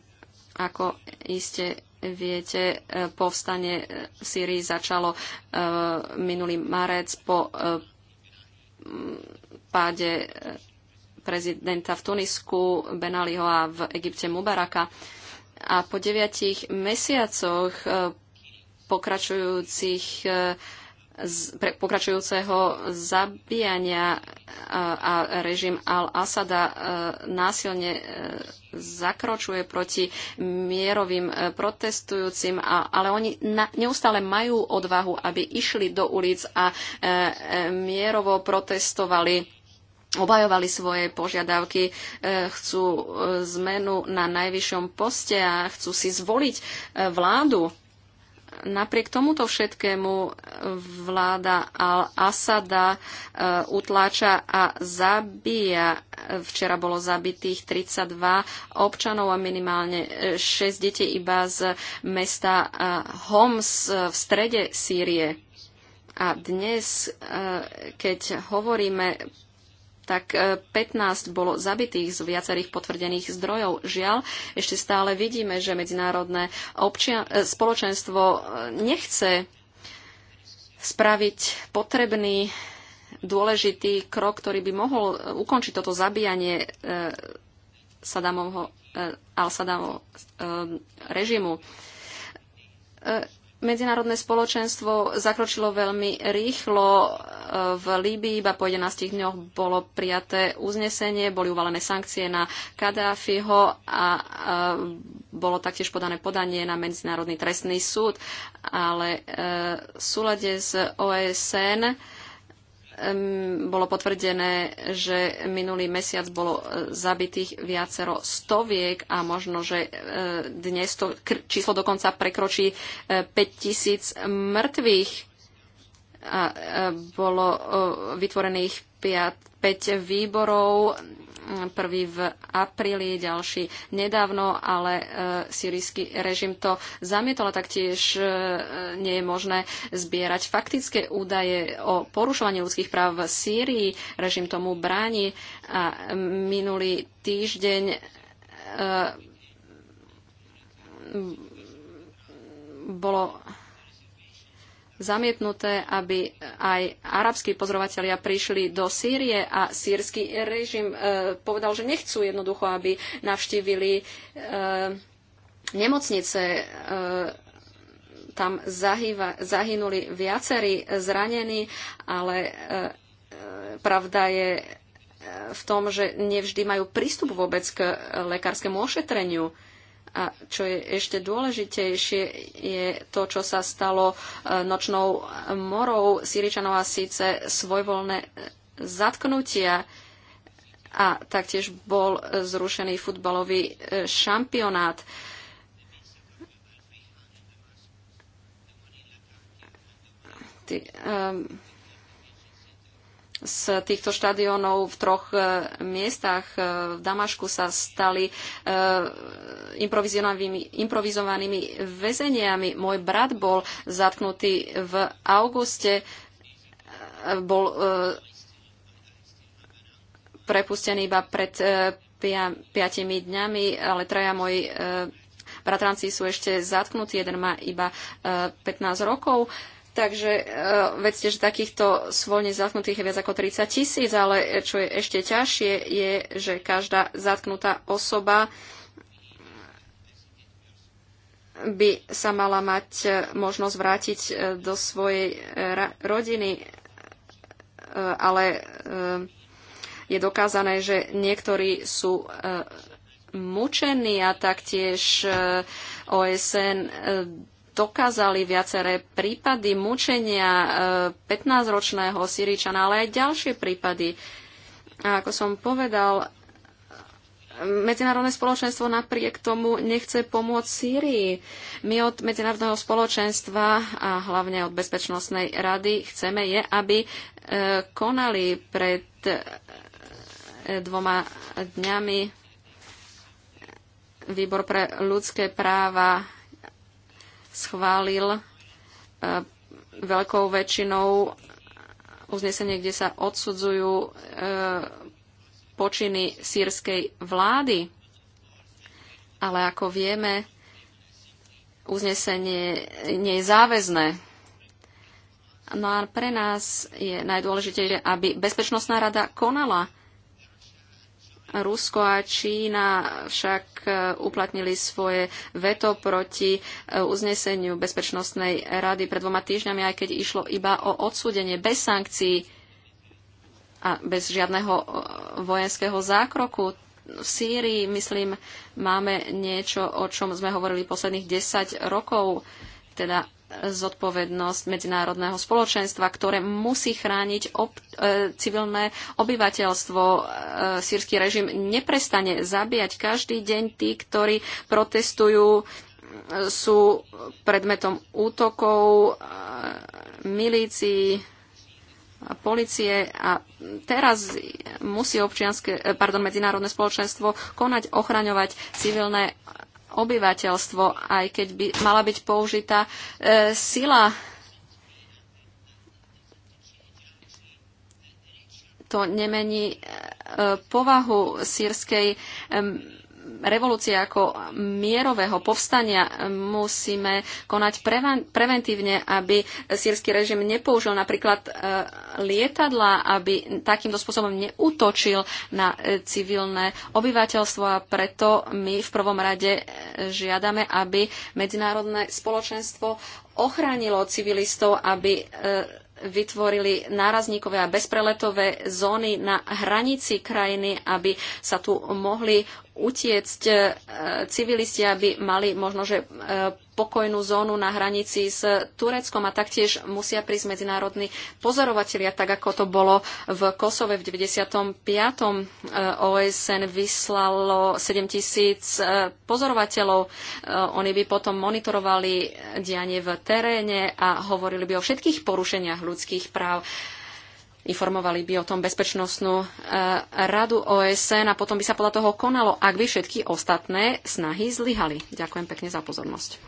Ako iste viete, povstanie v Sýrii začalo minulý marec po páde eh, prezidenta v Tunisku, Benaliho a v Egypte Mubaraka. A po deviatich mesiacoch eh, pokračujúcich eh, pokračujúceho zabíjania e, a režim al-Asada e, násilne e, zakročuje proti mierovým protestujúcim, ale oni neustále majú odvahu, aby išli do ulic a mierovo protestovali obajovali svoje požiadavky, chcú zmenu na najvyššom poste a chcú si zvoliť vládu napriek tomuto všetkému vláda Al-Asada e, utláča a zabíja. Včera bolo zabitých 32 občanov a minimálne 6 e, detí iba z mesta e, Homs v strede Sýrie. A dnes, keď hovoríme tak 15 e, bolo zabitých z viacerých potvrdených zdrojov. Žiaľ, ešte stále vidíme, že medzinárodné občia- e, spoločenstvo e, nechce spraviť potrebný dôležitý krok, ktorý by mohol ukončiť toto zabíjanie Sadamovho, al-Sadamovho režimu. Medzinárodné spoločenstvo zakročilo veľmi rýchlo. E, v Líbii iba po 11 dňoch bolo prijaté uznesenie, boli uvalené sankcie na Kadáfiho a e, bolo taktiež podané podanie na Medzinárodný trestný súd. Ale e, v súlade s OSN bolo potvrdené, že minulý mesiac bolo e, zabitých viacero stoviek a možno, že e, dnes to číslo dokonca prekročí 5000 e, mŕtvych. A bolo vytvorených 5 výborov, prvý v apríli, ďalší nedávno, ale e, sírisky režim to zamietol a taktiež e, nie je možné zbierať faktické údaje o porušovaní ľudských práv v Sýrii. Režim tomu bráni a minulý týždeň e, bolo zamietnuté, aby aj arabskí pozorovatelia prišli do Sýrie a sírsky režim e, povedal, že nechcú jednoducho, aby navštívili e, nemocnice e, tam zahýva, zahynuli viacerí zranení, ale pravda je v tom, že nevždy majú prístup vôbec k lekárskému ošetreniu. A čo je ešte dôležitejšie, je to, čo sa stalo e, nočnou morou Syričanov a síce svojvoľné e, zatknutia a taktiež bol e, zrušený futbalový šampionát. Tí, um, ehm, z týchto štadionov v troch e, miestach e, v Damašku sa stali e, improvizovanými, improvizovanými väzeniami. Môj brat bol zatknutý v auguste, bol prepustený iba pred piatimi dňami, ale traja moji bratranci sú ešte zatknutí, jeden má iba 15 rokov. Takže e, vedzte, že takýchto svojne zatknutých je viac ako 30 tisíc, ale čo je ešte ťažšie, je, že každá zatknutá osoba by sa mala mať e, možnosť vrátiť e, do svojej rodiny, ale je dokázané, že niektorí sú mučení a taktiež OSN dokázali viaceré prípady mučenia 15-ročného e, Syričana, ale aj ďalšie prípady. A ako som povedal, medzinárodné spoločenstvo napriek tomu nechce pomôcť Sýrii. My od medzinárodného spoločenstva a hlavne od Bezpečnostnej rady chceme je, aby e, konali pred e, dvoma dňami výbor pre ľudské práva schválil e, veľkou väčšinou uznesenie, kde sa odsudzujú e, počiny sírskej vlády. Ale ako vieme, uznesenie nie je záväzné. No a pre nás je najdôležitejšie, aby Bezpečnostná rada konala Rusko a Čína však e, uplatnili svoje veto proti e, uzneseniu Bezpečnostnej rady pred dvoma týždňami, aj keď išlo iba o odsúdenie bez sankcií a bez žiadneho e, vojenského zákroku. V Sýrii, myslím, máme niečo, o čom sme hovorili posledných 10 rokov, teda zodpovednosť medzinárodného spoločenstva, ktoré musí chrániť ob, e, civilné obyvateľstvo. E, sírsky režim neprestane zabíjať každý deň tí, ktorí protestujú e, sú predmetom útokov e, milícií, policie a teraz musí občianske, e, pardon, medzinárodné spoločenstvo konať, ochraňovať civilné obyvateľstvo, aj keď by mala byť použitá e, sila. To nemení e, povahu sírskej e, revolúcie ako mierového povstania musíme konať preventívne, aby sírsky režim nepoužil napríklad e, lietadla, aby takýmto spôsobom neútočil na e, civilné obyvateľstvo a preto my v prvom rade e, žiadame, aby medzinárodné spoločenstvo ochránilo civilistov, aby vytvorili nárazníkové a bezpreletové zóny na hranici krajiny, aby sa tu mohli utiecť e, civilisti, aby mali možno, že e, pokojnú zónu na hranici s Tureckom a taktiež musia prísť medzinárodní pozorovatelia, tak ako to bolo v Kosove v 95. E, OSN vyslalo 7 tisíc pozorovateľov. Oni by potom monitorovali dianie v teréne a hovorili by o všetkých porušeniach ľudských práv informovali by o tom bezpečnostnú e, radu OSN a potom by sa podľa toho konalo, ak by všetky ostatné snahy zlyhali. Ďakujem pekne za pozornosť.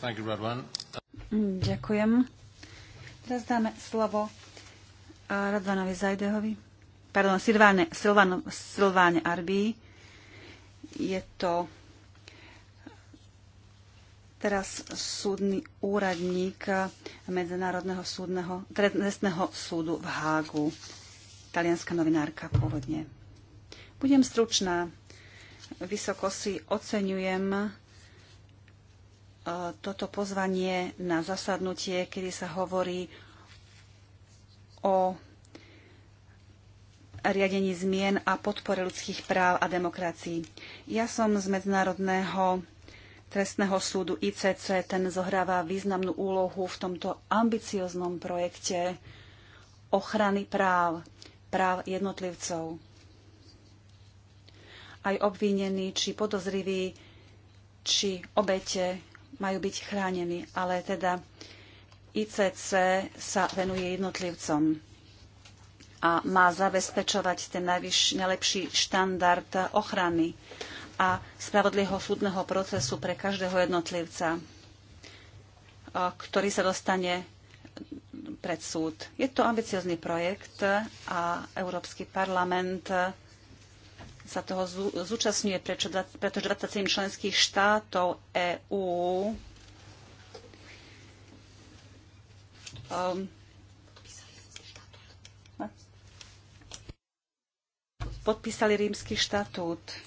You, Ďakujem. Teraz dáme slovo Radvanovi Zajdehovi. Pardon, Silváne, Silváne, Silváne Arbii. Je to Teraz súdny úradník Medzinárodného súdneho, teda trestného súdu v Hágu, talianská novinárka pôvodne. Budem stručná. Vysoko si oceňujem e, toto pozvanie na zasadnutie, kedy sa hovorí o riadení zmien a podpore ľudských práv a demokracií. Ja som z Medzinárodného trestného súdu ICC, ten zohráva významnú úlohu v tomto ambicioznom projekte ochrany práv, práv jednotlivcov. Aj obvinení či podozriví či obete majú byť chránení, ale teda ICC sa venuje jednotlivcom a má zabezpečovať ten najlepší štandard ochrany a spravodlivého súdneho procesu pre každého jednotlivca, ktorý sa dostane pred súd. Je to ambiciozný projekt a Európsky parlament sa toho zúčastňuje, pretože 27 členských štátov EÚ um, podpísali rímsky štatút.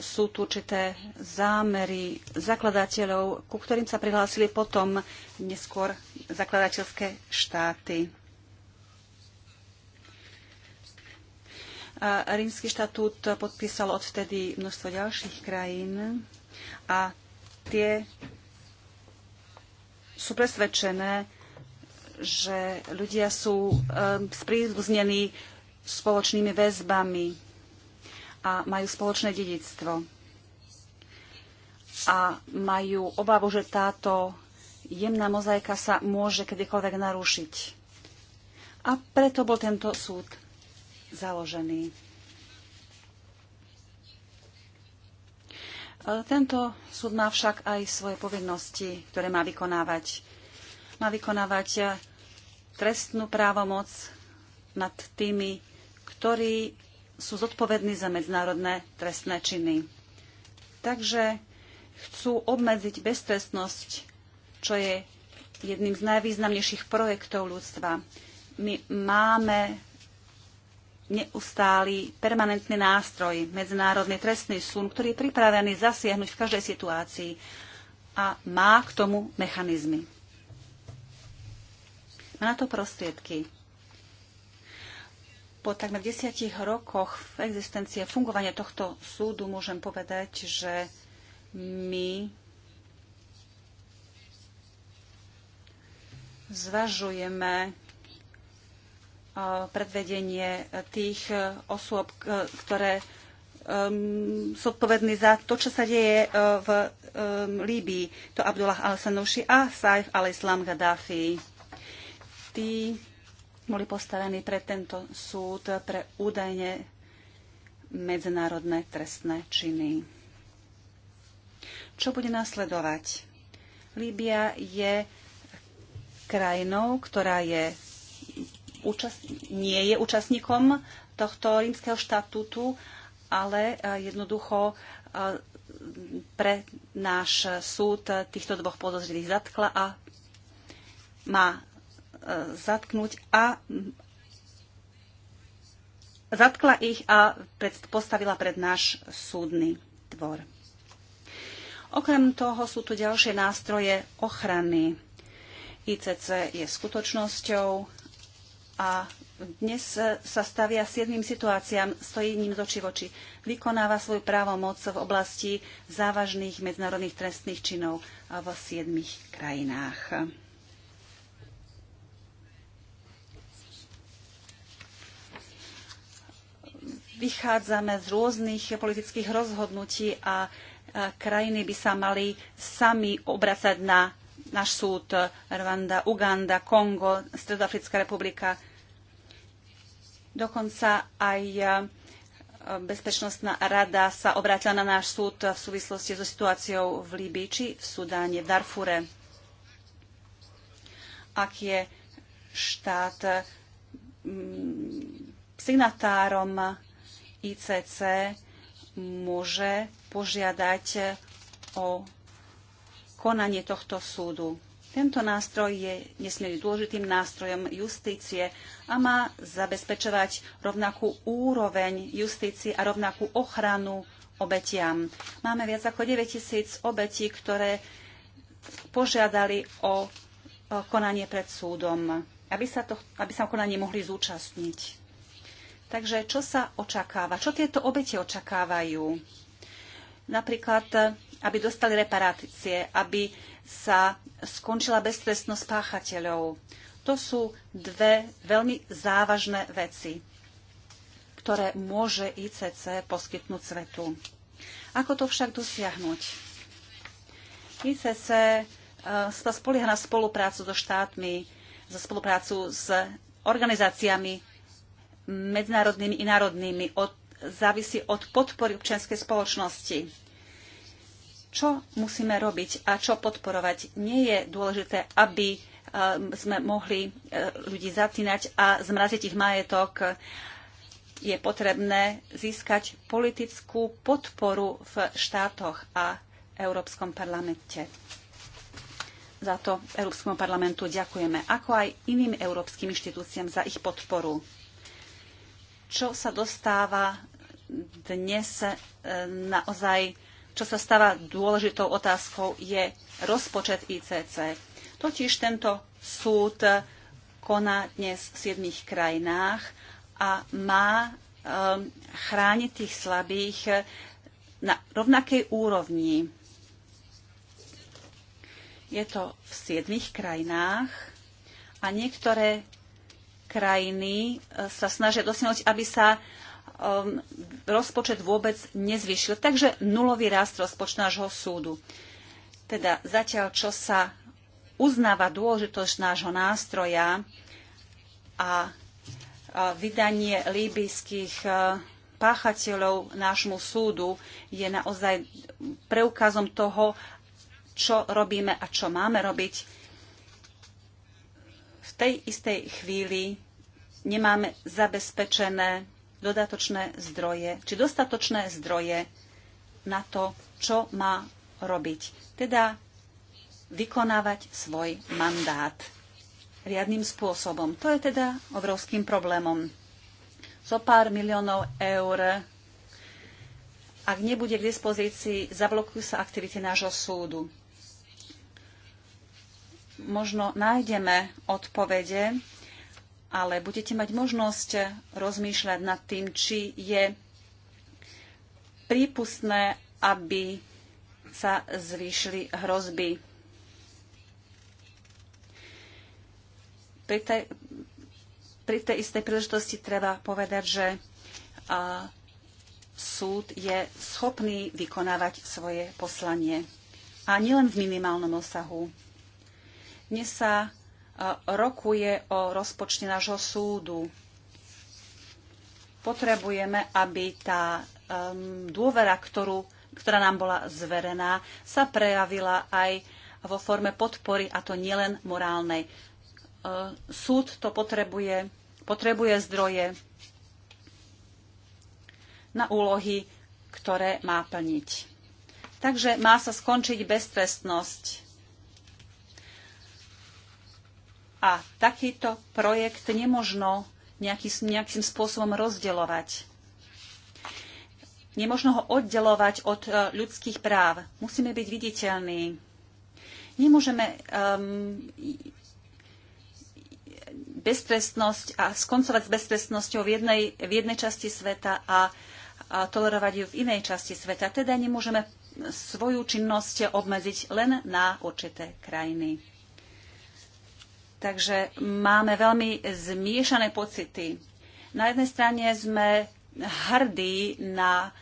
sú tu určité zámery zakladateľov, ku ktorým sa prihlásili potom neskôr zakladateľské štáty. Rímsky štatút podpísalo odvtedy množstvo ďalších krajín a tie sú presvedčené, že ľudia sú eh, spríbuznení spoločnými väzbami a majú spoločné dedictvo. A majú obavu, že táto jemná mozaika sa môže kedykoľvek narušiť. A preto bol tento súd založený. E, tento súd má však aj svoje povinnosti, ktoré má vykonávať. Má vykonávať e, trestnú právomoc nad tými, ktorí sú zodpovední za medzinárodné trestné činy. Takže chcú obmedziť beztrestnosť, čo je jedným z najvýznamnejších projektov ľudstva. My máme neustály permanentný nástroj, Medzinárodný trestný súd, ktorý je pripravený zasiahnuť v každej situácii a má k tomu mechanizmy. Má na to prostriedky po takmer desiatich rokoch existencie fungovania tohto súdu môžem povedať, že my zvažujeme predvedenie tých osôb, ktoré sú odpovední za to, čo sa deje e, v Líbii. To Abdullah al sanuši a Saif al-Islam Gaddafi. Tí boli postavení pre tento súd pre údajne medzinárodné trestné činy. Čo bude nasledovať? Líbia je krajinou, ktorá je, nie je účastníkom tohto rímskeho štatútu, ale e, jednoducho e, pre náš súd týchto dvoch podozrivých zatkla a má zatknúť a zatkla ich a postavila pred náš súdny dvor. Okrem toho sú tu ďalšie nástroje ochrany. ICC je skutočnosťou a dnes sa stavia siedmým situáciám, stojí ním z v oči. Vykonáva svoju právomoc v oblasti závažných medzinárodných trestných činov v siedmých krajinách. vychádzame z rôznych politických rozhodnutí a krajiny by sa mali sami obracať na náš súd Rwanda, Uganda, Kongo, Stredoafrická republika. Dokonca aj Bezpečnostná rada sa obrátila na náš súd v súvislosti so situáciou v Líbii či v Sudáne, v Darfure. Ak je štát mm, signatárom ICC môže požiadať o konanie tohto súdu. Tento nástroj je nesmierne dôležitým nástrojom justície a má zabezpečovať rovnakú úroveň justície a rovnakú ochranu obetiam. Máme viac ako 9 tisíc obetí, ktoré požiadali o konanie pred súdom, aby sa, to, aby sa konanie mohli zúčastniť. Takže čo sa očakáva? Čo tieto obete očakávajú? Napríklad, aby dostali reparácie, aby sa skončila beztrestnosť páchateľov. To sú dve veľmi závažné veci, ktoré môže ICC poskytnúť svetu. Ako to však dosiahnuť? ICC e, sa spolieha na spoluprácu so štátmi, za spoluprácu s organizáciami medzinárodnými i národnými, od, závisí od podpory občianskej spoločnosti. Čo musíme robiť a čo podporovať? Nie je dôležité, aby e, sme mohli e, ľudí zatínať a zmraziť ich majetok. Je potrebné získať politickú podporu v štátoch a Európskom parlamente. Za to Európskom parlamentu ďakujeme, ako aj iným európskym inštitúciám za ich podporu čo sa dostáva dnes e, naozaj, čo sa stáva dôležitou otázkou, je rozpočet ICC. Totiž tento súd koná dnes v siedmých krajinách a má e, chrániť tých slabých e, na rovnakej úrovni. Je to v siedmých krajinách a niektoré krajiny e, sa snažia dosiahnuť, aby sa um, rozpočet vôbec nezvyšil. Takže nulový rast rozpočtu nášho súdu. Teda zatiaľ, čo sa uznáva dôležitosť nášho nástroja a, a vydanie líbyjských e, páchateľov nášmu súdu je naozaj preukazom toho, čo robíme a čo máme robiť tej istej chvíli nemáme zabezpečené dodatočné zdroje, či dostatočné zdroje na to, čo má robiť. Teda vykonávať svoj mandát riadným spôsobom. To je teda obrovským problémom. Zo so pár miliónov eur, ak nebude k dispozícii, zablokujú sa aktivity nášho súdu možno nájdeme odpovede, ale budete mať možnosť rozmýšľať nad tým, či je prípustné, aby sa zvýšili hrozby. Pri tej, pri tej istej príležitosti treba povedať, že a, súd je schopný vykonávať svoje poslanie. A nielen v minimálnom osahu. Dnes sa e, rokuje o rozpočte nášho súdu. Potrebujeme, aby tá dôvera, ktorú, ktorá nám bola zverená, sa prejavila aj vo forme podpory, a to nielen morálnej. E, súd to potrebuje, potrebuje zdroje na úlohy, ktoré má plniť. Takže má sa skončiť beztrestnosť A takýto projekt nemožno nejaký, nejakým spôsobom rozdeľovať. Nemožno ho oddelovať od e, ľudských práv. Musíme byť viditeľní. Nemôžeme um, beztrestnosť a skoncovať s beztrestnosťou v jednej, v jednej časti sveta a, a tolerovať ju v inej časti sveta. Teda nemôžeme svoju činnosť obmedziť len na určité krajiny. Takže máme veľmi zmiešané pocity. Na jednej strane sme hrdí na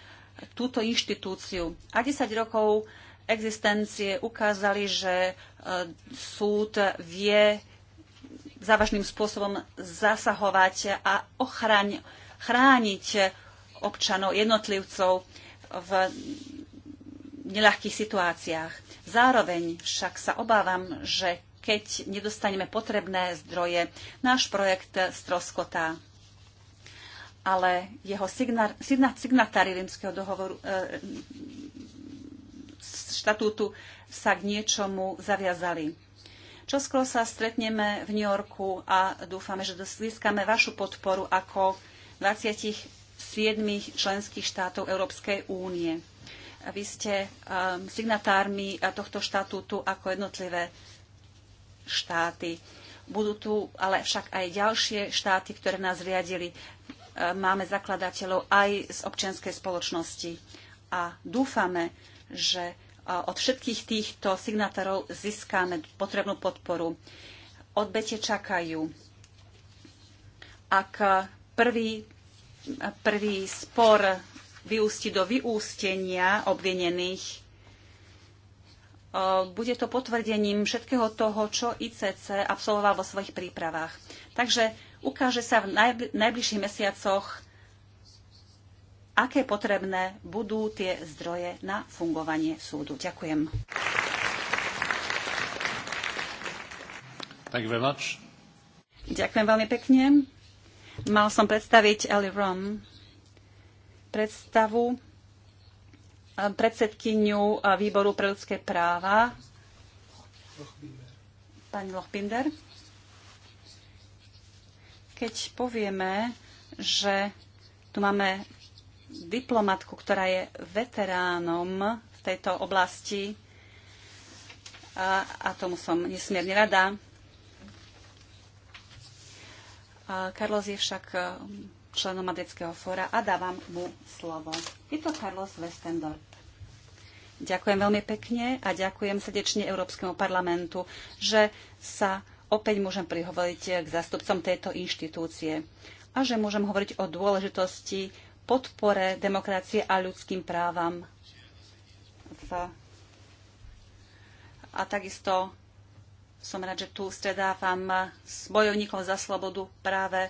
túto inštitúciu. A 10 rokov existencie ukázali, že e, súd vie závažným spôsobom zasahovať a ochraň, chrániť občanov, jednotlivcov v neľahkých situáciách. Zároveň však sa obávam, že keď nedostaneme potrebné zdroje, náš projekt stroskotá. Ale jeho signatári signatári rímskeho dohovoru, e, štatútu sa k niečomu zaviazali. Čoskoro sa stretneme v New Yorku a dúfame, že získame vašu podporu ako 27 členských štátov Európskej únie. Vy ste um, signatármi tohto štatútu ako jednotlivé štáty. Budú tu ale však aj ďalšie štáty, ktoré nás riadili. E, máme zakladateľov aj z občianskej spoločnosti a dúfame, že e, od všetkých týchto signatárov získame potrebnú podporu. Odbete čakajú. Ak prvý, prvý spor vyústi do vyústenia obvinených, Eh, bude to potvrdením všetkého toho, čo ICC absolvoval vo svojich prípravách. Takže ukáže sa v najbližších mesiacoch, aké potrebné budú tie zdroje na fungovanie súdu. Ďakujem. Ďakujem veľmi pekne. Mal som predstaviť Ellie Rom predstavu predsedkyňu eh, výboru pre ľudské práva. Pani Lochbinder. Keď povieme, že tu máme diplomatku, ktorá je veteránom v tejto oblasti, a, a tomu som nesmierne rada. A Carlos je však členom Madridského fóra a dávam mu slovo. Je to Carlos Westendorp. Ďakujem veľmi pekne a ďakujem srdečne Európskemu parlamentu, že sa opäť môžem prihovoriť k zastupcom tejto inštitúcie a že môžem hovoriť o dôležitosti podpore demokracie a ľudským právam v a takisto som rád, že tu stredávam s bojovníkom za slobodu práve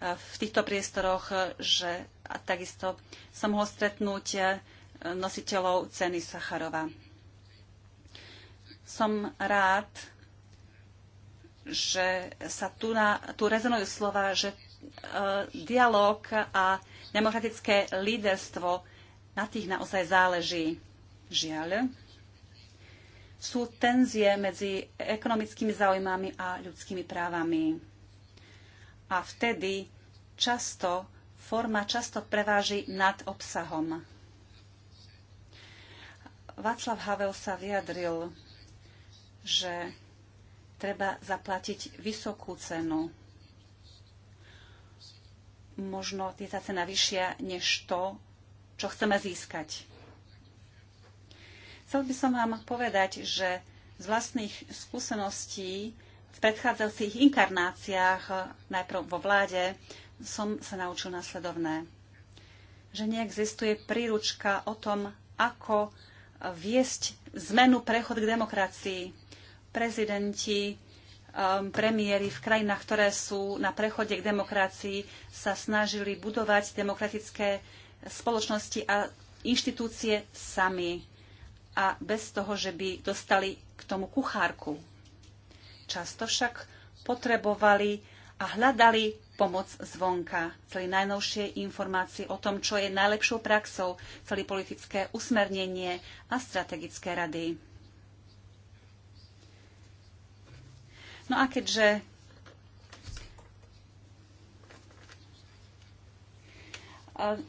v týchto priestoroch, že a takisto sa mohol stretnúť eh, nositeľov ceny Sacharova. Som rád, že sa tu, na, tu rezonujú slova, že eh, dialog a demokratické líderstvo na tých naozaj záleží. Žiaľ, sú tenzie medzi ekonomickými záujmami a ľudskými právami a vtedy často forma často preváži nad obsahom. Václav Havel sa vyjadril, že treba zaplatiť vysokú cenu. Možno je tá cena vyššia než to, čo chceme získať. Chcel by som vám povedať, že z vlastných skúseností v predchádzajúcich inkarnáciách, najprv vo vláde, som sa naučil nasledovné. Že neexistuje príručka o tom, ako viesť zmenu prechod k demokracii. Prezidenti, um, premiéry v krajinách, ktoré sú na prechode k demokracii, sa snažili budovať demokratické spoločnosti a inštitúcie sami a bez toho, že by dostali k tomu kuchárku Často však potrebovali a hľadali pomoc zvonka. Chceli najnovšie informácie o tom, čo je najlepšou praxou, chceli politické usmernenie a strategické rady. No a keďže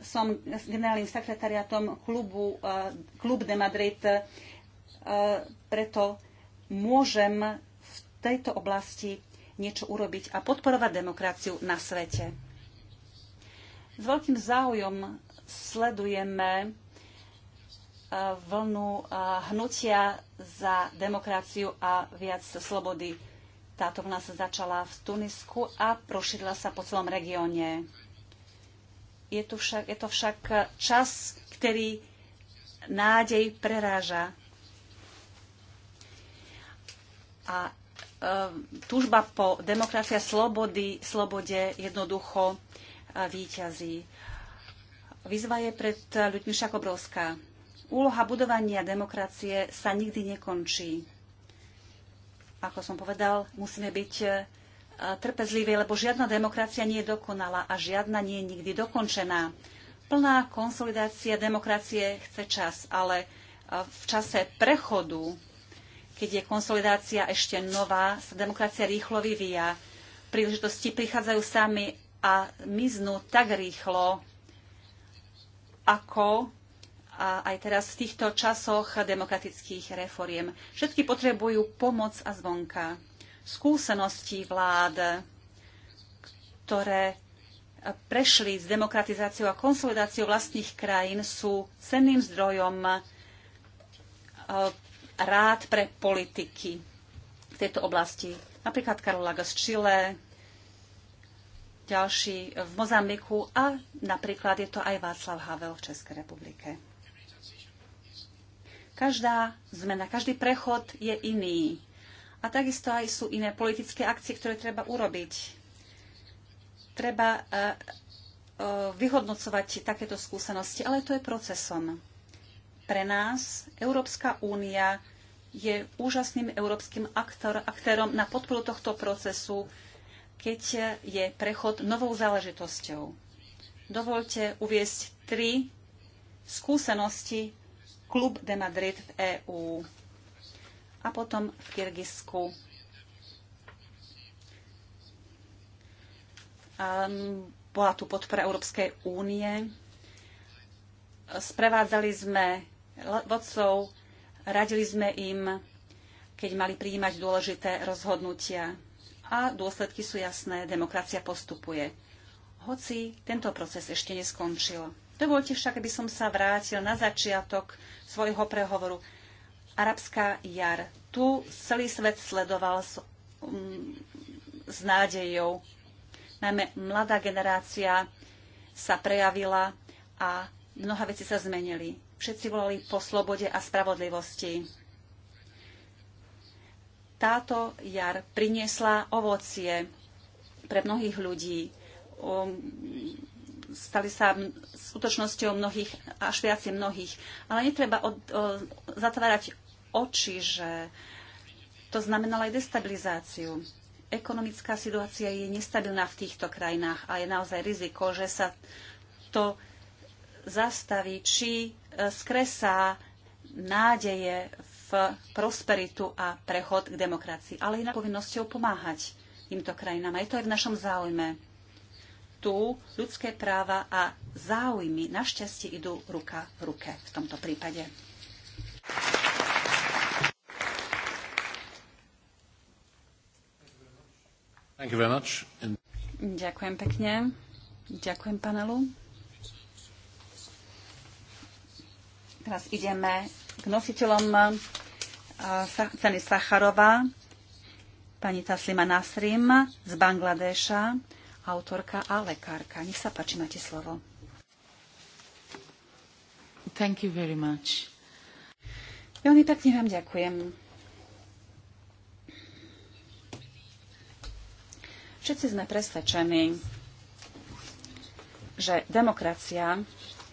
som generálnym sekretariatom klubu eh, Klub de Madrid, eh, preto môžem tejto oblasti niečo urobiť a podporovať demokraciu na svete. S veľkým záujom sledujeme e, vlnu e, hnutia za demokraciu a viac slobody. Táto vlna sa začala v Tunisku a prošidla sa po celom regióne. Je, tu však, je to však čas, ktorý nádej preráža. A Ehm, túžba po demokracia slobody, slobode jednoducho e, výťazí. Výzva je pred ľuďmi však obrovská. Úloha budovania demokracie sa nikdy nekončí. Ako som povedal, musíme byť e, trpezliví, lebo žiadna demokracia nie je dokonalá a žiadna nie je nikdy dokončená. Plná konsolidácia demokracie chce čas, ale e, v čase prechodu keď je konsolidácia ešte nová, sa demokracia rýchlo vyvíja. Príležitosti prichádzajú sami a miznú tak rýchlo, ako a aj teraz v týchto časoch demokratických reforiem. Všetky potrebujú pomoc a zvonka. Skúsenosti vlád, ktoré prešli s demokratizáciou a konsolidáciou vlastných krajín, sú cenným zdrojom rád pre politiky v tejto oblasti. Napríklad Karol Lagos z Chile, ďalší v Mozambiku a napríklad je to aj Václav Havel v Českej republike. Každá zmena, každý prechod je iný. A takisto aj sú iné politické akcie, ktoré treba urobiť. Treba eh, eh, vyhodnocovať takéto skúsenosti, ale to je procesom. Pre nás Európska únia je úžasným európskym aktor, aktérom na podporu tohto procesu, keď je prechod novou záležitosťou. Dovolte uviesť tri skúsenosti Klub de Madrid v EÚ a potom v Kyrgyzsku. Ehm, bola tu podpora Európskej únie. Sprevádzali sme vodcov. Radili sme im, keď mali prijímať dôležité rozhodnutia. A dôsledky sú jasné, demokracia postupuje. Hoci tento proces ešte neskončil. Dovolte však, aby som sa vrátil na začiatok svojho prehovoru. Arabská jar. Tu celý svet sledoval s, um, s nádejou. Najmä mladá generácia sa prejavila a mnoha veci sa zmenili všetci volali po slobode a spravodlivosti. Táto jar priniesla ovocie pre mnohých ľudí. Stali sa skutočnosťou mnohých, až viacej mnohých. Ale netreba od, o, zatvárať oči, že to znamenalo aj destabilizáciu. Ekonomická situácia je nestabilná v týchto krajinách a je naozaj riziko, že sa to zastaví, či skresá nádeje v prosperitu a prechod k demokracii, ale inak povinnosťou pomáhať týmto krajinám. je to je v našom záujme. Tu ľudské práva a záujmy našťastie idú ruka v ruke v tomto prípade. Ďakujem pekne. Ďakujem panelu. Teraz ideme k nositeľom e, ceny Sacharova, pani Taslima Nasrim z Bangladeša, autorka a lekárka. Nech sa páči, máte slovo. Thank you very much. Veľmi pekne vám ďakujem. Všetci sme presvedčení, že demokracia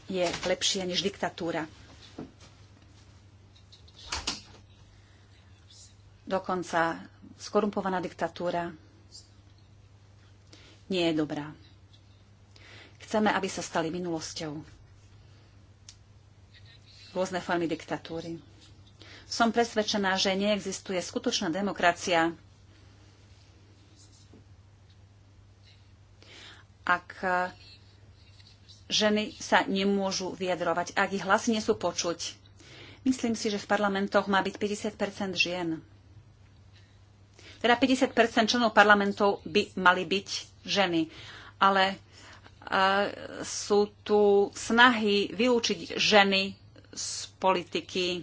je lepšia než diktatúra. dokonca skorumpovaná diktatúra nie je dobrá. Chceme, aby sa stali minulosťou. Rôzne formy diktatúry. Som presvedčená, že neexistuje skutočná demokracia, ak ženy sa nemôžu vyjadrovať, ak ich hlasy nie sú počuť. Myslím si, že v parlamentoch má byť 50 žien. Teda 50 členov parlamentov by mali byť ženy. Ale e, sú tu snahy vylúčiť ženy z politiky.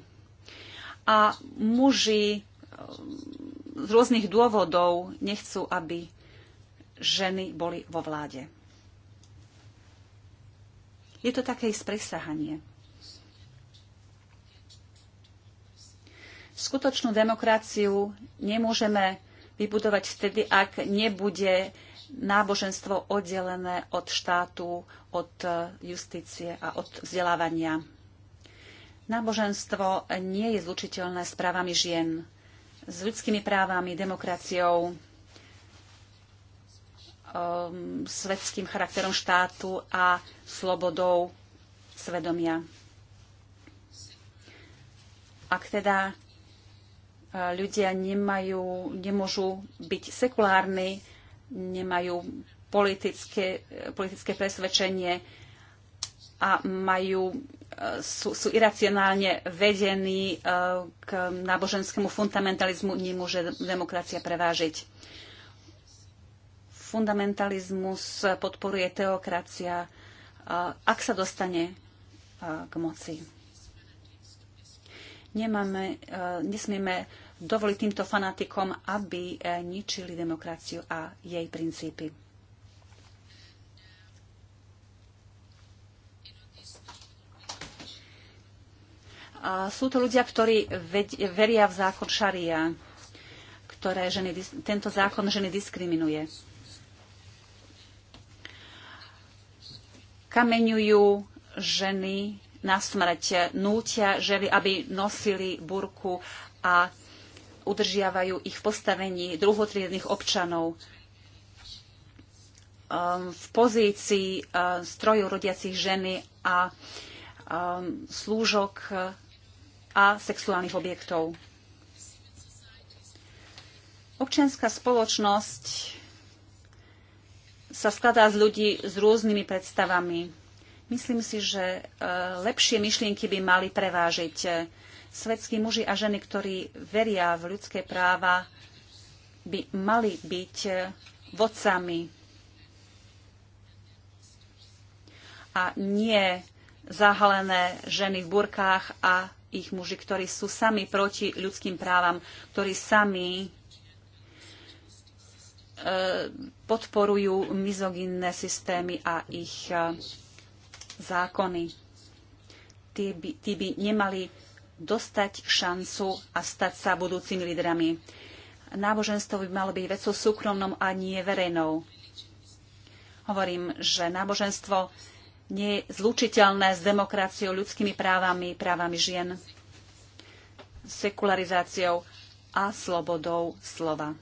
A muži e, z rôznych dôvodov nechcú, aby ženy boli vo vláde. Je to také sprisahanie. Skutočnú demokraciu nemôžeme vybudovať vtedy, ak nebude náboženstvo oddelené od štátu, od e, justície a od vzdelávania. Náboženstvo nie je zlučiteľné s právami žien, s ľudskými právami, demokraciou, um, svetským charakterom štátu a slobodou svedomia. Ak teda ľudia nemajú, nemôžu byť sekulárni, nemajú politické, politické presvedčenie a majú, e, sú, sú iracionálne vedení e, k náboženskému fundamentalizmu, nemôže demokracia prevážiť. Fundamentalizmus podporuje teokracia, e, ak sa dostane k moci. Nemáme, nesmieme dovoliť týmto fanatikom, aby eh, ničili demokraciu a jej princípy. A sú to ľudia, ktorí veria v zákon šaria, ktoré ženy, tento zákon ženy diskriminuje. Kameňujú ženy na smrť, nútia ženy, aby nosili burku a udržiavajú ich v postavení druhotriedných občanov um, v pozícii uh, strojov rodiacich ženy a um, slúžok a sexuálnych objektov. Občianská spoločnosť sa skladá z ľudí s rôznymi predstavami. Myslím si, že uh, lepšie myšlienky by mali prevážiť Svetskí muži a ženy, ktorí veria v ľudské práva, by mali byť e, vodcami a nie zahalené ženy v burkách a ich muži, ktorí sú sami proti ľudským právam, ktorí sami e, podporujú mizoginné systémy a ich e, zákony. Tí by, tí by nemali dostať šancu a stať sa budúcimi lídrami. Náboženstvo by malo byť vecou súkromnou a nie verejnou. Hovorím, že náboženstvo nie je zlučiteľné s demokraciou, ľudskými právami, právami žien, sekularizáciou a slobodou slova.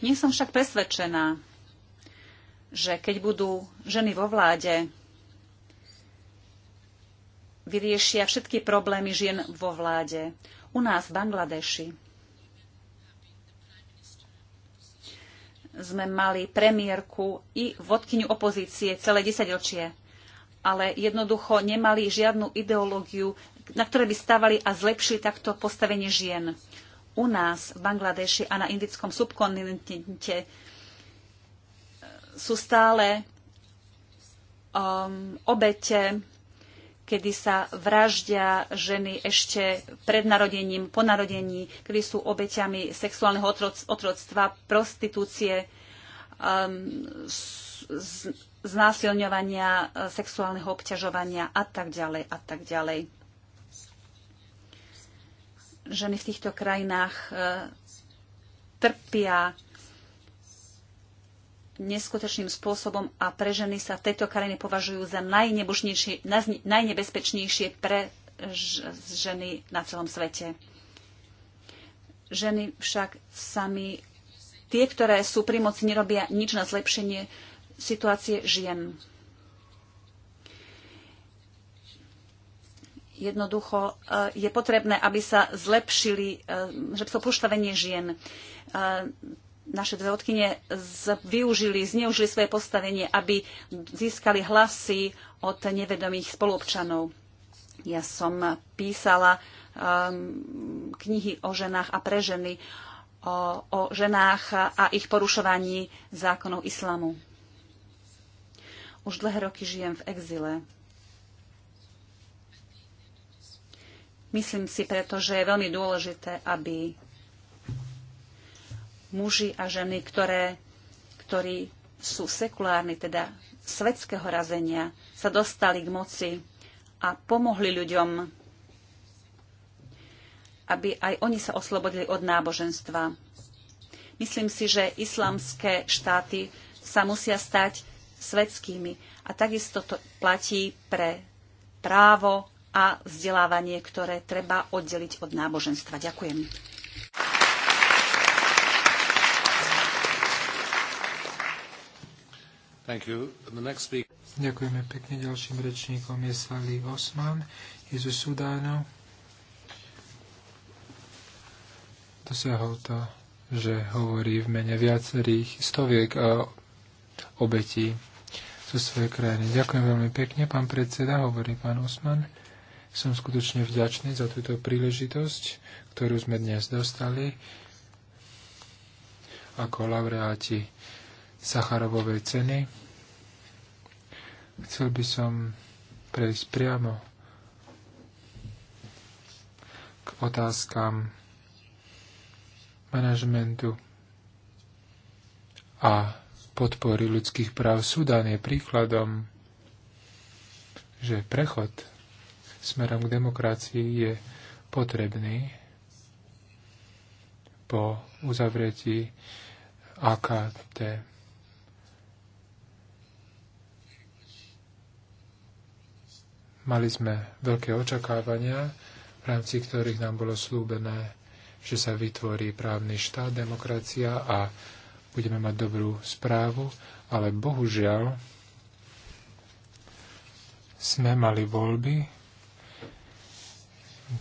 Nie som však presvedčená, že keď budú ženy vo vláde, vyriešia všetky problémy žien vo vláde. U nás v Bangladeši sme mali premiérku i vodkyňu opozície celé desaťročie, ale jednoducho nemali žiadnu ideológiu, na ktoré by stávali a zlepšili takto postavenie žien. U nás v Bangladeši a na indickom subkontinente sú stále um, obete, kedy sa vraždia ženy ešte pred narodením, po narodení, kedy sú obeťami sexuálneho otroctva, prostitúcie, um, z, znásilňovania, sexuálneho obťažovania a tak ďalej a tak ďalej. Ženy v týchto krajinách uh, trpia neskutočným spôsobom a pre ženy sa v tejto krajine považujú za najnebezpečnejšie pre ženy na celom svete. Ženy však sami, tie, ktoré sú pri moci, nerobia nič na zlepšenie situácie žien. Jednoducho eh, je potrebné, aby sa zlepšili, eh, že to postavenie žien eh, naše dve odkyne využili, zneužili svoje postavenie, aby získali hlasy od nevedomých spolupčanov. Ja som písala um, knihy o ženách a pre ženy, o, o ženách a ich porušovaní zákonov islamu. Už dlhé roky žijem v exile. Myslím si preto, že je veľmi dôležité, aby muži a ženy, ktoré, ktorí sú sekulárni, teda svetského razenia, sa dostali k moci a pomohli ľuďom, aby aj oni sa oslobodili od náboženstva. Myslím si, že islamské štáty sa musia stať svetskými a takisto to platí pre právo a vzdelávanie, ktoré treba oddeliť od náboženstva. Ďakujem. Ďakujeme pekne. Ďalším rečníkom je Salí Osman. Je zo Sudánu. Dosiahol to, že hovorí v mene viacerých stoviek a obetí zo svojej krajiny. Ďakujem veľmi pekne, pán predseda, hovorí pán Osman. Som skutočne vďačný za túto príležitosť, ktorú sme dnes dostali ako laureáti Sacharovovej ceny. Chcel by som prejsť priamo k otázkam manažmentu a podpory ľudských práv. Sudan je príkladom, že prechod smerom k demokracii je potrebný po uzavretí AKT. Mali sme veľké očakávania, v rámci ktorých nám bolo slúbené, že sa vytvorí právny štát, demokracia a budeme mať dobrú správu, ale bohužiaľ sme mali voľby,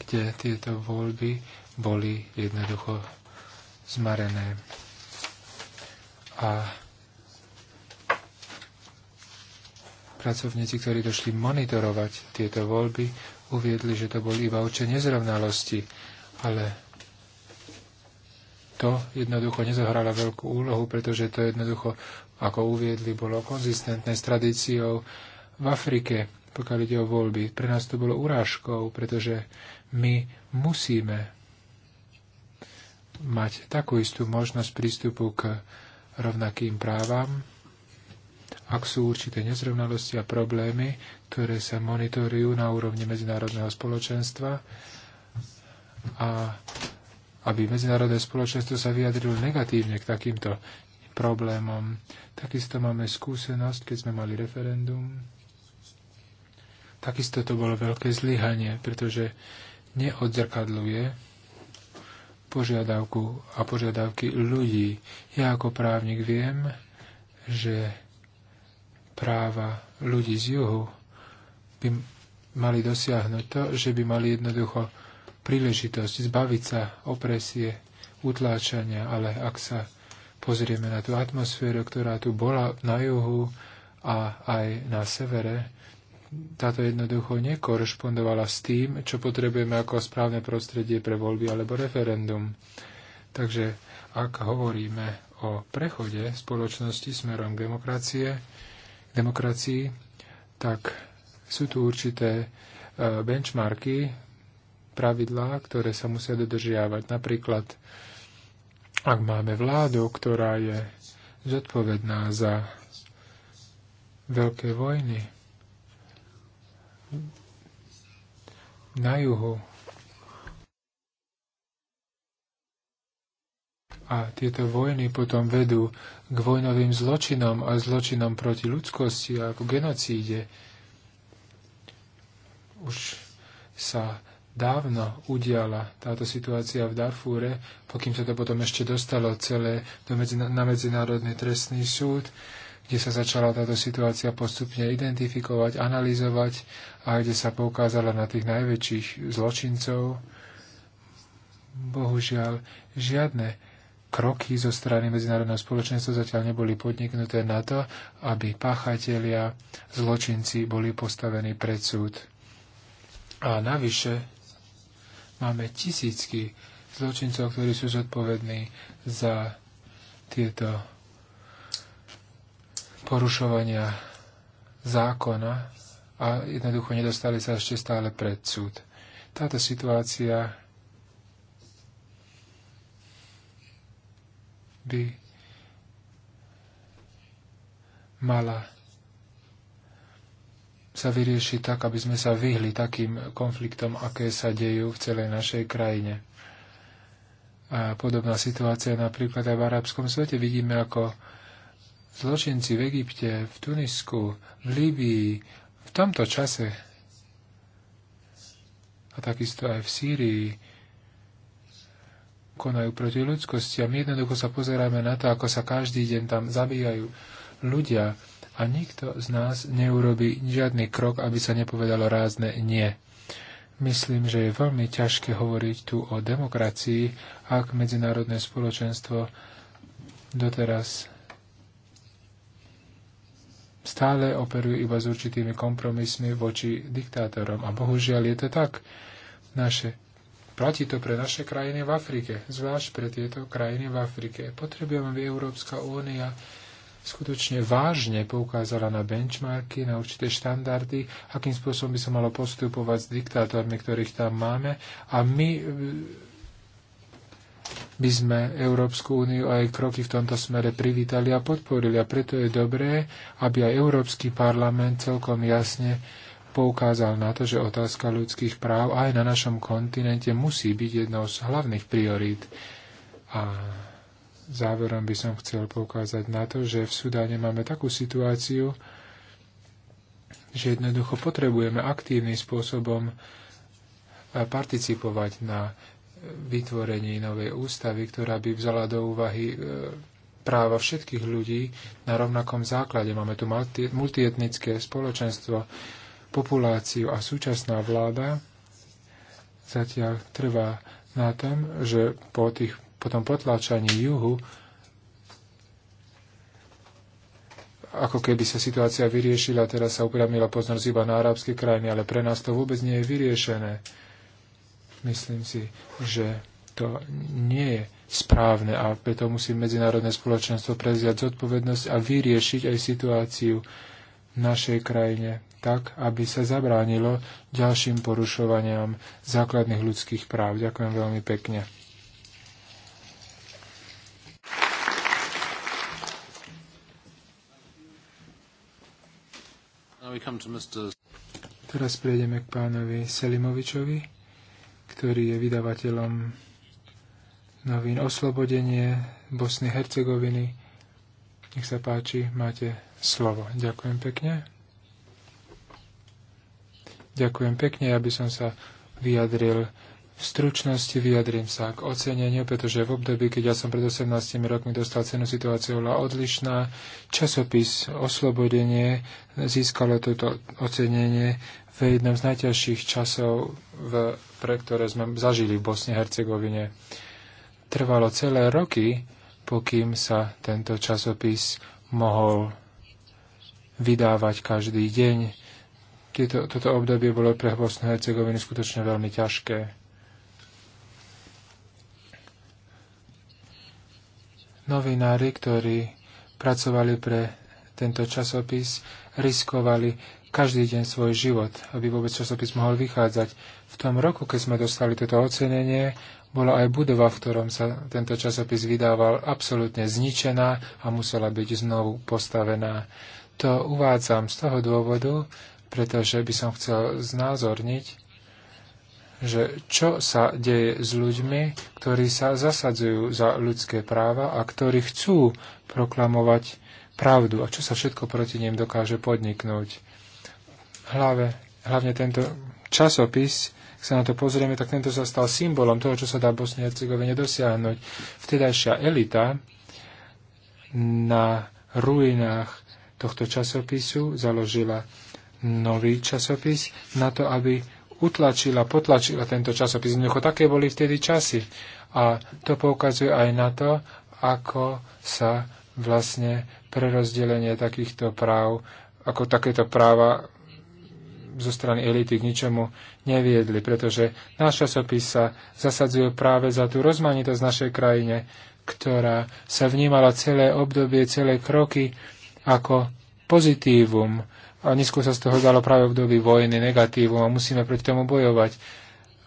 kde tieto voľby boli jednoducho zmarené. A Pracovníci, ktorí došli monitorovať tieto voľby, uviedli, že to boli iba určite nezrovnalosti, ale to jednoducho nezohrala veľkú úlohu, pretože to jednoducho, ako uviedli, bolo konzistentné s tradíciou v Afrike, pokiaľ ide o voľby. Pre nás to bolo urážkou, pretože my musíme mať takú istú možnosť prístupu k rovnakým právam, ak sú určité nezrovnalosti a problémy, ktoré sa monitorujú na úrovni medzinárodného spoločenstva a aby medzinárodné spoločenstvo sa vyjadrilo negatívne k takýmto problémom. Takisto máme skúsenosť, keď sme mali referendum. Takisto to bolo veľké zlyhanie, pretože neodzrkadľuje požiadavku a požiadavky ľudí. Ja ako právnik viem, že práva ľudí z juhu by mali dosiahnuť to, že by mali jednoducho príležitosť zbaviť sa opresie, utláčania, ale ak sa pozrieme na tú atmosféru, ktorá tu bola na juhu a aj na severe, táto jednoducho nekorešpondovala s tým, čo potrebujeme ako správne prostredie pre voľby alebo referendum. Takže ak hovoríme o prechode spoločnosti smerom k demokracie, demokracií, tak sú tu určité e, benchmarky, pravidlá, ktoré sa musia dodržiavať. Napríklad, ak máme vládu, ktorá je zodpovedná za veľké vojny na juhu A tieto vojny potom vedú k vojnovým zločinom a zločinom proti ľudskosti a k genocíde. Už sa dávno udiala táto situácia v Darfúre, pokým sa to potom ešte dostalo celé do medzina- na Medzinárodný trestný súd, kde sa začala táto situácia postupne identifikovať, analyzovať a kde sa poukázala na tých najväčších zločincov. Bohužiaľ, žiadne kroky zo strany medzinárodného spoločenstva zatiaľ neboli podniknuté na to, aby páchatelia, zločinci boli postavení pred súd. A navyše máme tisícky zločincov, ktorí sú zodpovední za tieto porušovania zákona a jednoducho nedostali sa ešte stále pred súd. Táto situácia by mala sa vyrieši tak, aby sme sa vyhli takým konfliktom, aké sa dejú v celej našej krajine. A podobná situácia napríklad aj v arabskom svete. Vidíme, ako zločinci v Egypte, v Tunisku, v Líbii, v tomto čase a takisto aj v Sýrii konajú proti ľudskosti. A my jednoducho sa pozeráme na to, ako sa každý deň tam zabíjajú ľudia a nikto z nás neurobi žiadny krok, aby sa nepovedalo rázne nie. Myslím, že je veľmi ťažké hovoriť tu o demokracii, ak medzinárodné spoločenstvo doteraz stále operujú iba s určitými kompromismi voči diktátorom. A bohužiaľ je to tak. Naše Platí to pre naše krajiny v Afrike, zvlášť pre tieto krajiny v Afrike. Potrebujeme, aby Európska únia skutočne vážne poukázala na benchmarky, na určité štandardy, akým spôsobom by sa malo postupovať s diktátormi, ktorých tam máme. A my by eh, sme Európsku úniu aj kroky v tomto smere privítali a podporili. A preto je dobré, aby aj Európsky parlament celkom jasne poukázal na to, že otázka ľudských práv aj na našom kontinente musí byť jednou z hlavných priorít. A záverom by som chcel poukázať na to, že v Sudáne máme takú situáciu, že jednoducho potrebujeme aktívnym spôsobom e, participovať na vytvorení novej ústavy, ktorá by vzala do úvahy e, práva všetkých ľudí na rovnakom základe. Máme tu multietnické spoločenstvo, populáciu a súčasná vláda zatiaľ trvá na tom, že po, tých, po tom potláčaní juhu ako keby sa situácia vyriešila, teraz sa upriamila pozornosť iba na arabské krajiny, ale pre nás to vôbec nie je vyriešené. Myslím si, že to nie je správne a preto musí medzinárodné spoločenstvo prevziať zodpovednosť a vyriešiť aj situáciu v našej krajine tak, aby sa zabránilo ďalším porušovaniam základných ľudských práv. Ďakujem veľmi pekne. Teraz prejdeme k pánovi Selimovičovi, ktorý je vydavateľom novín Oslobodenie Bosny Hercegoviny. Nech sa páči, máte slovo. Ďakujem pekne. Ďakujem pekne, aby som sa vyjadril v stručnosti vyjadrím sa k oceneniu, pretože v období, keď ja som pred 18 rokmi dostal cenu, situácia bola odlišná. Časopis Oslobodenie získalo toto ocenenie v jednom z najťažších časov, v, pre ktoré sme zažili v Bosne Hercegovine. Trvalo celé roky, pokým sa tento časopis mohol vydávať každý deň tieto, toto obdobie bolo pre Bosnu a Hercegovinu skutočne veľmi ťažké. Novinári, ktorí pracovali pre tento časopis, riskovali každý deň svoj život, aby vôbec časopis mohol vychádzať. V tom roku, keď sme dostali toto ocenenie, bola aj budova, v ktorom sa tento časopis vydával, absolútne zničená a musela byť znovu postavená. To uvádzam z toho dôvodu, pretože by som chcel znázorniť, že čo sa deje s ľuďmi, ktorí sa zasadzujú za ľudské práva a ktorí chcú proklamovať pravdu a čo sa všetko proti ním dokáže podniknúť. Hlave, hlavne tento časopis, ak sa na to pozrieme, tak tento sa stal symbolom toho, čo sa dá Bosne a Hercegovine dosiahnuť. Vtedajšia elita na ruinách tohto časopisu založila nový časopis na to, aby utlačila, potlačila tento časopis. Jednoducho také boli vtedy časy. A to poukazuje aj na to, ako sa vlastne prerozdelenie takýchto práv, ako takéto práva zo strany elity k ničomu neviedli, pretože náš časopis sa zasadzuje práve za tú rozmanitosť našej krajine, ktorá sa vnímala celé obdobie, celé kroky ako pozitívum, a neskôr sa z toho dalo práve období vojny negatívum a musíme proti tomu bojovať.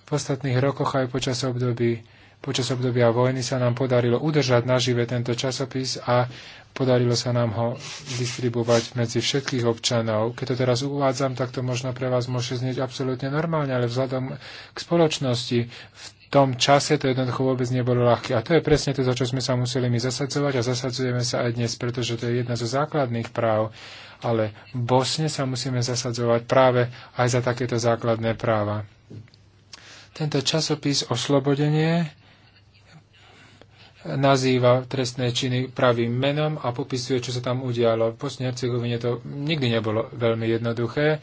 V ostatných rokoch aj počas období Počas obdobia vojny sa nám podarilo udržať nažive tento časopis a podarilo sa nám ho distribuovať medzi všetkých občanov. Keď to teraz uvádzam, tak to možno pre vás môže znieť absolútne normálne, ale vzhľadom k spoločnosti v tom čase to jednoducho vôbec nebolo ľahké. A to je presne to, za čo sme sa museli my zasadzovať a zasadzujeme sa aj dnes, pretože to je jedna zo základných práv ale v Bosne sa musíme zasadzovať práve aj za takéto základné práva. Tento časopis Oslobodenie nazýva trestné činy pravým menom a popisuje, čo sa tam udialo. V Bosne Hercegovine to nikdy nebolo veľmi jednoduché.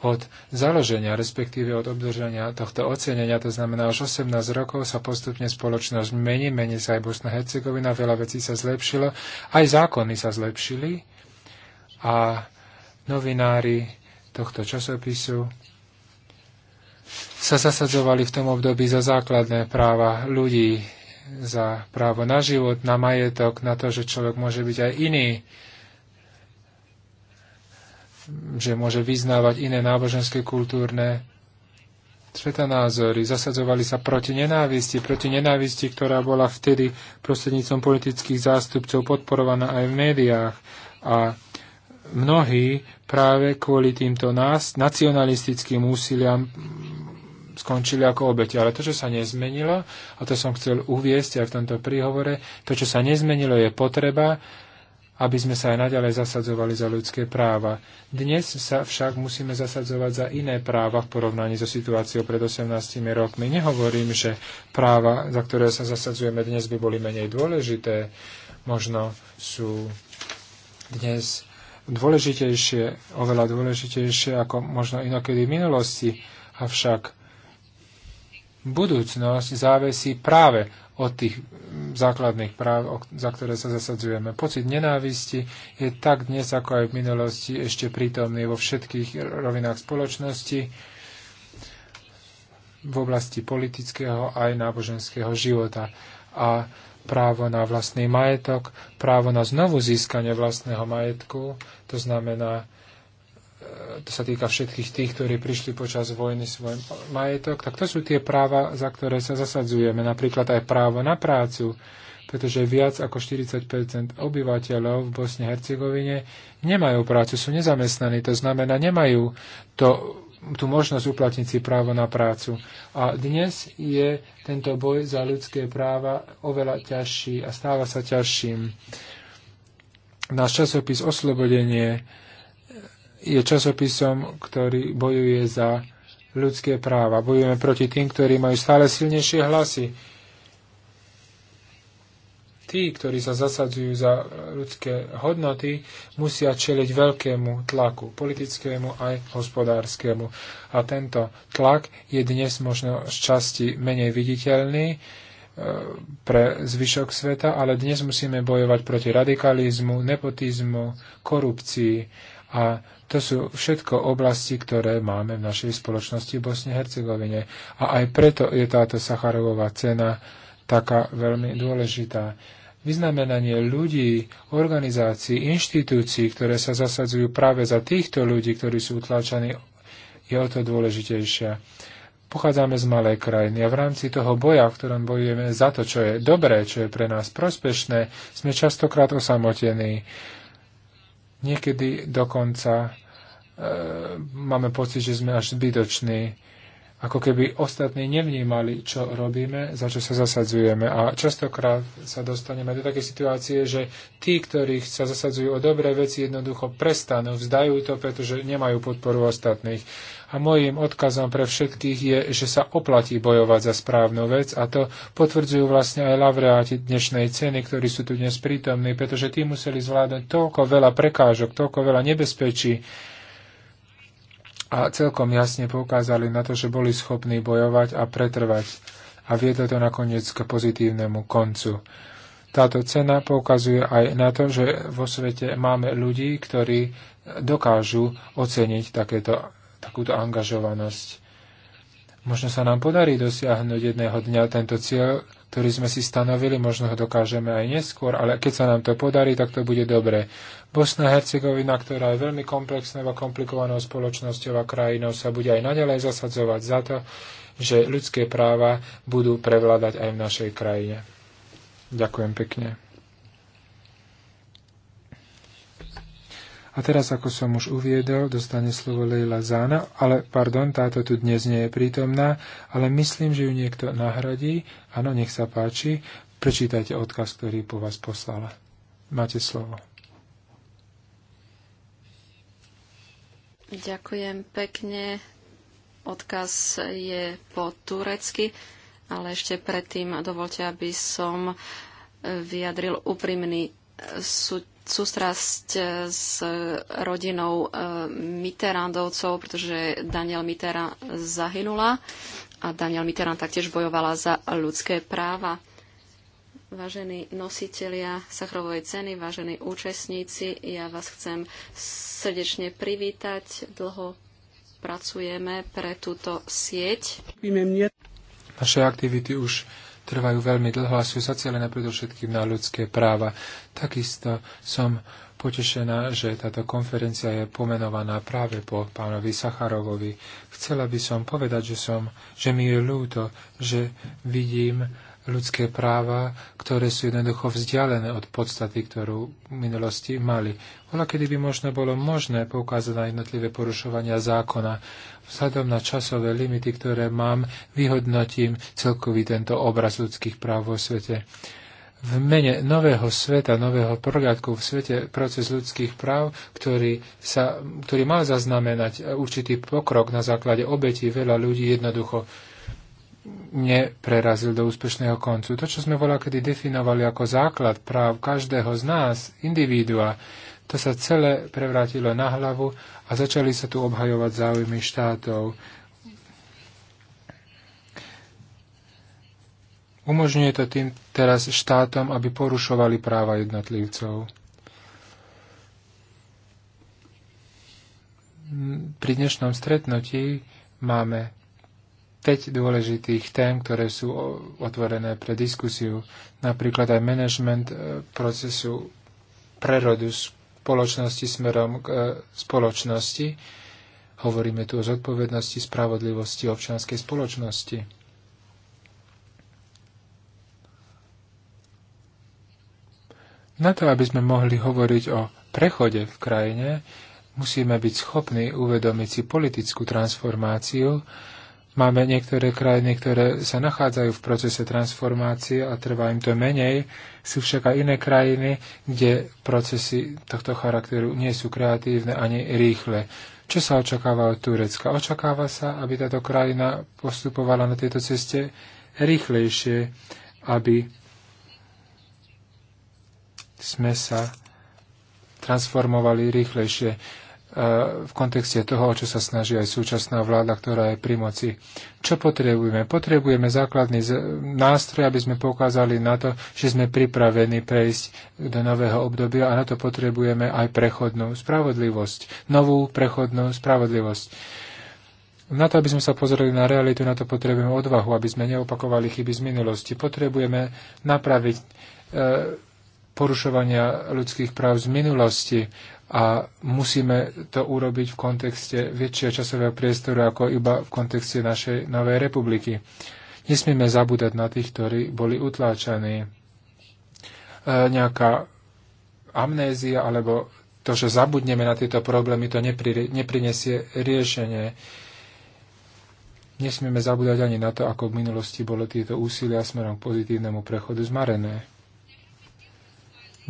Od založenia, respektíve od obdržania tohto ocenenia, to znamená až 18 rokov, sa postupne spoločnosť mení, mení sa aj Bosna Hercegovina, veľa vecí sa zlepšilo, aj zákony sa zlepšili, a novinári tohto časopisu sa zasadzovali v tom období za základné práva ľudí, za právo na život, na majetok, na to, že človek môže byť aj iný, že môže vyznávať iné náboženské, kultúrne svetonázory. Zasadzovali sa proti nenávisti, proti nenávisti, ktorá bola vtedy prostrednícom politických zástupcov podporovaná aj v médiách. A mnohí práve kvôli týmto nás, nacionalistickým úsiliam skončili ako obete. Ale to, čo sa nezmenilo, a to som chcel uviesť aj v tomto príhovore, to, čo sa nezmenilo, je potreba, aby sme sa aj naďalej zasadzovali za ľudské práva. Dnes sa však musíme zasadzovať za iné práva v porovnaní so situáciou pred 18 rokmi. Nehovorím, že práva, za ktoré sa zasadzujeme dnes, by boli menej dôležité. Možno sú dnes dôležitejšie, oveľa dôležitejšie ako možno inokedy v minulosti. Avšak budúcnosť závisí práve od tých základných práv, za ktoré sa zasadzujeme. Pocit nenávisti je tak dnes, ako aj v minulosti, ešte prítomný vo všetkých rovinách spoločnosti v oblasti politického aj náboženského života. A právo na vlastný majetok, právo na znovu získanie vlastného majetku, to znamená, e, to sa týka všetkých tých, ktorí prišli počas vojny svoj majetok, tak to sú tie práva, za ktoré sa zasadzujeme. Napríklad aj právo na prácu, pretože viac ako 40 obyvateľov v Bosne Hercegovine nemajú prácu, sú nezamestnaní, to znamená, nemajú to tú možnosť uplatniť si právo na prácu. A dnes je tento boj za ľudské práva oveľa ťažší a stáva sa ťažším. Náš časopis Oslobodenie je časopisom, ktorý bojuje za ľudské práva. Bojujeme proti tým, ktorí majú stále silnejšie hlasy tí, ktorí sa zasadzujú za ľudské hodnoty, musia čeliť veľkému tlaku, politickému aj hospodárskému. A tento tlak je dnes možno z časti menej viditeľný e, pre zvyšok sveta, ale dnes musíme bojovať proti radikalizmu, nepotizmu, korupcii a to sú všetko oblasti, ktoré máme v našej spoločnosti v Bosne-Hercegovine. A aj preto je táto Sacharovová cena taká veľmi dôležitá vyznamenanie ľudí, organizácií, inštitúcií, ktoré sa zasadzujú práve za týchto ľudí, ktorí sú utláčaní, je o to dôležitejšia. Pochádzame z malej krajiny a v rámci toho boja, v ktorom bojujeme za to, čo je dobré, čo je pre nás prospešné, sme častokrát osamotení. Niekedy dokonca e, máme pocit, že sme až zbytoční ako keby ostatní nevnímali, čo robíme, za čo sa zasadzujeme. A častokrát sa dostaneme do takej situácie, že tí, ktorí sa zasadzujú o dobré veci, jednoducho prestanú, vzdajú to, pretože nemajú podporu ostatných. A môjim odkazom pre všetkých je, že sa oplatí bojovať za správnu vec a to potvrdzujú vlastne aj lavreáti dnešnej ceny, ktorí sú tu dnes prítomní, pretože tí museli zvládať toľko veľa prekážok, toľko veľa nebezpečí, a celkom jasne poukázali na to, že boli schopní bojovať a pretrvať a viedlo to nakoniec k pozitívnemu koncu. Táto cena poukazuje aj na to, že vo svete máme ľudí, ktorí dokážu oceniť takéto, takúto angažovanosť. Možno sa nám podarí dosiahnuť jedného dňa tento cieľ, ktorý sme si stanovili, možno ho dokážeme aj neskôr, ale keď sa nám to podarí, tak to bude dobré. Bosna Hercegovina, ktorá je veľmi komplexná a komplikovanou spoločnosťou a krajinou, sa bude aj naďalej zasadzovať za to, že ľudské práva budú prevládať aj v našej krajine. Ďakujem pekne. A teraz, ako som už uviedol, dostane slovo Leila Zána, ale pardon, táto tu dnes nie je prítomná, ale myslím, že ju niekto nahradí. Áno, nech sa páči. Prečítajte odkaz, ktorý po vás poslala. Máte slovo. Ďakujem pekne. Odkaz je po turecky, ale ešte predtým dovolte, aby som vyjadril úprimný súťaž sústrasť e, s rodinou e, Mitterrandovcov, pretože Daniel Mitterrand zahynula a Daniel Mitterrand taktiež bojovala za ľudské práva. Vážení nositelia Sachrovej ceny, vážení účastníci, ja vás chcem srdečne privítať. Dlho pracujeme pre túto sieť. Vaše aktivity už trvajú veľmi dlho a sú zacielené predovšetkým na ľudské práva. Takisto som potešená, že táto konferencia je pomenovaná práve po pánovi Sacharovovi. Chcela by som povedať, že, som, že mi je ľúto, že vidím, ľudské práva, ktoré sú jednoducho vzdialené od podstaty, ktorú v minulosti mali. Bola kedy by možno bolo možné poukázať na jednotlivé porušovania zákona. Vzhľadom na časové limity, ktoré mám, vyhodnotím celkový tento obraz ľudských práv vo svete. V mene nového sveta, nového poriadku v svete proces ľudských práv, ktorý, sa, ktorý mal zaznamenať určitý pokrok na základe obetí veľa ľudí jednoducho neprerazil do úspešného koncu. To, čo sme volá kedy definovali ako základ práv každého z nás, individua, to sa celé prevrátilo na hlavu a začali sa tu obhajovať záujmy štátov. Umožňuje to tým teraz štátom, aby porušovali práva jednotlivcov. Pri dnešnom stretnutí máme 5 dôležitých tém, ktoré sú otvorené pre diskusiu, napríklad aj management e, procesu prerodu spoločnosti smerom k e, spoločnosti. Hovoríme tu o zodpovednosti, spravodlivosti občianskej spoločnosti. Na to, aby sme mohli hovoriť o prechode v krajine, musíme byť schopní uvedomiť si politickú transformáciu, Máme niektoré krajiny, ktoré sa nachádzajú v procese transformácie a trvá im to menej. Sú však aj iné krajiny, kde procesy tohto charakteru nie sú kreatívne ani rýchle. Čo sa očakáva od Turecka? Očakáva sa, aby táto krajina postupovala na tejto ceste rýchlejšie, aby sme sa transformovali rýchlejšie v kontexte toho, čo sa snaží aj súčasná vláda, ktorá je pri moci. Čo potrebujeme? Potrebujeme základný nástroj, aby sme pokázali na to, že sme pripravení prejsť do nového obdobia a na to potrebujeme aj prechodnú spravodlivosť. Novú prechodnú spravodlivosť. Na to, aby sme sa pozreli na realitu, na to potrebujeme odvahu, aby sme neopakovali chyby z minulosti. Potrebujeme napraviť e, porušovania ľudských práv z minulosti a musíme to urobiť v kontexte väčšieho časového priestoru ako iba v kontexte našej Novej republiky. Nesmieme zabúdať na tých, ktorí boli utláčaní. E, nejaká amnézia alebo to, že zabudneme na tieto problémy, to nepri, neprinesie riešenie. Nesmieme zabúdať ani na to, ako v minulosti bolo tieto úsilia smerom k pozitívnemu prechodu zmarené.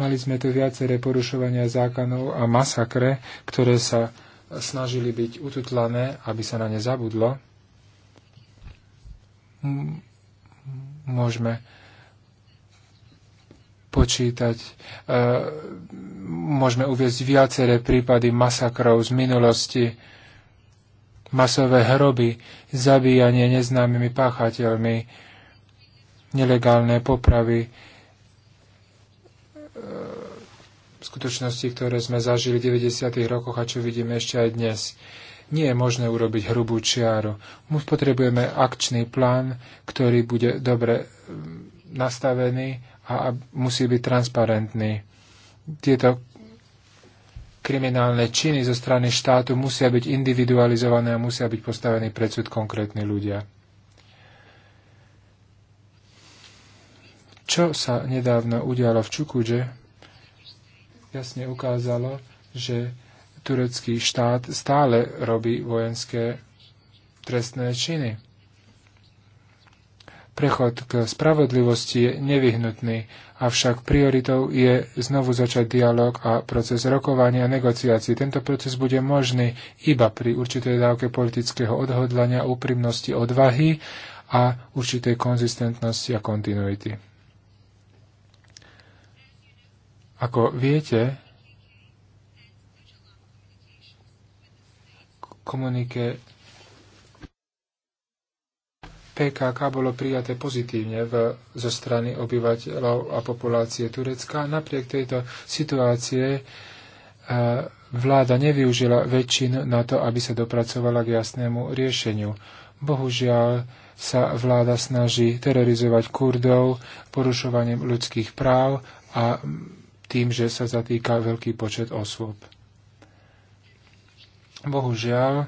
Mali sme tu viaceré porušovania zákonov a masakre, ktoré sa snažili byť ututlané, aby sa na ne zabudlo. Môžeme počítať. E, môžeme uviezť viaceré prípady masakrov z minulosti, masové hroby, zabíjanie neznámymi páchateľmi, nelegálne popravy, skutočnosti, ktoré sme zažili v 90. rokoch a čo vidíme ešte aj dnes. Nie je možné urobiť hrubú čiaru. My potrebujeme akčný plán, ktorý bude dobre mm, nastavený a musí byť transparentný. Tieto kriminálne činy zo strany štátu musia byť individualizované a musia byť postavení pred súd konkrétni ľudia. Čo sa nedávno udialo v Čukudže, jasne ukázalo, že turecký štát stále robí vojenské trestné činy. Prechod k spravodlivosti je nevyhnutný, avšak prioritou je znovu začať dialog a proces rokovania a negociácií. Tento proces bude možný iba pri určitej dávke politického odhodlania, úprimnosti, odvahy a určitej konzistentnosti a kontinuity. Ako viete, komunike PKK bolo prijaté pozitívne v, zo strany obyvateľov a populácie Turecka. Napriek tejto situácie e, vláda nevyužila väčšinu na to, aby sa dopracovala k jasnému riešeniu. Bohužiaľ sa vláda snaží terorizovať Kurdov porušovaním ľudských práv a tým, že sa zatýka veľký počet osôb. Bohužiaľ,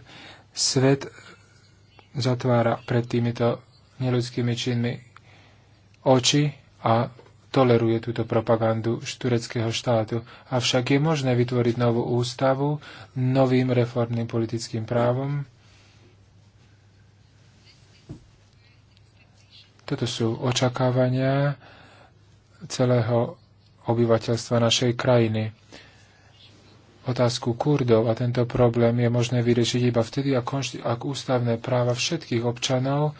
svet zatvára pred týmito neludskými činmi oči a toleruje túto propagandu tureckého štátu. Avšak je možné vytvoriť novú ústavu novým reformným politickým právom. Toto sú očakávania celého obyvateľstva našej krajiny. Otázku Kurdov a tento problém je možné vyriešiť iba vtedy, ak, ak ústavné práva všetkých občanov,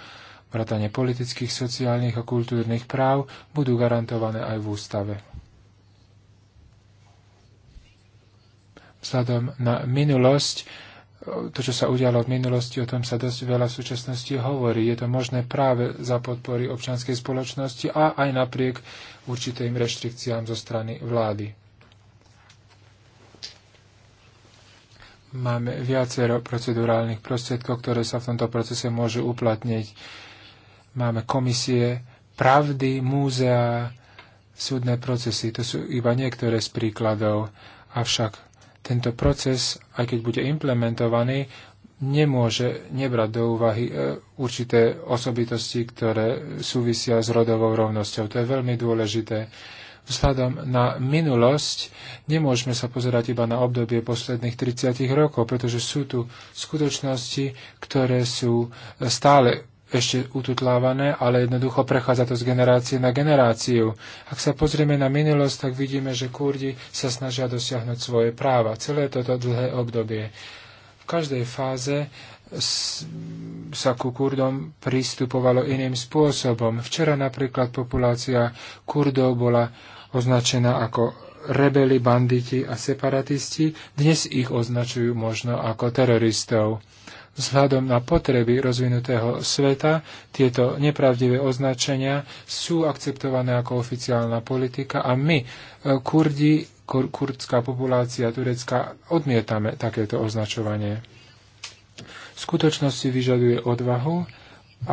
vrátane politických, sociálnych a kultúrnych práv, budú garantované aj v ústave. Vzhľadom na minulosť, to, čo sa udialo v minulosti, o tom sa dosť veľa v súčasnosti hovorí. Je to možné práve za podpory občianskej spoločnosti a aj napriek určitým reštrikciám zo strany vlády. Máme viacero procedurálnych prostriedkov, ktoré sa v tomto procese môžu uplatniť. Máme komisie pravdy, múzea, súdne procesy. To sú iba niektoré z príkladov. Avšak tento proces, aj keď bude implementovaný, nemôže nebrať do úvahy e, určité osobitosti, ktoré súvisia s rodovou rovnosťou. To je veľmi dôležité. Vzhľadom na minulosť nemôžeme sa pozerať iba na obdobie posledných 30 rokov, pretože sú tu skutočnosti, ktoré sú stále ešte ututlávané, ale jednoducho prechádza to z generácie na generáciu. Ak sa pozrieme na minulosť, tak vidíme, že Kurdi sa snažia dosiahnuť svoje práva. Celé toto dlhé obdobie. V každej fáze sa ku Kurdom pristupovalo iným spôsobom. Včera napríklad populácia Kurdov bola označená ako rebeli, banditi a separatisti, dnes ich označujú možno ako teroristov. Vzhľadom na potreby rozvinutého sveta tieto nepravdivé označenia sú akceptované ako oficiálna politika a my, e, Kurdi, kur, kurdská populácia turecká, odmietame takéto označovanie. V skutočnosti vyžaduje odvahu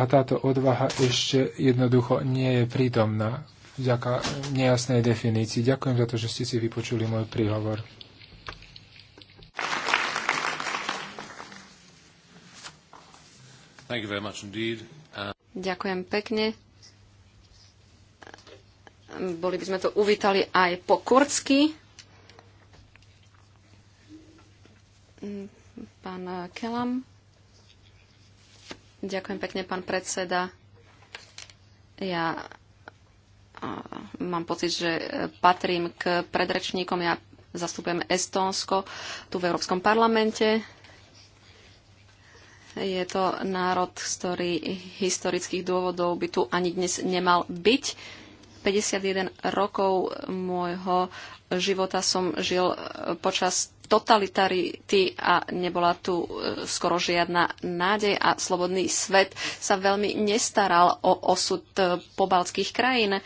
a táto odvaha ešte jednoducho nie je prítomná vďaka nejasnej definícii. Ďakujem za to, že ste si vypočuli môj príhovor. Ďakujem pekne. Boli by sme to uvítali aj po kurdsky. Pán Kelam. Ďakujem pekne, pán predseda. Ja mám pocit, že patrím k predrečníkom. Ja zastupujem Estónsko tu v Európskom parlamente. Je to národ, z ktorý historických dôvodov by tu ani dnes nemal byť. 51 rokov môjho života som žil počas totalitarity a nebola tu e, skoro žiadna nádej a slobodný svet sa veľmi nestaral o osud e, pobaltských krajín.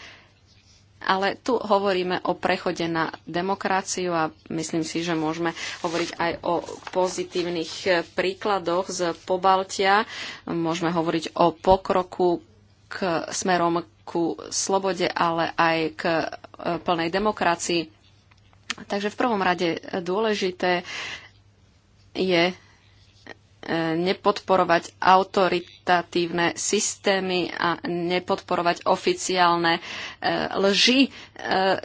Ale tu hovoríme o prechode na demokraciu a myslím si, že môžeme hovoriť aj o pozitívnych eh, príkladoch z Pobaltia. Môžeme hovoriť o pokroku k smerom ku slobode, ale aj k eh, plnej demokracii. Takže v prvom rade eh, dôležité je nepodporovať autoritatívne systémy a nepodporovať oficiálne e, lži. E,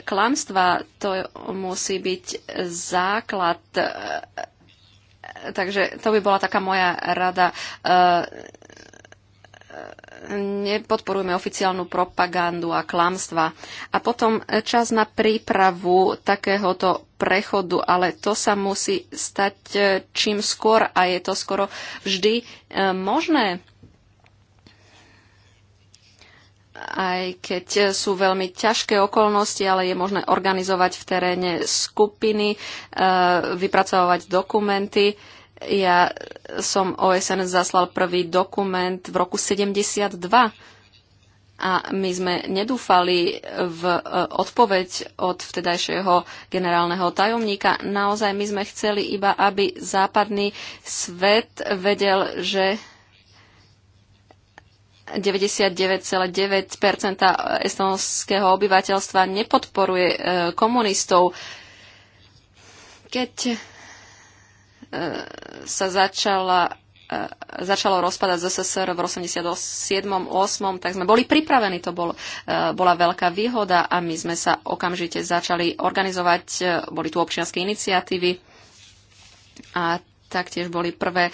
klamstva to musí byť základ. E, takže to by bola taká moja rada. Nepodporujme oficiálnu propagandu a klamstva. A potom čas na prípravu takéhoto prechodu, ale to sa musí stať e, čím skôr a je to skoro vždy e, možné. Aj keď sú veľmi ťažké okolnosti, ale je možné organizovať v teréne skupiny, e, vypracovať dokumenty. Ja som OSN zaslal prvý dokument v roku 72 a my sme nedúfali v e, odpoveď od vtedajšieho generálneho tajomníka. Naozaj my sme chceli iba, aby západný svet vedel, že 99,9 estonského obyvateľstva nepodporuje e, komunistov. Keď e, sa začala E, začalo rozpadať ZSR v 87. 8. tak sme boli pripravení, to bol, e, bola veľká výhoda a my sme sa okamžite začali organizovať, e, boli tu občianske iniciatívy a taktiež boli prvé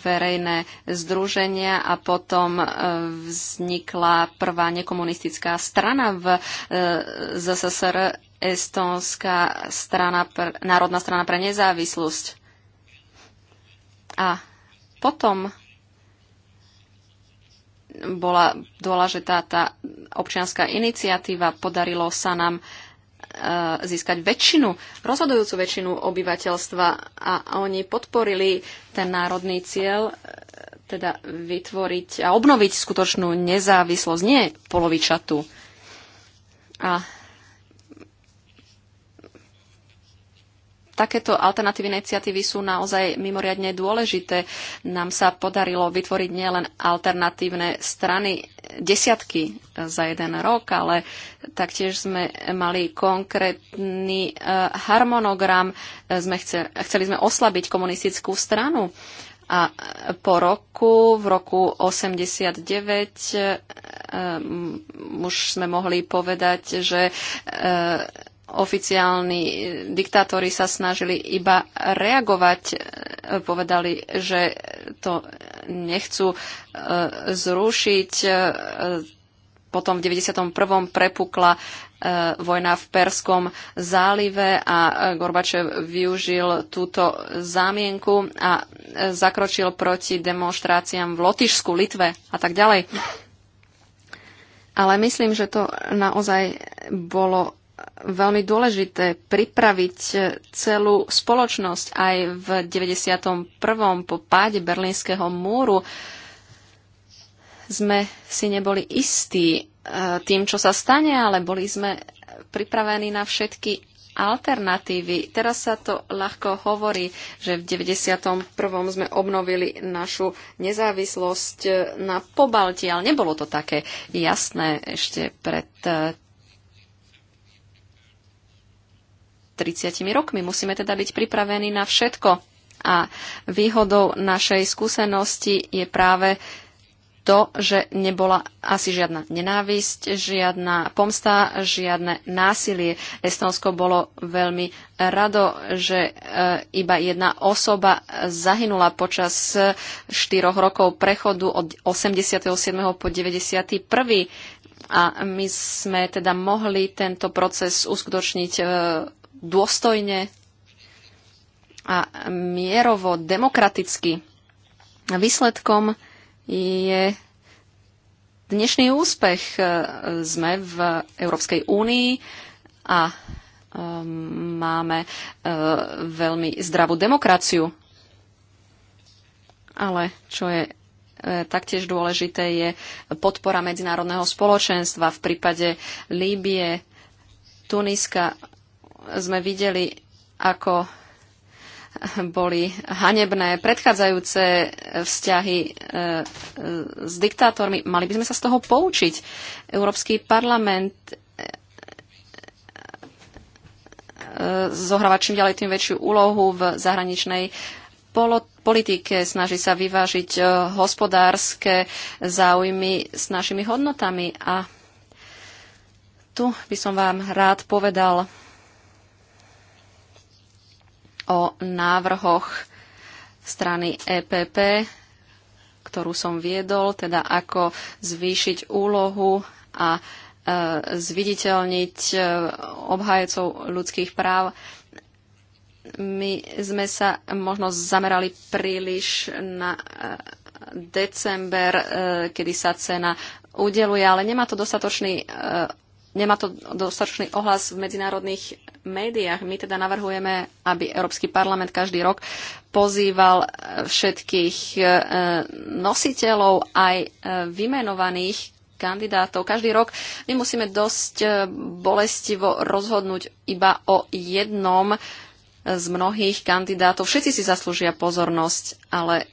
verejné združenia a potom vznikla prvá nekomunistická strana v ZSSR, Estonská strana, Národná strana pre nezávislosť. A potom bola dôležitá tá občianská iniciatíva, podarilo sa nám e, získať väčšinu, rozhodujúcu väčšinu obyvateľstva a oni podporili ten národný cieľ, e, teda vytvoriť a obnoviť skutočnú nezávislosť, nie polovičatú. A takéto alternatívne iniciatívy sú naozaj mimoriadne dôležité. Nám sa podarilo vytvoriť nielen alternatívne strany desiatky e, za jeden rok, ale taktiež sme mali konkrétny e, harmonogram. E, sme chceli, chceli sme oslabiť komunistickú stranu. A po roku, v roku 89, um, už sme mohli povedať, že uh, oficiálni diktátori sa snažili iba reagovať. E, povedali, že to nechcú e, zrušiť. E, potom v 91. prepukla vojna v Perskom zálive a Gorbačev využil túto zámienku a zakročil proti demonstráciám v Lotyšsku, Litve a tak ďalej. Ale myslím, že to naozaj bolo veľmi dôležité pripraviť celú spoločnosť aj v 91. po páde Berlínskeho múru. Sme si neboli istí e, tým, čo sa stane, ale boli sme pripravení na všetky alternatívy. Teraz sa to ľahko hovorí, že v 91. sme obnovili našu nezávislosť na Pobalti, ale nebolo to také jasné ešte pred e, 30 rokmi. Musíme teda byť pripravení na všetko. A výhodou našej skúsenosti je práve to, že nebola asi žiadna nenávisť, žiadna pomsta, žiadne násilie. Estonsko bolo veľmi rado, že e, iba jedna osoba zahynula počas štyroch rokov prechodu od 87. po 91. A my sme teda mohli tento proces uskutočniť e, dôstojne a mierovo, demokraticky. Výsledkom je dnešný úspech. Sme v Európskej únii a um, máme uh, veľmi zdravú demokraciu. Ale čo je uh, taktiež dôležité, je podpora medzinárodného spoločenstva v prípade Líbie, Tuniska, sme videli, ako boli hanebné predchádzajúce vzťahy e, e, s diktátormi. Mali by sme sa z toho poučiť. Európsky parlament e, zohráva čím ďalej tým väčšiu úlohu v zahraničnej politike, snaží sa vyvážiť hospodárske záujmy s našimi hodnotami. A tu by som vám rád povedal o návrhoch strany EPP, ktorú som viedol, teda ako zvýšiť úlohu a e, zviditeľniť e, obhajcov ľudských práv. My sme sa možno zamerali príliš na e, december, e, kedy sa cena udeluje, ale nemá to dostatočný e, nemá to dostatočný ohlas v medzinárodných médiách. My teda navrhujeme, aby Európsky parlament každý rok pozýval e, všetkých e, nositeľov aj e, vymenovaných kandidátov. Každý rok my musíme dosť bolestivo rozhodnúť iba o jednom z mnohých kandidátov. Všetci si zaslúžia pozornosť, ale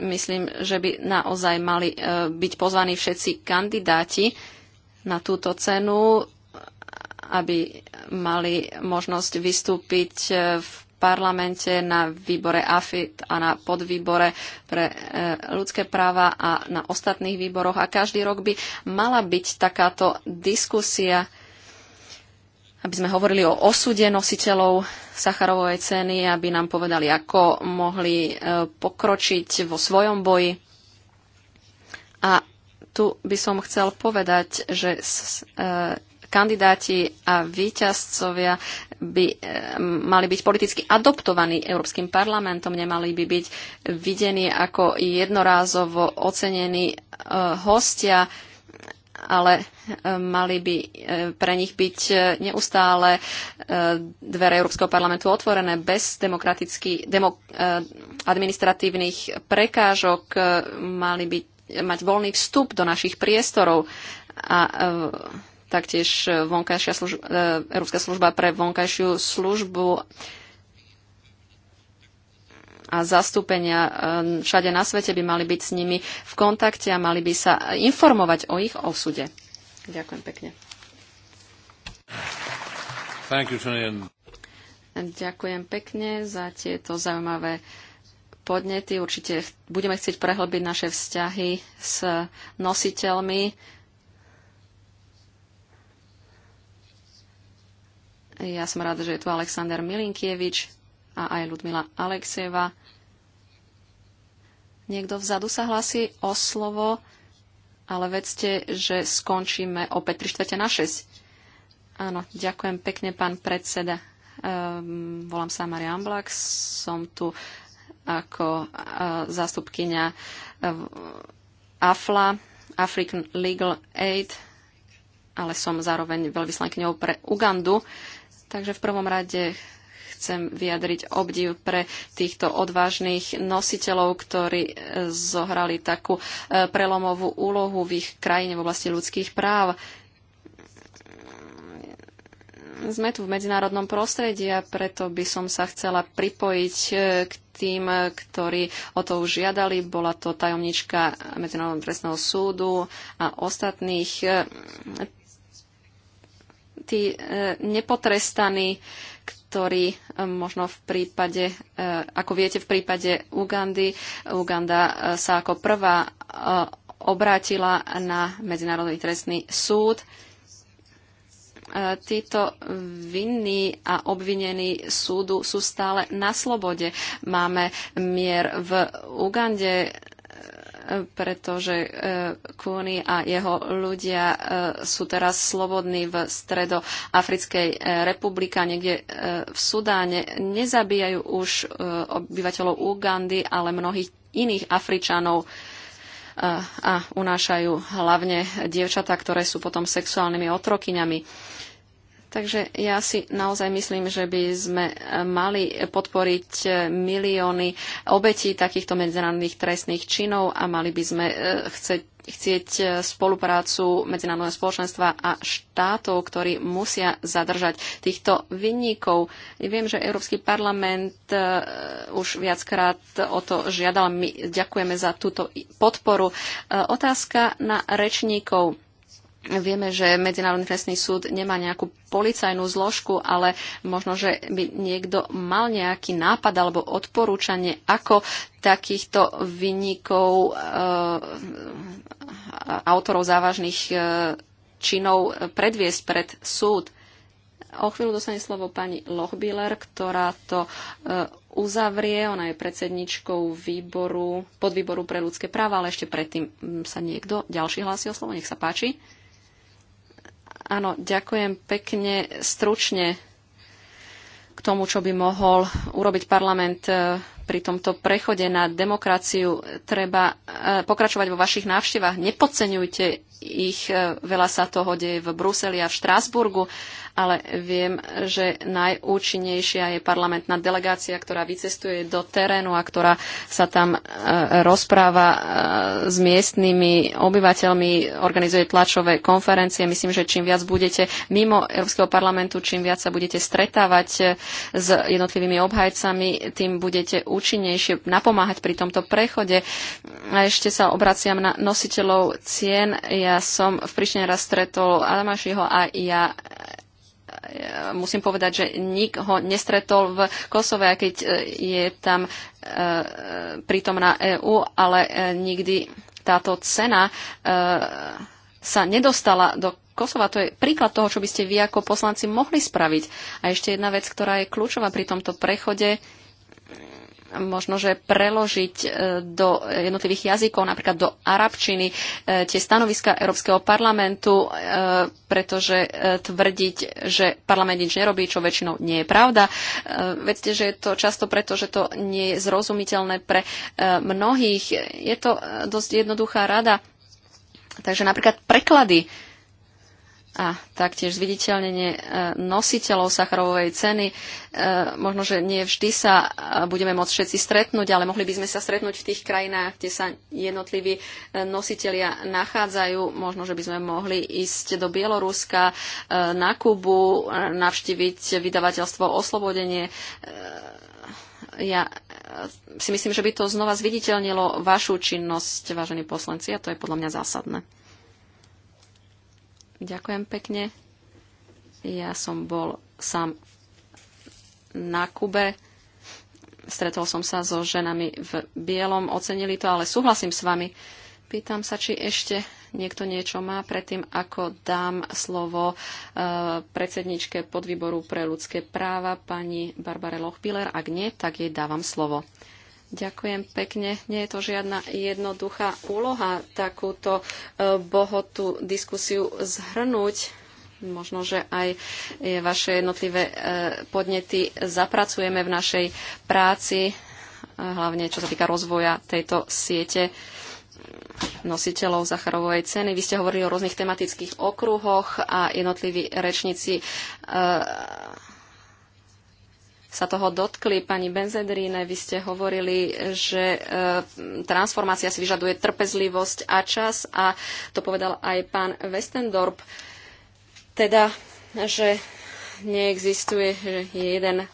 myslím, že by naozaj mali byť pozvaní všetci kandidáti na túto cenu, aby mali možnosť vystúpiť v parlamente, na výbore AFIT a na podvýbore pre e, ľudské práva a na ostatných výboroch. A každý rok by mala byť takáto diskusia, aby sme hovorili o osude nositeľov Sacharovej ceny, aby nám povedali, ako mohli e, pokročiť vo svojom boji. A tu by som chcel povedať, že e, kandidáti a výťazcovia by e, mali byť politicky adoptovaní Európskym parlamentom, nemali by byť videní ako jednorázovo ocenení e, hostia, ale mali by pre nich byť neustále dvere Európskeho parlamentu otvorené bez demokratických, demok, administratívnych prekážok, mali byť mať voľný vstup do našich priestorov a e, taktiež e, vonkajšia služba, e, Európska služba pre vonkajšiu službu a zastúpenia e, všade na svete by mali byť s nimi v kontakte a mali by sa informovať o ich osude. Ďakujem pekne. Thank you, Ďakujem pekne za tieto zaujímavé podnety. Určite budeme chcieť prehlbiť naše vzťahy s nositeľmi. Ja som rád, že je tu Alexander Milinkievič a aj Ludmila Alekseva. Niekto vzadu sa hlasí o slovo, ale vedzte, že skončíme opäť 3 čtvrte na 6. Áno, ďakujem pekne, pán predseda. Um, volám sa Maria, Amblak, som tu uh, ako zástupkyňa e, AFLA, African Legal Aid, ale som zároveň veľvyslankyňou pre Ugandu. Takže v prvom rade chcem vyjadriť obdiv pre týchto odvážnych nositeľov, ktorí e, zohrali takú e, prelomovú úlohu v ich krajine v oblasti ľudských práv sme tu v medzinárodnom prostredí a preto by som sa chcela pripojiť e, k tým, e, ktorí o to už žiadali. Bola to tajomnička Medzinárodného trestného súdu a ostatných. E, tí nepotrestaní, ktorí možno v prípade, ako viete, v prípade Ugandy, Uganda sa ako prvá obrátila na Medzinárodný trestný súd E, títo vinní a obvinení súdu sú stále na slobode. Máme mier v Ugande, e, pretože e, Kúny a jeho ľudia sú teraz slobodní v Stredoafrickej republike, niekde v Sudáne. Nezabíjajú už obyvateľov Ugandy, ale mnohých iných Afričanov a unášajú hlavne dievčatá, ktoré sú potom sexuálnymi otrokyňami. Takže ja si naozaj myslím, že by sme e, mali podporiť e, milióny obetí takýchto medzinárodných trestných činov a mali by sme e, chceť chcieť spoluprácu medzinárodného spoločenstva a štátov, ktorí musia zadržať týchto vinníkov. Viem, že Európsky parlament už viackrát o to žiadal. My ďakujeme za túto podporu. Otázka na rečníkov. Vieme, že Medzinárodný trestný súd nemá nejakú policajnú zložku, ale možno, že by niekto mal nejaký nápad alebo odporúčanie, ako takýchto vynikov e, autorov závažných e, činov predviesť pred súd. O chvíľu dostane slovo pani Lochbiller, ktorá to e, uzavrie. Ona je predsedničkou výboru, podvýboru pre ľudské práva, ale ešte predtým hm, sa niekto ďalší hlási o slovo. Nech sa páči. Áno, ďakujem pekne stručne k tomu, čo by mohol urobiť parlament e, pri tomto prechode na demokraciu. Treba e, pokračovať vo vašich návštevách. Nepodceňujte ich e, veľa sa toho deje v Bruseli a v Štrásburgu, ale viem, že najúčinnejšia je parlamentná delegácia, ktorá vycestuje do terénu a ktorá sa tam e, rozpráva e, s miestnymi obyvateľmi, organizuje tlačové konferencie. Myslím, že čím viac budete mimo Európskeho parlamentu, čím viac sa budete stretávať s jednotlivými obhajcami, tým budete účinnejšie napomáhať pri tomto prechode. A ešte sa obraciam na nositeľov cien. Ja ja som v Prištine raz stretol Adamašiho a ja e, musím povedať, že nik ho nestretol v Kosove, aj keď e, je tam e, prítomná EÚ, ale nikdy táto cena sa nedostala do Kosova. To je príklad toho, čo by ste vy ako poslanci mohli spraviť. A ešte jedna vec, ktorá je kľúčová pri tomto prechode možno, že preložiť e, do jednotlivých jazykov, napríklad do arabčiny, e, tie stanoviska Európskeho parlamentu, e, pretože tvrdiť, že parlament nič nerobí, čo väčšinou nie je pravda. Vedzte, že je to často preto, že to nie je zrozumiteľné pre mnohých. Je to dosť jednoduchá rada. Takže napríklad preklady a taktiež zviditeľnenie e, nositeľov Sacharovej ceny. E, možno, že nie vždy sa e, budeme môcť všetci stretnúť, ale mohli by sme sa stretnúť v tých krajinách, kde sa jednotliví nositelia nachádzajú. Možno, že by sme mohli ísť do Bieloruska, na Kubu, navštíviť vydavateľstvo Oslobodenie. Ja si myslím, že by to znova zviditeľnilo vašu činnosť, vážení poslanci, a to je podľa mňa zásadné. Ďakujem pekne. Ja som bol sám na Kube. Stretol som sa so ženami v bielom, ocenili to, ale súhlasím s vami. Pýtam sa, či ešte niekto niečo má predtým, ako dám slovo e, predsedničke podvýboru pre ľudské práva, pani Barbare Lochbiller. Ak nie, tak jej dávam slovo. Ďakujem pekne. Nie je to žiadna jednoduchá úloha takúto e, bohotú diskusiu zhrnúť. Možno, že aj vaše jednotlivé e, podnety zapracujeme v našej práci, e, hlavne čo sa týka rozvoja tejto siete nositeľov Zacharovej ceny. Vy ste hovorili o rôznych tematických okruhoch a jednotliví rečníci sa toho dotkli. Pani Benzedrine, vy ste hovorili, že e, transformácia si vyžaduje trpezlivosť a čas a to povedal aj pán Westendorp. Teda, že neexistuje jeden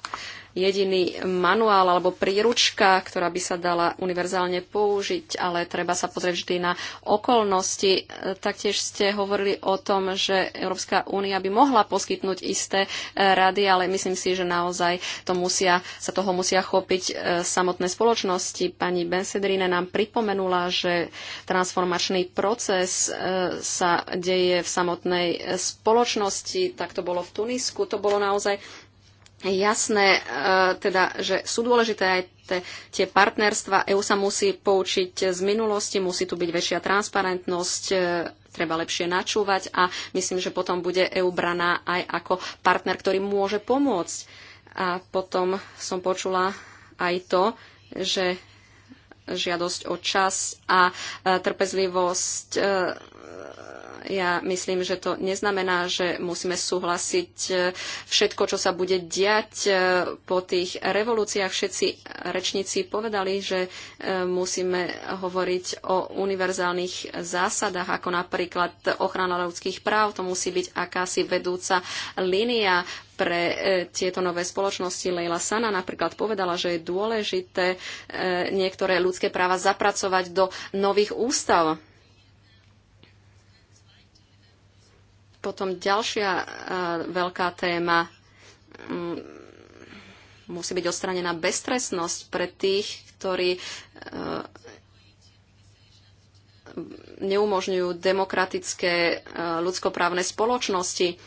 jediný manuál alebo príručka, ktorá by sa dala univerzálne použiť, ale treba sa pozrieť vždy na okolnosti. Taktiež ste hovorili o tom, že Európska únia by mohla poskytnúť isté e, rady, ale myslím si, že naozaj to musia, sa toho musia chopiť e, samotné spoločnosti. Pani Bensedrine nám pripomenula, že transformačný proces e, sa deje v samotnej spoločnosti. Tak to bolo v Tunisku. To bolo naozaj jasné, e, teda, že sú dôležité aj te, tie partnerstva. EU sa musí poučiť z minulosti, musí tu byť väčšia transparentnosť, e, treba lepšie načúvať a myslím, že potom bude EU braná aj ako partner, ktorý môže pomôcť. A potom som počula aj to, že žiadosť o čas a e, trpezlivosť ja myslím, že to neznamená, že musíme súhlasiť e, všetko, čo sa bude diať e, po tých revolúciách. Všetci rečníci povedali, že e, musíme hovoriť o univerzálnych zásadách, ako napríklad ochrana ľudských práv. To musí byť akási vedúca línia pre tieto nové spoločnosti. Leila Sana napríklad povedala, že je dôležité niektoré ľudské práva zapracovať do nových ústav. Potom ďalšia e, veľká téma mm, musí byť odstranená beztresnosť pre tých, ktorí e, neumožňujú demokratické e, ľudskoprávne spoločnosti.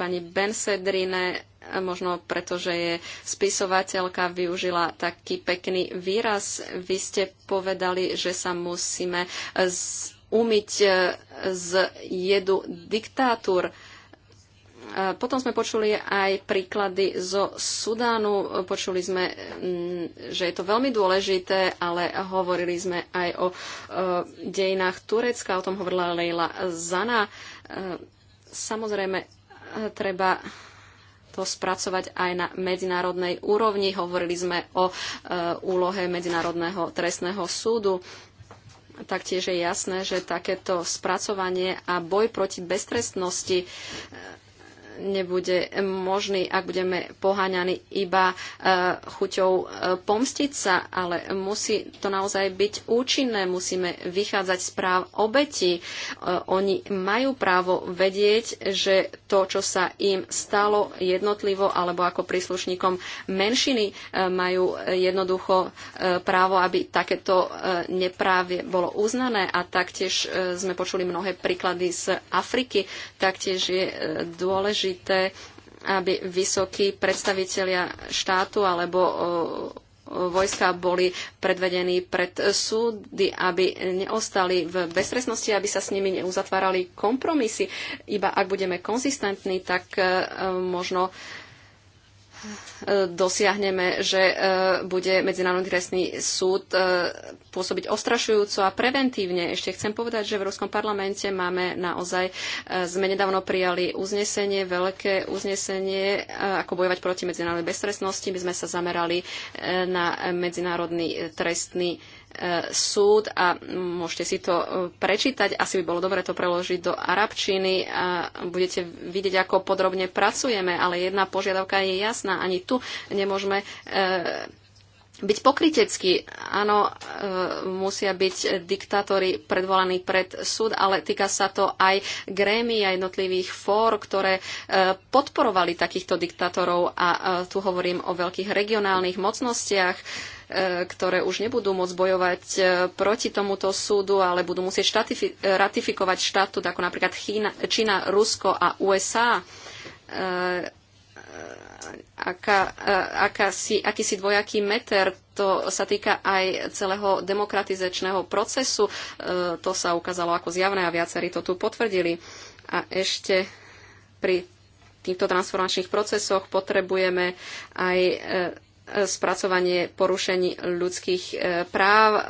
Pani Ben Sedrine, možno preto, že je spisovateľka, využila taký pekný výraz. Vy ste povedali, že sa musíme z umyť e, z jedu diktátor. E, potom sme počuli aj príklady zo Sudánu. Počuli sme, mm, že je to veľmi dôležité, ale hovorili sme aj o e, dejinách Turecka. O tom hovorila Leila Zana. Samozrejme, treba to spracovať aj na medzinárodnej úrovni. Hovorili sme o úlohe Medzinárodného trestného súdu taktiež je jasné, že takéto spracovanie a boj proti beztrestnosti nebude možný, ak budeme poháňaní iba e, chuťou e, pomstiť sa, ale musí to naozaj byť účinné. Musíme vychádzať z práv obeti. E, oni majú právo vedieť, že to, čo sa im stalo jednotlivo alebo ako príslušníkom menšiny, majú jednoducho právo, aby takéto neprávie bolo uznané a taktiež sme počuli mnohé príklady z Afriky, taktiež je dôležité dôležité, aby vysokí predstavitelia štátu alebo vojska boli predvedení pred súdy, aby neostali v bezstresnosti, aby sa s nimi neuzatvárali kompromisy. Iba ak budeme konzistentní, tak e, možno E, dosiahneme, že e, bude Medzinárodný trestný súd e, pôsobiť ostrašujúco a preventívne. Ešte chcem povedať, že v Európskom parlamente máme naozaj, sme nedávno prijali uznesenie, veľké uznesenie, ako bojovať proti medzinárodnej beztrestnosti. My sme sa zamerali na Medzinárodný trestný súd súd a môžete si to e, prečítať. Asi by bolo dobre to preložiť do arabčiny a budete vidieť, ako podrobne pracujeme, ale jedna požiadavka je jasná. Ani tu nemôžeme e, byť pokrytecký. Áno, e, musia byť diktátori predvolaní pred súd, ale týka sa to aj grémy a jednotlivých fór, ktoré e, podporovali takýchto diktátorov a e, tu hovorím o veľkých regionálnych mocnostiach. E, E, ktoré už nebudú môcť bojovať e, proti tomuto súdu, ale budú musieť e, ratifikovať štatút, ako napríklad Čína, Čína Rusko a USA. Aká, aký akýsi dvojaký meter. To sa týka aj celého demokratizačného procesu. To sa ukázalo ako zjavné a viacerí to tu potvrdili. A ešte pri týchto transformačných procesoch potrebujeme aj spracovanie porušení ľudských e, práv. E,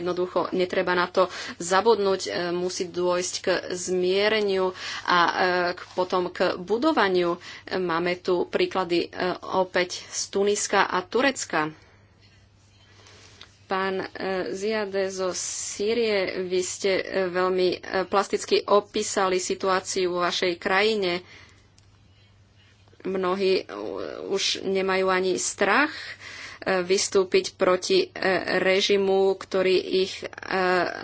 jednoducho netreba na to zabudnúť, e, musí dôjsť k zmiereniu a k, potom k budovaniu. Máme tu príklady opäť z Tuniska a Turecka. Pán Ziade zo Sýrie, vy ste veľmi plasticky opísali situáciu vo vašej krajine mnohí e, už nemajú ani strach e, vystúpiť proti e, režimu, ktorý ich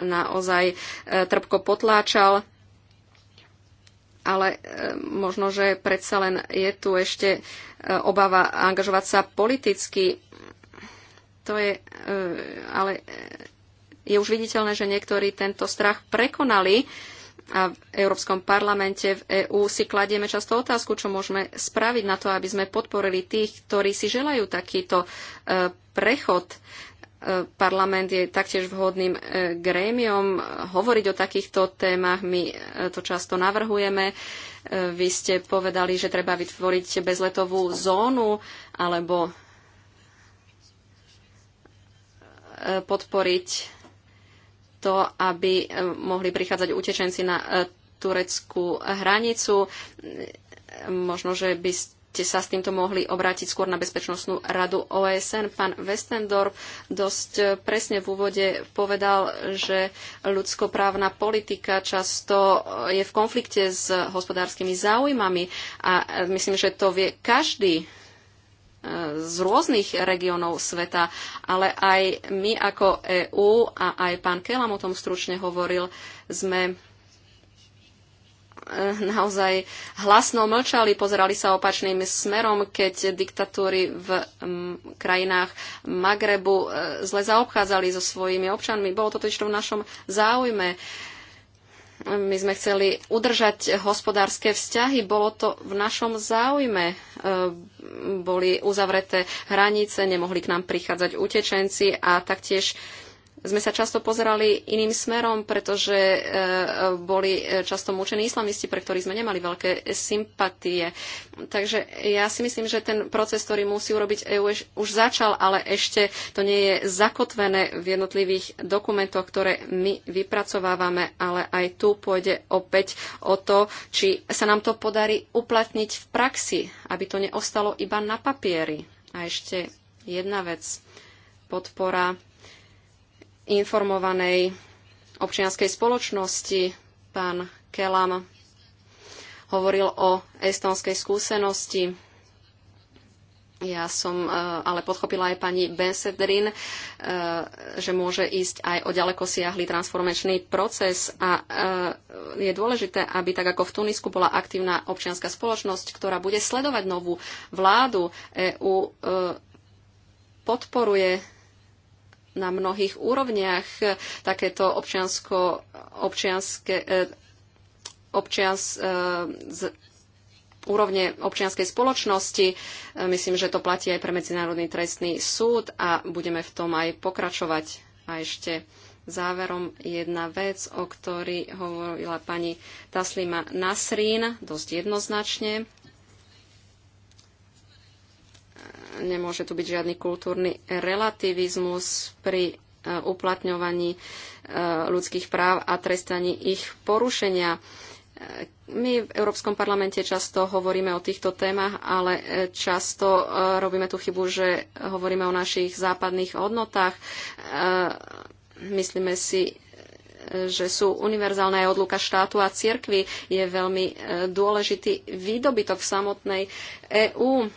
naozaj trpko potláčal. Ale možno, že predsa len je tu ešte obava angažovať sa politicky. To je, ale je už viditeľné, že niektorí tento strach prekonali a v Európskom parlamente v EÚ si kladieme často otázku, čo môžeme spraviť na to, aby sme podporili tých, ktorí si želajú takýto e, prechod. E, parlament je taktiež vhodným e, grémiom hovoriť o takýchto témach. My to často navrhujeme. Vy ste povedali, že treba vytvoriť bezletovú zónu alebo podporiť to, aby e, mohli prichádzať utečenci na e, tureckú hranicu. Možno, že by ste sa s týmto mohli obrátiť skôr na Bezpečnostnú radu OSN. Pán Westendorf dosť e, presne v úvode povedal, že ľudskoprávna politika často je v konflikte s hospodárskymi záujmami a myslím, že to vie každý z rôznych regiónov sveta, ale aj my ako EÚ a aj pán Kelam o tom stručne hovoril, sme eh, naozaj hlasno mlčali, pozerali sa opačným smerom, keď diktatúry v mm, krajinách Magrebu eh, zle zaobchádzali so svojimi občanmi. Bolo to totiž v našom záujme. My sme chceli udržať hospodárske vzťahy, bolo to v našom záujme. E, boli uzavreté hranice, nemohli k nám prichádzať utečenci a taktiež sme sa často pozerali iným smerom, pretože e, boli e, často mučení islamisti, pre ktorých sme nemali veľké sympatie. Takže ja si myslím, že ten proces, ktorý musí urobiť EU, už začal, ale ešte to nie je zakotvené v jednotlivých dokumentoch, ktoré my vypracovávame, ale aj tu pôjde opäť o to, či sa nám to podarí uplatniť v praxi, aby to neostalo iba na papieri. A ešte jedna vec. Podpora informovanej občianskej spoločnosti. Pán Kelam hovoril o estonskej skúsenosti. Ja som e, ale podchopila aj pani Bensedrin, e, že môže ísť aj o ďaleko siahly transformačný proces a e, je dôležité, aby tak ako v Tunisku bola aktívna občianská spoločnosť, ktorá bude sledovať novú vládu. EU podporuje na mnohých úrovniach takéto občiansko, občianske, e, občians, e, z, úrovne občianskej spoločnosti. E, myslím, že to platí aj pre Medzinárodný trestný súd a budeme v tom aj pokračovať. A ešte záverom jedna vec, o ktorej hovorila pani Taslima Nasrín dosť jednoznačne. nemôže tu byť žiadny kultúrny relativizmus pri e, uplatňovaní e, ľudských práv a trestaní ich porušenia. E, my v Európskom parlamente často hovoríme o týchto témach, ale často robíme tú chybu, že hovoríme o našich západných hodnotách. Myslíme si, že sú univerzálne aj odluka štátu a cirkvi je veľmi dôležitý výdobytok samotnej EÚ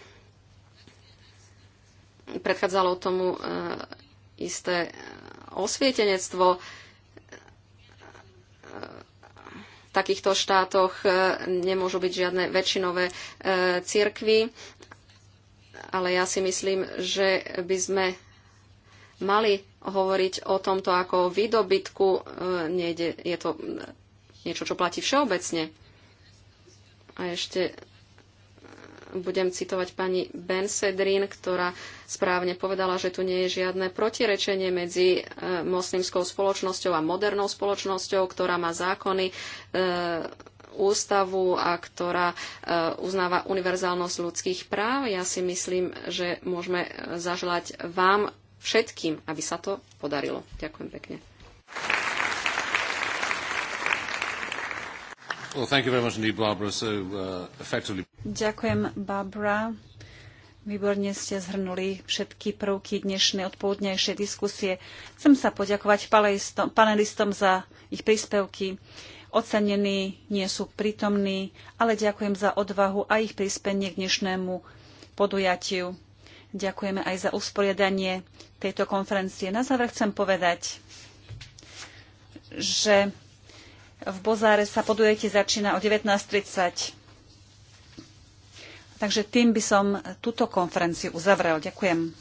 predchádzalo tomu e, isté e, osvietenectvo e, v takýchto štátoch nemôžu byť žiadne väčšinové cirkvy, ale ja si myslím, že by sme mali hovoriť o tomto ako o výdobytku. je to niečo, čo platí všeobecne. A ešte budem citovať pani Ben Sedrin, ktorá správne povedala, že tu nie je žiadne protirečenie medzi e, moslimskou spoločnosťou a modernou spoločnosťou, ktorá má zákony e, ústavu a ktorá e, uznáva univerzálnosť ľudských práv. Ja si myslím, že môžeme zaželať vám všetkým, aby sa to podarilo. Ďakujem pekne. Uh, ďakujem, Barbara. Výborne ste zhrnuli všetky prvky dnešnej odpovodnejšej diskusie. Chcem sa poďakovať panelistom za ich príspevky. Ocenení nie sú prítomní, ale ďakujem za odvahu a ich prispenie k dnešnému podujatiu. Ďakujeme aj za usporiadanie tejto konferencie. Na záver chcem povedať, že v Bozáre sa podujete začína o 19.30. Takže tým by som túto konferenciu uzavrel. Ďakujem.